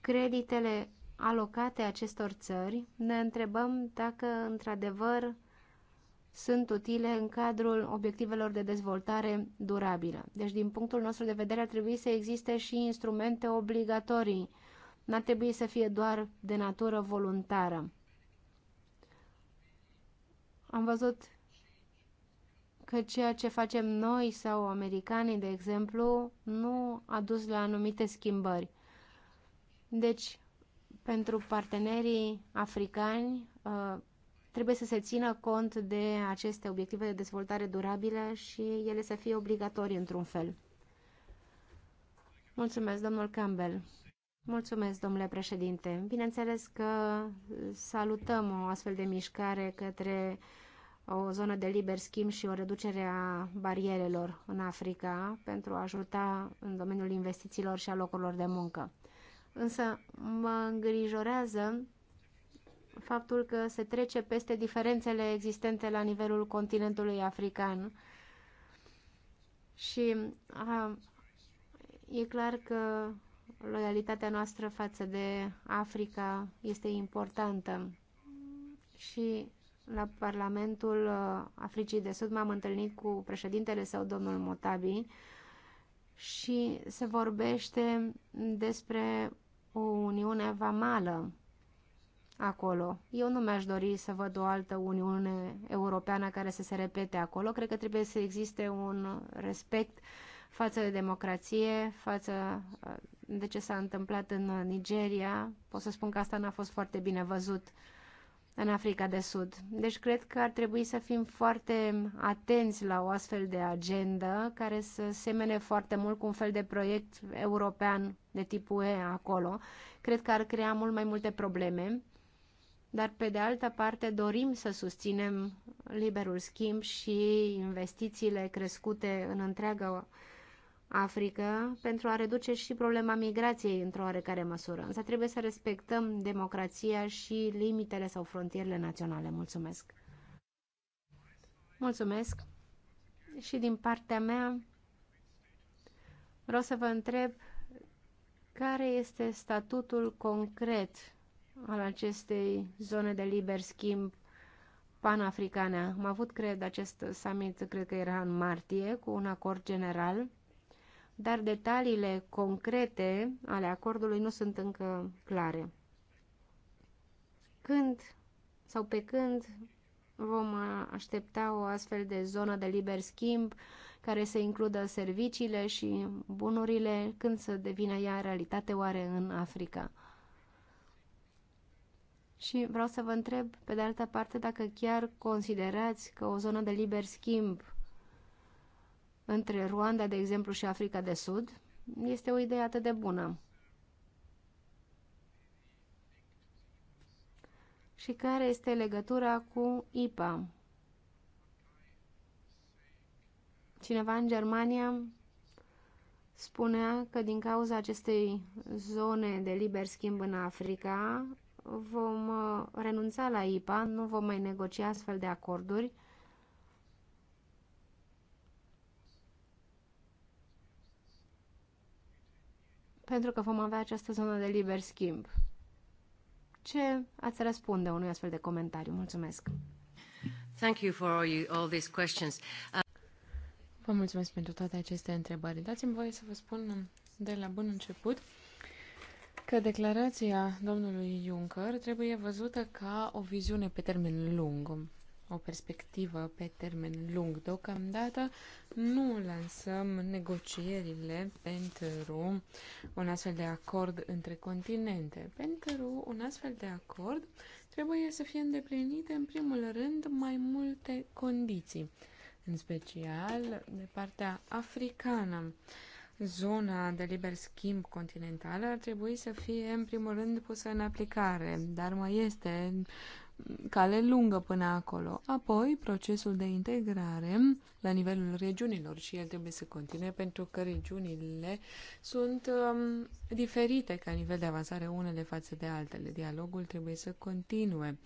creditele alocate acestor țări, ne întrebăm dacă într-adevăr sunt utile în cadrul obiectivelor de dezvoltare durabilă. Deci, din punctul nostru de vedere, ar trebui să existe și instrumente obligatorii. N-ar trebui să fie doar de natură voluntară. Am văzut că ceea ce facem noi sau americanii, de exemplu, nu a dus la anumite schimbări. Deci, pentru partenerii africani uh, trebuie să se țină cont de aceste obiective de dezvoltare durabilă și ele să fie obligatorii într-un fel. Mulțumesc, domnul Campbell. Mulțumesc, domnule președinte. Bineînțeles că salutăm o astfel de mișcare către o zonă de liber schimb și o reducere a barierelor în Africa pentru a ajuta în domeniul investițiilor și a locurilor de muncă însă mă îngrijorează faptul că se trece peste diferențele existente la nivelul continentului african. Și a, e clar că loialitatea noastră față de Africa este importantă. Și la Parlamentul uh, Africii de Sud m-am întâlnit cu președintele său, domnul Motabi, și se vorbește despre o uniune vamală acolo. Eu nu mi-aș dori să văd o altă uniune europeană care să se repete acolo. Cred că trebuie să existe un respect față de democrație, față uh, de ce s-a întâmplat în Nigeria. Pot să spun că asta n-a fost foarte bine văzut în Africa de Sud. Deci cred că ar trebui să fim foarte atenți la o astfel de agendă care să semene foarte mult cu un fel de proiect european de tip UE acolo. Cred că ar crea mult mai multe probleme, dar pe de altă parte dorim să susținem liberul schimb și investițiile crescute în întreaga Africa pentru a reduce și problema migrației într-o oarecare măsură. Însă trebuie să respectăm democrația și limitele sau frontierele naționale. Mulțumesc! Mulțumesc! Și din partea mea vreau să vă întreb care este statutul concret al acestei zone de liber schimb panafricane. Am avut, cred, acest summit, cred că era în martie, cu un acord general dar detaliile concrete ale acordului nu sunt încă clare. Când sau pe când vom aștepta o astfel de zonă de liber schimb care să includă serviciile și bunurile când să devină ea realitate oare în Africa. Și vreau să vă întreb, pe de altă parte, dacă chiar considerați că o zonă de liber schimb între Ruanda, de exemplu, și Africa de Sud, este o idee atât de bună. Și care este legătura cu IPA? Cineva în Germania spunea că din cauza acestei zone de liber schimb în Africa vom uh, renunța la IPA, nu vom mai negocia astfel de acorduri, pentru că vom avea această zonă de liber schimb. Ce ați răspunde unui astfel de comentariu? Mulțumesc! Thank you for all, all these questions. Uh, vă mulțumesc pentru toate aceste întrebări. Dați-mi voie să vă spun de la bun început că declarația domnului Juncker trebuie văzută ca o viziune pe termen lung, o perspectivă pe termen lung. Deocamdată nu lansăm negocierile pentru un astfel de acord între continente. Pentru un astfel de acord trebuie să fie îndeplinite în primul rând mai multe condiții, în special de partea africană. Zona de liber schimb continentală ar trebui să fie în primul rând pusă în aplicare, dar mai este cale lungă până acolo. Apoi, procesul de integrare la nivelul regiunilor și el trebuie să continue pentru că regiunile sunt um, diferite ca nivel de avansare unele față de altele. Dialogul trebuie să continue.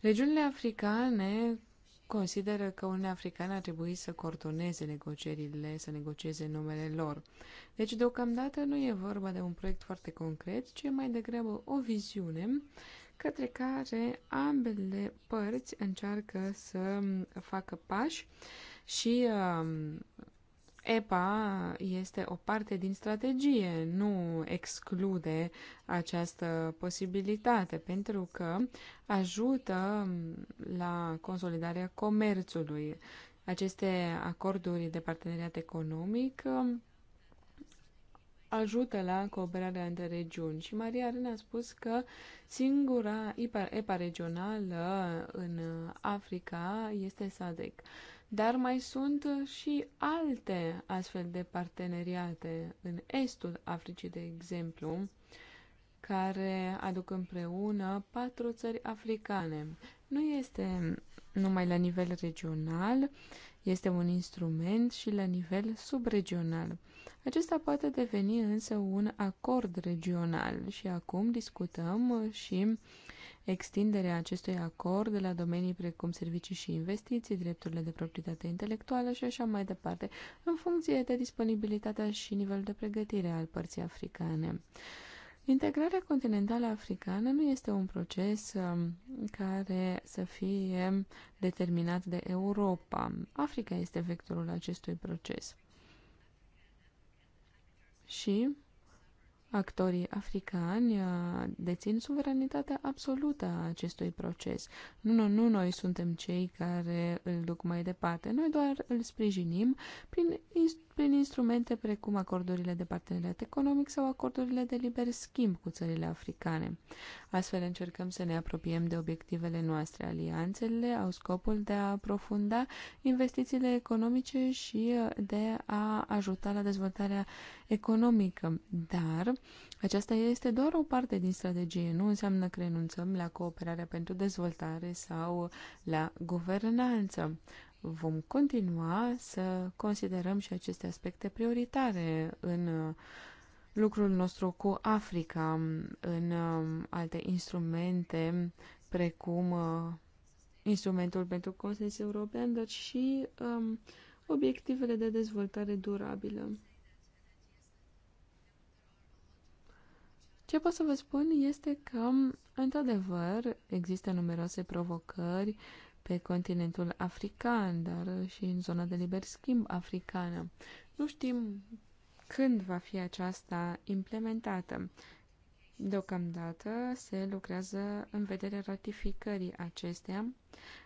Regiunile africane consideră că Uniunea Africană ar trebui să coordoneze negocierile, să negocieze numele lor. Deci, deocamdată, nu e vorba de un proiect foarte concret, ci mai degrabă o viziune către care ambele părți încearcă să facă pași și um, EPA este o parte din strategie, nu exclude această posibilitate, pentru că ajută um, la consolidarea comerțului. Aceste acorduri de parteneriat economic um, ajută la cooperarea între regiuni. Și Maria Arena a spus că singura EPA regională în Africa este SADC. Dar mai sunt și alte astfel de parteneriate în estul Africii, de exemplu, care aduc împreună patru țări africane. Nu este numai la nivel regional, este un instrument și la nivel subregional. Acesta poate deveni însă un acord regional și acum discutăm și extinderea acestui acord de la domenii precum servicii și investiții, drepturile de proprietate intelectuală și așa mai departe, în funcție de disponibilitatea și nivelul de pregătire al părții africane. Integrarea continentală africană nu este un proces um, care să fie determinat de Europa. Africa este vectorul acestui proces. Și Actorii africani uh, dețin suveranitatea absolută a acestui proces. Nu, nu, nu noi suntem cei care îl duc mai departe, noi doar îl sprijinim prin prin instrumente precum acordurile de parteneriat economic sau acordurile de liber schimb cu țările africane. Astfel încercăm să ne apropiem de obiectivele noastre. Alianțele au scopul de a aprofunda investițiile economice și de a ajuta la dezvoltarea economică. Dar aceasta este doar o parte din strategie. Nu înseamnă că renunțăm la cooperarea pentru dezvoltare sau la guvernanță vom continua să considerăm și aceste aspecte prioritare în uh, lucrul nostru cu Africa, în um, alte instrumente precum uh, instrumentul pentru consens european, dar și um, obiectivele de dezvoltare durabilă. Ce pot să vă spun este că, într-adevăr, există numeroase provocări uh, pe continentul african, dar și în zona de liber schimb africană. Nu știm când va fi aceasta implementată. Deocamdată se lucrează în vederea ratificării acesteia,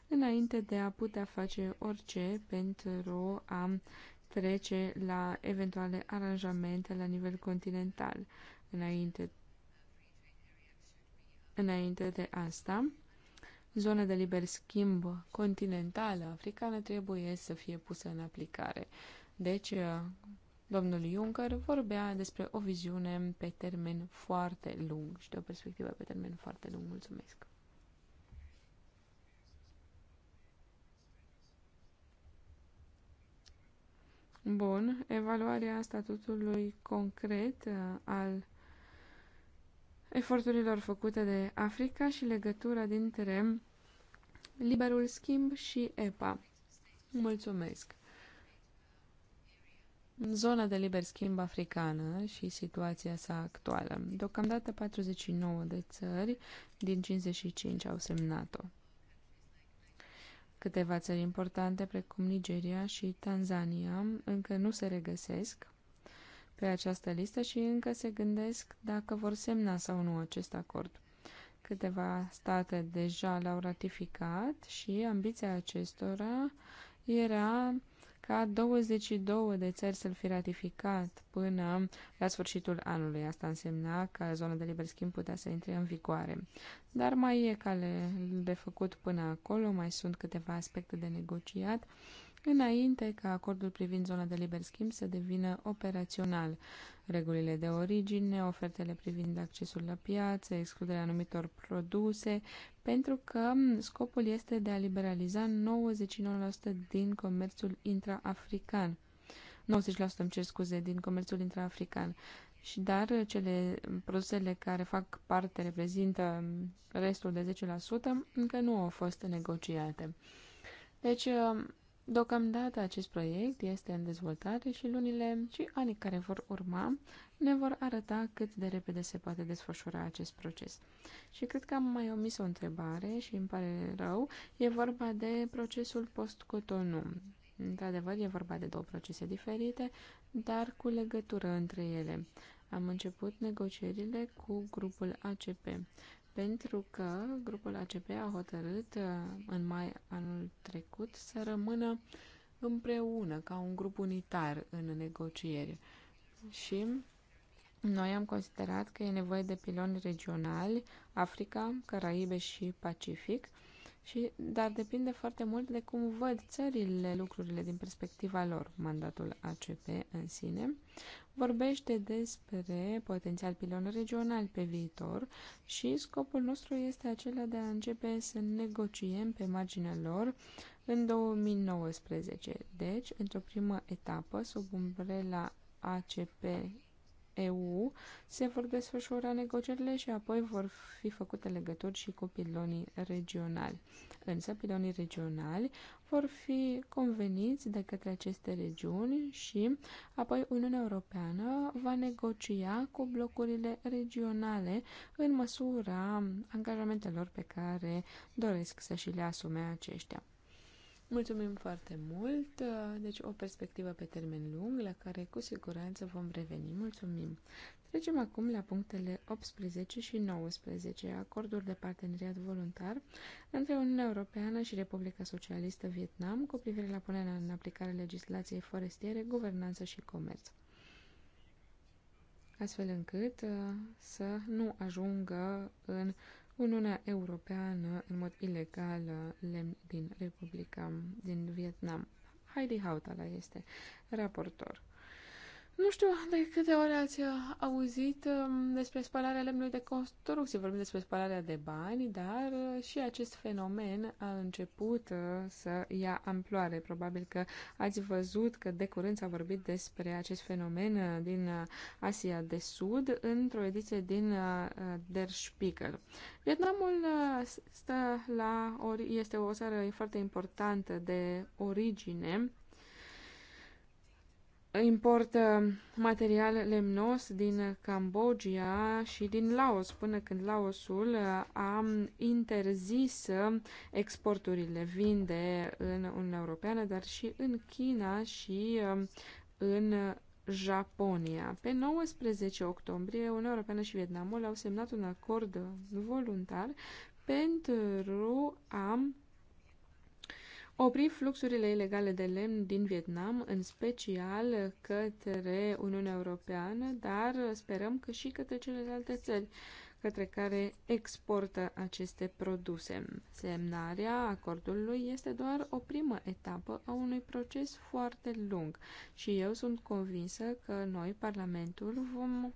înainte de a putea face orice pentru a trece la eventuale aranjamente la nivel continental. Înainte, înainte de asta, zona de liber schimb continentală africană trebuie să fie pusă în aplicare. Deci, uh, domnul Juncker vorbea despre o viziune pe termen foarte lung și de o perspectivă pe termen foarte lung. Mulțumesc! Bun, evaluarea statutului concret uh, al eforturilor făcute de Africa și legătura dintre liberul schimb și EPA. Mulțumesc! Zona de liber schimb africană și situația sa actuală. Deocamdată 49 de țări din 55 au semnat-o. Câteva țări importante, precum Nigeria și Tanzania, încă nu se regăsesc pe această listă și încă se gândesc dacă vor semna sau nu acest acord. Câteva state deja l-au ratificat și ambiția acestora era ca 22 de țări să-l fi ratificat până la sfârșitul anului. Asta însemna că zona de liber schimb putea să intre în vigoare. Dar mai e cale de făcut până acolo, mai sunt câteva aspecte de negociat înainte ca acordul privind zona de liber schimb să devină operațional. Regulile de origine, ofertele privind accesul la piață, excluderea anumitor produse, pentru că scopul este de a liberaliza 99% din comerțul intraafrican. 90% îmi cer scuze din comerțul intraafrican și dar cele produsele care fac parte reprezintă restul de 10% încă nu au fost negociate. Deci Deocamdată acest proiect este în dezvoltare și lunile și anii care vor urma ne vor arăta cât de repede se poate desfășura acest proces. Și cred că am mai omis o întrebare și îmi pare rău, e vorba de procesul post-Cotonou. Într-adevăr, e vorba de două procese diferite, dar cu legătură între ele. Am început negocierile cu grupul ACP pentru că grupul ACP a hotărât uh, în mai anul trecut să rămână împreună, ca un grup unitar în negocieri. Și noi am considerat că e nevoie de piloni regionali, Africa, Caraibe și Pacific, și, dar depinde foarte mult de cum văd țările lucrurile din perspectiva lor, mandatul ACP în sine vorbește despre potențial pilon regional pe viitor și scopul nostru este acela de a începe să negociem pe marginea lor în 2019. Deci, într-o primă etapă, sub umbrela ACP EU se vor desfășura negocierile și apoi vor fi făcute legături și cu pilonii regionali. Însă pilonii regionali vor fi conveniți de către aceste regiuni și apoi Uniunea Europeană va negocia cu blocurile regionale în măsura angajamentelor pe care doresc să și le asume aceștia. Mulțumim foarte mult. Deci o perspectivă pe termen lung la care cu siguranță vom reveni. Mulțumim. Trecem acum la punctele 18 și 19, acorduri de parteneriat voluntar între Uniunea Europeană și Republica Socialistă Vietnam cu privire la punerea în aplicare legislației forestiere, guvernanță și comerț astfel încât uh, să nu ajungă în Uniunea Europeană, în mod ilegal, lemn din Republica din Vietnam. Heidi Hautala este raportor. Nu știu de câte ori ați uh, auzit um, despre spălarea lemnului de construcții. Vorbim despre spălarea de bani, dar uh, și acest fenomen a început uh, să ia amploare. Probabil că ați văzut că de curând s-a vorbit despre acest fenomen din Asia de Sud într-o ediție din Der Spiegel. Vietnamul stă la ori, este o țară foarte importantă de origine importă material lemnos din Cambodgia și din Laos, până când Laosul uh, a interzis uh, exporturile vinde în Uniunea Europeană, dar și în China și uh, în Japonia. Pe 19 octombrie, Uniunea Europeană și Vietnamul au semnat un acord voluntar pentru a opri fluxurile ilegale de lemn din Vietnam, în special către Uniunea Europeană, dar sperăm că și către celelalte țări către care exportă aceste produse. Semnarea acordului este doar o primă etapă a unui proces foarte lung și eu sunt convinsă că noi, Parlamentul, vom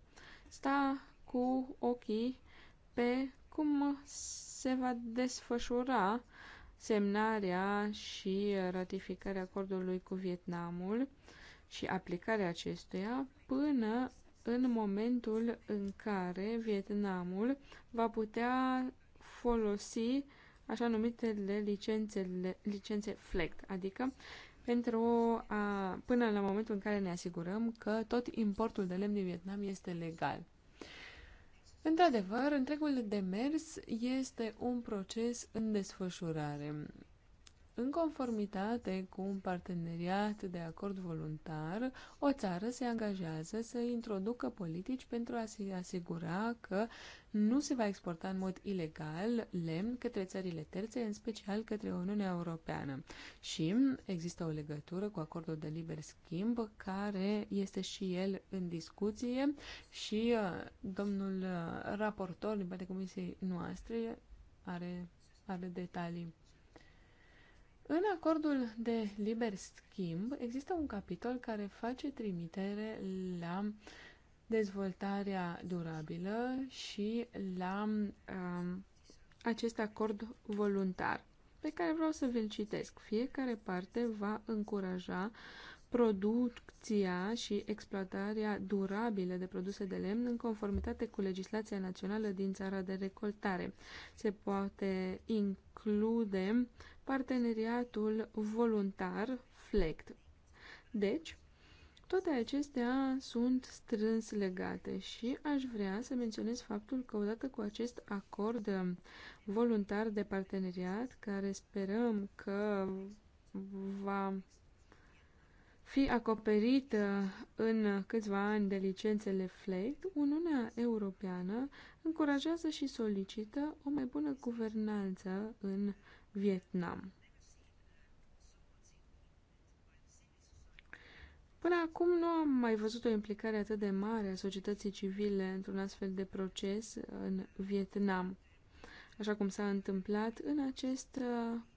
sta cu ochii pe cum se va desfășura semnarea și ratificarea acordului cu Vietnamul și aplicarea acestuia până în momentul în care Vietnamul va putea folosi așa numitele licențe, licențe FLECT, adică pentru a, până la momentul în care ne asigurăm că tot importul de lemn din Vietnam este legal. Într-adevăr, întregul demers este un proces în desfășurare. În conformitate cu un parteneriat de acord voluntar, o țară se angajează să introducă politici pentru a se asigura că nu se va exporta în mod ilegal lemn către țările terțe, în special către Uniunea Europeană. Și există o legătură cu acordul de liber schimb, care este și el în discuție și uh, domnul uh, raportor din partea comisiei noastre are, are detalii în acordul de liber schimb există un capitol care face trimitere la dezvoltarea durabilă și la um, acest acord voluntar pe care vreau să vi-l citesc. Fiecare parte va încuraja producția și exploatarea durabilă de produse de lemn în conformitate cu legislația națională din țara de recoltare. Se poate include parteneriatul voluntar FLECT. Deci, toate acestea sunt strâns legate și aș vrea să menționez faptul că odată cu acest acord voluntar de parteneriat, care sperăm că va fi acoperită uh, în câțiva ani de licențele FLECT, Uniunea Europeană încurajează și solicită o mai bună guvernanță în Vietnam. Până acum nu am mai văzut o implicare atât de mare a societății civile într-un astfel de proces în Vietnam, așa cum s-a întâmplat în, acest,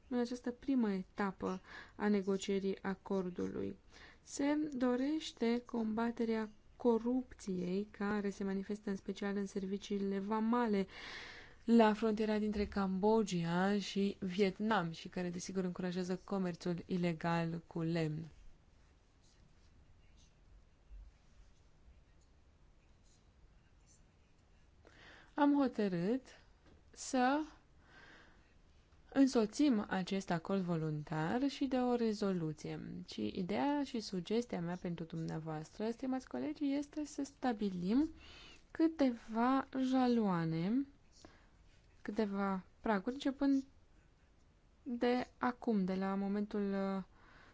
în această primă etapă a negocierii acordului. Se dorește combaterea corupției care se manifestă în special în serviciile vamale, uh, la frontiera dintre Cambodgia și Vietnam și care desigur încurajează comerțul ilegal cu lemn. Am hotărât să Însoțim acest acord voluntar și de o rezoluție. Și ideea și sugestia mea pentru dumneavoastră, stimați colegi, este să stabilim câteva jaloane câteva praguri, începând de acum, de la momentul uh,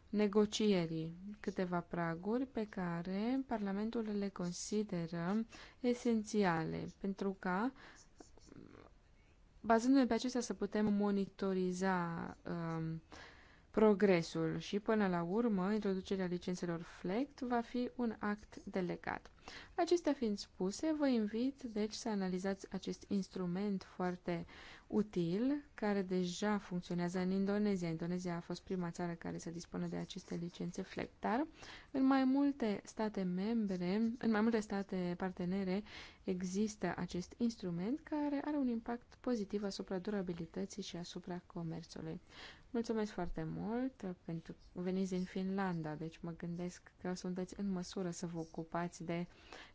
negocierii, câteva praguri pe care Parlamentul le consideră esențiale pentru ca, bazându-ne pe acestea, să putem monitoriza uh, progresul și, până la urmă, introducerea licențelor FLECT va fi un act delegat. Acestea fiind spuse, vă invit, deci, să analizați acest instrument foarte util, care deja funcționează în Indonezia. Indonezia a fost prima țară care să dispună de aceste licențe FLECT, dar în mai multe state membre, în mai multe state partenere, există acest instrument care are un impact pozitiv asupra durabilității și asupra comerțului. Mulțumesc foarte mult pentru veniți din Finlanda, deci mă gândesc că sunteți în măsură să vă ocupați de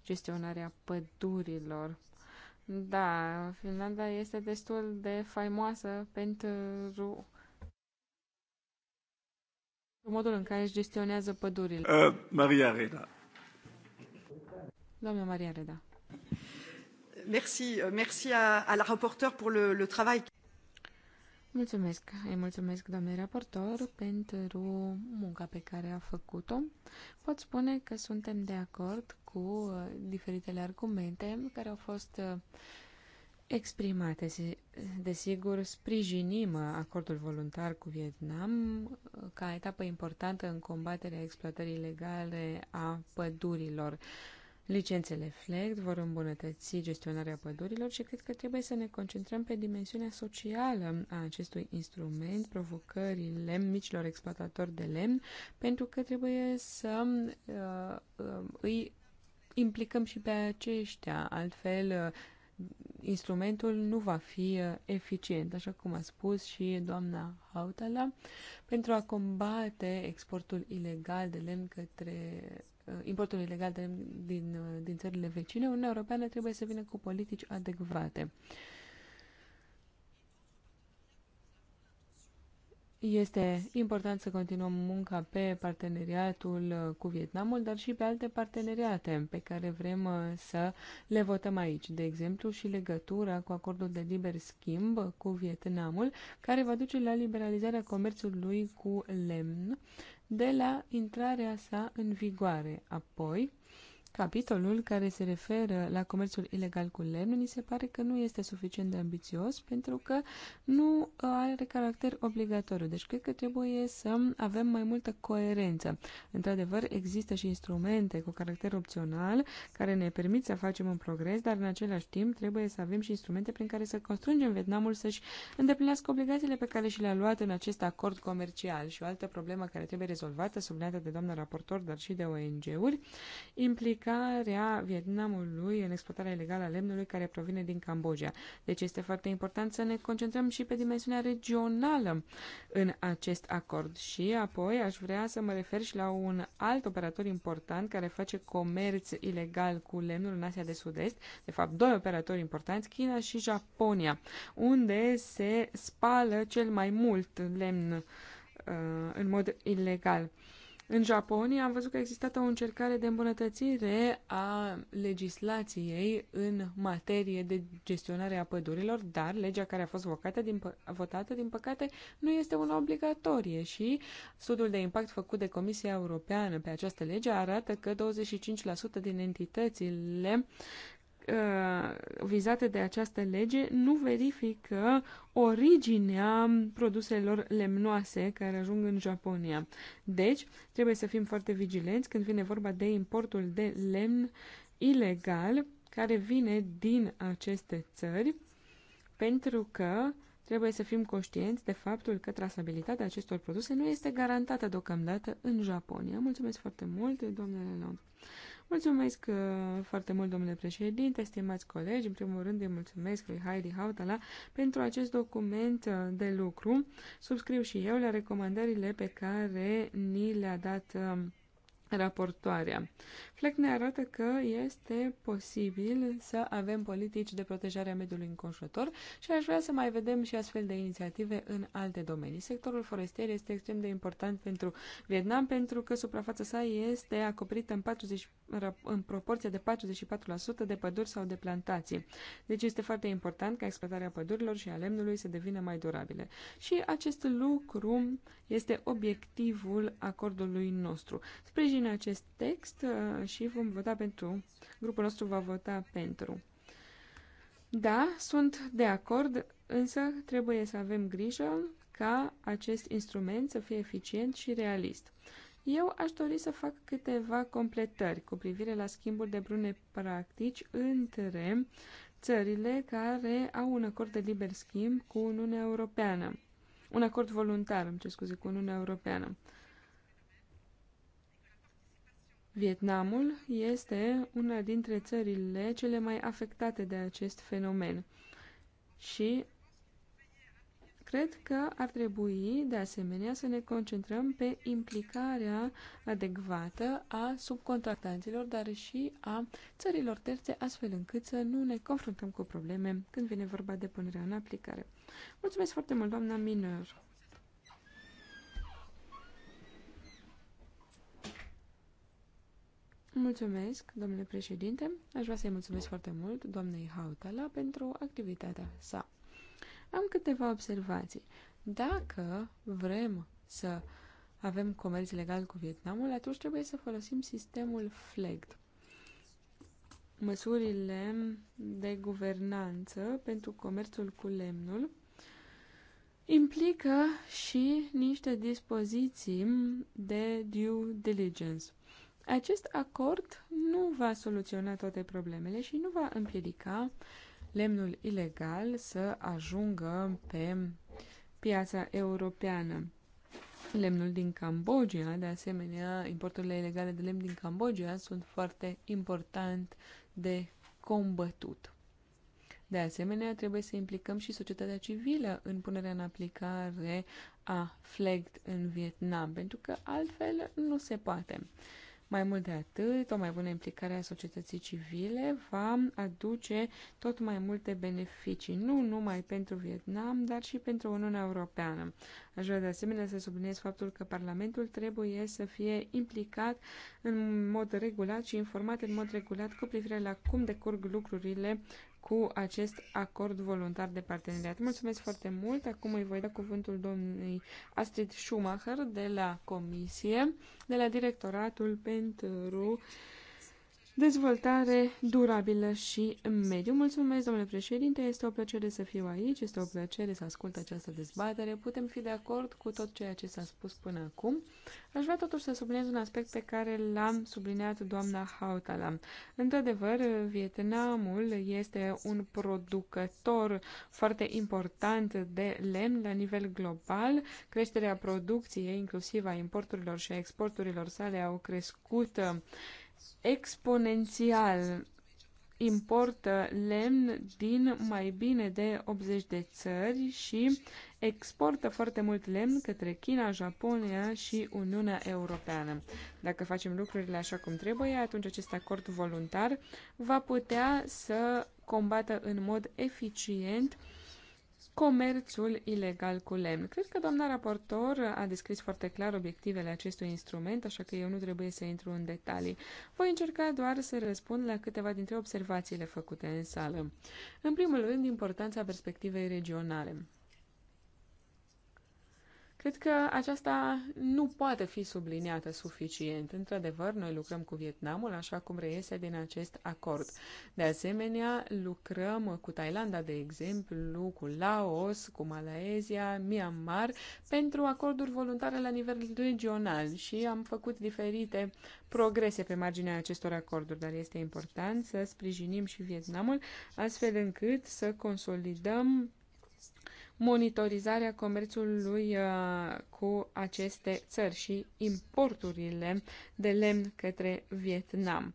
gestionarea pădurilor. Da, Finlanda este destul de faimoasă pentru modul în care își gestionează pădurile. Uh, Maria Reda. Doamna Maria Reda. Merci, merci à, à la rapporteure pour le, le travail. Mulțumesc. Îi mulțumesc, doamne raportor, pentru munca pe care a făcut-o. Pot spune că suntem de acord cu uh, diferitele argumente care au fost uh, exprimate. Desigur, sprijinim uh, acordul voluntar cu Vietnam ca etapă importantă în combaterea exploatării legale a pădurilor. Licențele FLEG vor îmbunătăți gestionarea pădurilor și cred că trebuie să ne concentrăm pe dimensiunea socială a acestui instrument, provocările micilor exploatatori de lemn, pentru că trebuie să uh, uh, îi implicăm și pe aceștia, altfel uh, instrumentul nu va fi uh, eficient, așa cum a spus și doamna Hautala, pentru a combate exportul ilegal de lemn către Uh, importul ilegal de, din, uh, din țările vecine, Uniunea Europeană trebuie să vină cu politici adecvate. Este important să continuăm munca pe parteneriatul uh, cu Vietnamul, dar și pe alte parteneriate pe care vrem să le votăm aici. De exemplu, și legătura cu acordul de liber schimb cu Vietnamul, care va duce la liberalizarea comerțului cu lemn de la intrarea sa în vigoare. Apoi, Capitolul care se referă la comerțul ilegal cu lemn mi se pare că nu este suficient de ambițios pentru că nu are caracter obligatoriu. Deci cred că trebuie să avem mai multă coerență. Într-adevăr, există și instrumente cu caracter opțional care ne permit să facem un progres, dar în același timp trebuie să avem și instrumente prin care să constrângem Vietnamul să-și îndeplinească obligațiile pe care și le-a luat în acest acord comercial. Și o altă problemă care trebuie rezolvată, subliniată de doamna raportor, dar și de ONG-uri, implică implicarea Vietnamului în exploatarea ilegală a lemnului care provine din Cambodgia. Deci este foarte important să ne concentrăm și pe dimensiunea regională în acest acord. Și apoi aș vrea să mă refer și la un alt operator important care face comerț ilegal cu lemnul în Asia de Sud-Est. De fapt, doi operatori importanți, China și Japonia, unde se spală cel mai mult lemn uh, în mod ilegal. În Japonia am văzut că a existat o încercare de îmbunătățire a legislației în materie de gestionare a pădurilor, dar legea care a fost votată, din, votată, din păcate, nu este una obligatorie și studiul de impact făcut de Comisia Europeană pe această lege arată că 25% din entitățile uh, Uh, vizate de această lege nu verifică originea produselor lemnoase care ajung în Japonia. Deci, trebuie să fim foarte vigilenți când vine vorba de importul de lemn ilegal care vine din aceste țări, pentru că trebuie să fim conștienți de faptul că trasabilitatea acestor produse nu este garantată deocamdată în Japonia. Mulțumesc foarte mult, domnule Leon. Mulțumesc uh, foarte mult, domnule președinte, stimați colegi. În primul rând îi mulțumesc lui Heidi Hautala pentru acest document uh, de lucru. Subscriu și eu la recomandările pe care ni le-a dat uh, raportoarea. Fleck ne arată că este posibil să avem politici de protejare a mediului înconjurător și aș vrea să mai vedem și astfel de inițiative în alte domenii. Sectorul forestier este extrem de important pentru Vietnam pentru că suprafața sa este acoperită în 40 în proporție de 44% de păduri sau de plantații. Deci este foarte important ca exploatarea pădurilor și a lemnului să devină mai durabile. Și acest lucru este obiectivul acordului nostru. Sprijin acest text uh, și vom vota pentru, grupul nostru va vota pentru. Da, sunt de acord, însă trebuie să avem grijă ca acest instrument să fie eficient și realist. Eu aș dori să fac câteva completări cu privire la schimbul de brune practici între țările care au un acord de liber schimb cu Uniunea Europeană. Un acord voluntar, îmi ce scuze, cu Uniunea Europeană. Vietnamul este una dintre țările cele mai afectate de acest fenomen și Cred că ar trebui, de asemenea, să ne concentrăm pe implicarea adecvată a subcontractanților, dar și a țărilor terțe, astfel încât să nu ne confruntăm cu probleme când vine vorba de punerea în aplicare. Mulțumesc foarte mult, doamna Minor! Mulțumesc, domnule președinte. Aș vrea să-i mulțumesc foarte mult doamnei Hautala pentru activitatea sa. Am câteva observații. Dacă vrem să avem comerț legal cu Vietnamul, atunci trebuie să folosim sistemul FLEGT. Măsurile de guvernanță pentru comerțul cu lemnul implică și niște dispoziții de due diligence. Acest acord nu va soluționa toate problemele și nu va împiedica uh, lemnul ilegal să ajungă pe piața europeană. Lemnul din Cambodgia, de asemenea, importurile ilegale de lemn din Cambodgia sunt foarte important de combătut. De asemenea, trebuie să implicăm și societatea civilă în punerea în aplicare a FLEGT în Vietnam, pentru că altfel nu se poate. Uh, mai mult de atât, o mai bună implicare a societății civile va aduce tot mai multe beneficii, nu numai pentru Vietnam, dar și pentru Uniunea Europeană. Aș vrea de asemenea să subliniez faptul că Parlamentul trebuie să fie implicat în mod regulat și informat în mod regulat cu privire la cum decurg lucrurile cu acest acord voluntar de parteneriat. Mulțumesc foarte mult. Acum îi voi da cuvântul domnului Astrid Schumacher de la Comisie, de la Directoratul pentru dezvoltare durabilă și mediu. Mulțumesc, domnule președinte, este o plăcere să fiu aici, este o plăcere să ascult această dezbatere. Putem fi de acord cu tot ceea ce s-a spus până acum. Aș vrea totuși să subliniez un aspect pe care l-am subliniat doamna Hautala. Într-adevăr, Vietnamul este un producător foarte important de lemn la nivel global. Creșterea producției, inclusiv a importurilor și a exporturilor sale, au crescut exponențial importă lemn din mai bine de 80 de țări și exportă foarte mult lemn către China, Japonia și Uniunea Europeană. Dacă facem lucrurile așa cum trebuie, atunci acest acord voluntar va putea să combată în mod eficient uh, comerțul ilegal cu lemn. Cred că doamna raportor a descris foarte clar obiectivele acestui instrument, așa că eu nu trebuie să intru în detalii. Voi încerca doar să răspund la câteva dintre observațiile făcute în sală. În primul rând, importanța perspectivei regionale. Cred că aceasta nu poate fi subliniată suficient. Într-adevăr, noi lucrăm cu Vietnamul, așa cum reiese din acest acord. De asemenea, lucrăm cu Thailanda, de exemplu, cu Laos, cu Malaezia, Myanmar, pentru acorduri voluntare la nivel regional și am făcut diferite progrese pe marginea acestor acorduri, dar este important să sprijinim și Vietnamul, astfel încât să consolidăm monitorizarea comerțului uh, cu aceste țări și importurile de lemn către Vietnam.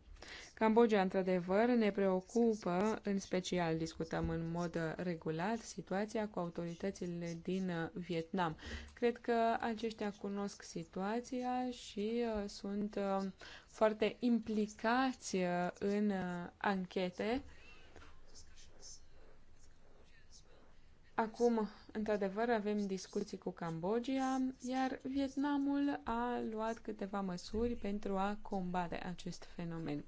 Cambodgia, într-adevăr, ne preocupă, în special discutăm în mod regulat situația cu autoritățile din uh, Vietnam. Cred că aceștia cunosc situația și uh, sunt foarte implicați în anchete Acum, într-adevăr, avem discuții cu Cambodgia, iar Vietnamul a luat câteva măsuri pentru a combate acest fenomen.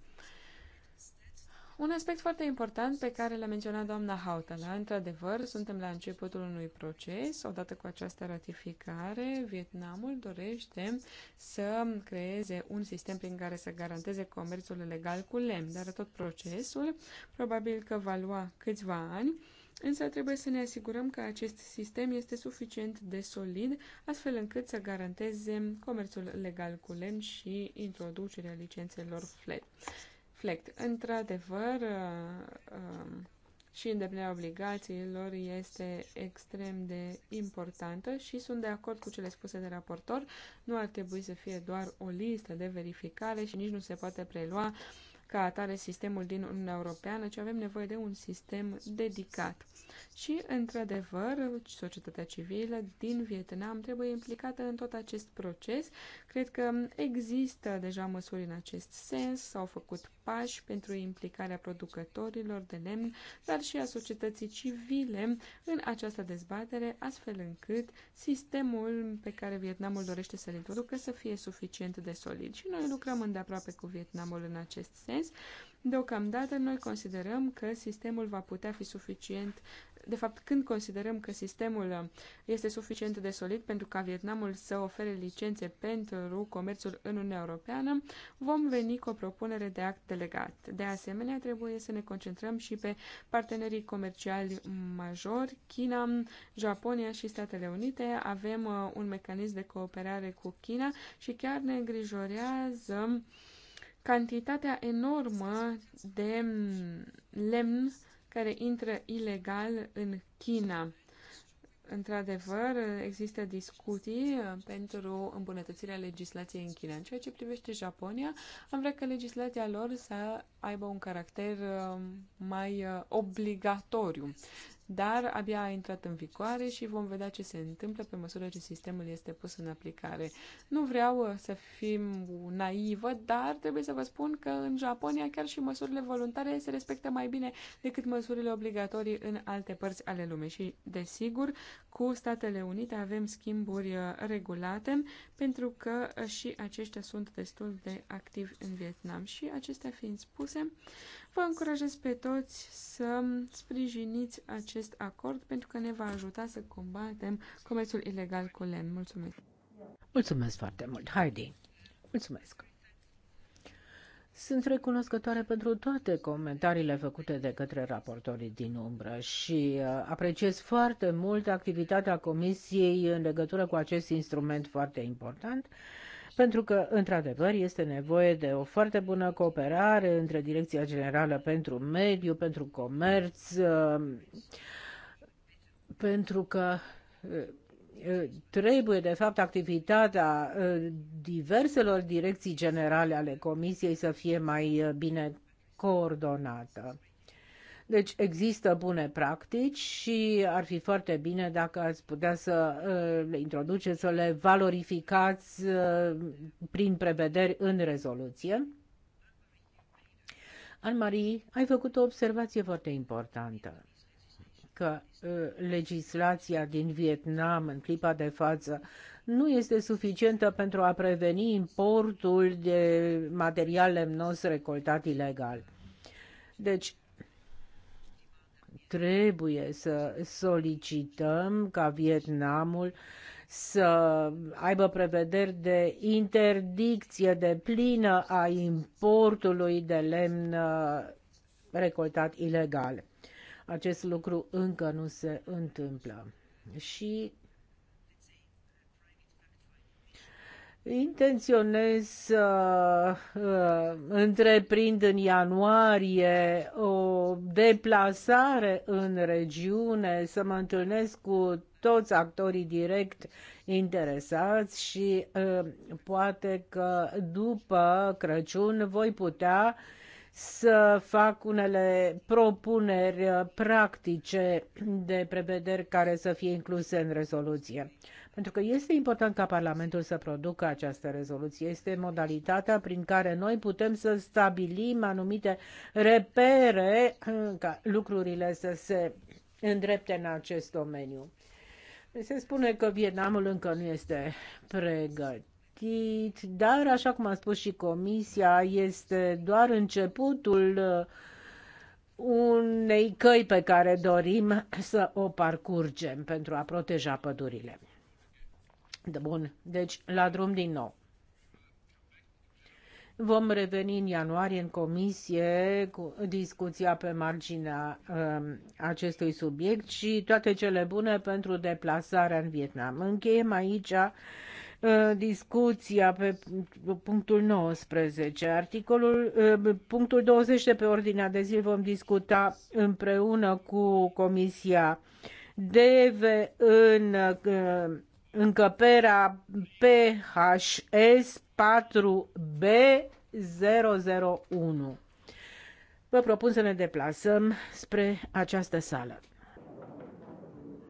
Un aspect foarte important pe care l-a menționat doamna Hautala, într-adevăr, suntem la începutul unui proces. Odată cu această ratificare, Vietnamul dorește să creeze un sistem prin care să garanteze comerțul legal cu lemn, dar tot procesul probabil că va lua câțiva ani Însă trebuie să ne asigurăm că acest sistem este suficient de solid, astfel încât să garanteze comerțul legal cu lemn și introducerea licențelor FLET. FLECT. Într-adevăr, uh, um, și îndeplinirea obligațiilor este extrem de importantă și sunt de acord cu cele spuse de raportor. Nu ar trebui să fie doar o listă de verificare și nici nu se poate prelua uh, ca atare sistemul din Uniunea Europeană, ci avem nevoie de un sistem dedicat. Și, într-adevăr, societatea civilă din Vietnam trebuie implicată în tot acest proces. Cred că există deja măsuri în acest sens, s-au făcut pași pentru implicarea producătorilor de lemn, dar și a societății civile în această dezbatere, astfel încât sistemul pe care Vietnamul dorește să-l introducă să fie suficient de solid. Și noi lucrăm îndeaproape cu Vietnamul în acest sens menționez. Deocamdată noi considerăm că sistemul va putea fi suficient de fapt, când considerăm că sistemul uh, este suficient de solid pentru ca Vietnamul să ofere licențe pentru comerțul în Uniunea Europeană, vom veni cu o propunere de act delegat. De asemenea, trebuie să ne concentrăm și pe partenerii comerciali majori, China, Japonia și Statele Unite. Avem uh, un mecanism de cooperare cu China și chiar ne îngrijorează cantitatea enormă de lemn care intră ilegal în China. Într-adevăr, există discuții pentru îmbunătățirea legislației în China. În ceea ce privește Japonia, am vrea ca legislația lor să aibă un caracter um, mai uh, obligatoriu dar abia a intrat în vigoare și vom vedea ce se întâmplă pe măsură ce sistemul este pus în aplicare. Nu vreau uh, să fim naivă, dar trebuie să vă spun că în Japonia chiar și măsurile voluntare se respectă mai bine decât măsurile obligatorii în alte părți ale lumii și, desigur, cu Statele Unite avem schimburi uh, regulate pentru că uh, și aceștia sunt destul de activi în Vietnam și acestea fiind spuse, Vă încurajez pe toți să sprijiniți acest acord pentru că ne va ajuta să combatem comerțul ilegal cu lemn. Mulțumesc! Mulțumesc foarte mult, Heidi! Mulțumesc! Sunt recunoscătoare pentru toate comentariile făcute de către raportorii din umbră și uh, apreciez foarte mult activitatea Comisiei în legătură cu acest instrument foarte important pentru că, într-adevăr, este nevoie de o foarte bună cooperare între Direcția Generală pentru Mediu, pentru Comerț, uh, pentru că uh, uh, trebuie, de fapt, activitatea diverselor direcții generale ale Comisiei să fie mai bine coordonată. Deci există bune practici și ar fi foarte bine dacă ați putea să uh, le introduceți, să le valorificați uh, prin prevederi în rezoluție. Anne-Marie, ai făcut o observație foarte importantă că uh, legislația din Vietnam în clipa de față nu este suficientă pentru a preveni importul de material lemnos recoltat ilegal. Deci trebuie să solicităm ca Vietnamul să aibă prevederi de interdicție de plină a importului de lemn uh, recoltat ilegal. Acest lucru încă nu se întâmplă. Și intenționez să uh, întreprind în ianuarie o deplasare în regiune, să mă întâlnesc cu toți actorii direct interesați și uh, poate că după Crăciun voi putea să fac unele propuneri uh, practice de prevederi care să fie incluse în rezoluție. Pentru că este important ca Parlamentul să producă această rezoluție. Este modalitatea prin care noi putem să stabilim anumite repere ca lucrurile să se îndrepte în acest domeniu. Se spune că Vietnamul încă nu este pregătit dar, așa cum a spus și Comisia, este doar începutul uh, unei căi pe care dorim să o parcurgem pentru a proteja pădurile. Bun, deci la drum din nou. Vom reveni în ianuarie în comisie cu discuția pe marginea um, acestui subiect și toate cele bune pentru deplasarea în Vietnam. Încheiem aici uh, discuția pe punctul 19. Articolul, uh, punctul 20 de pe ordinea de zi vom discuta împreună cu Comisia DEVE în uh, încăperea PHS 4B001. Vă propun să ne deplasăm spre această sală.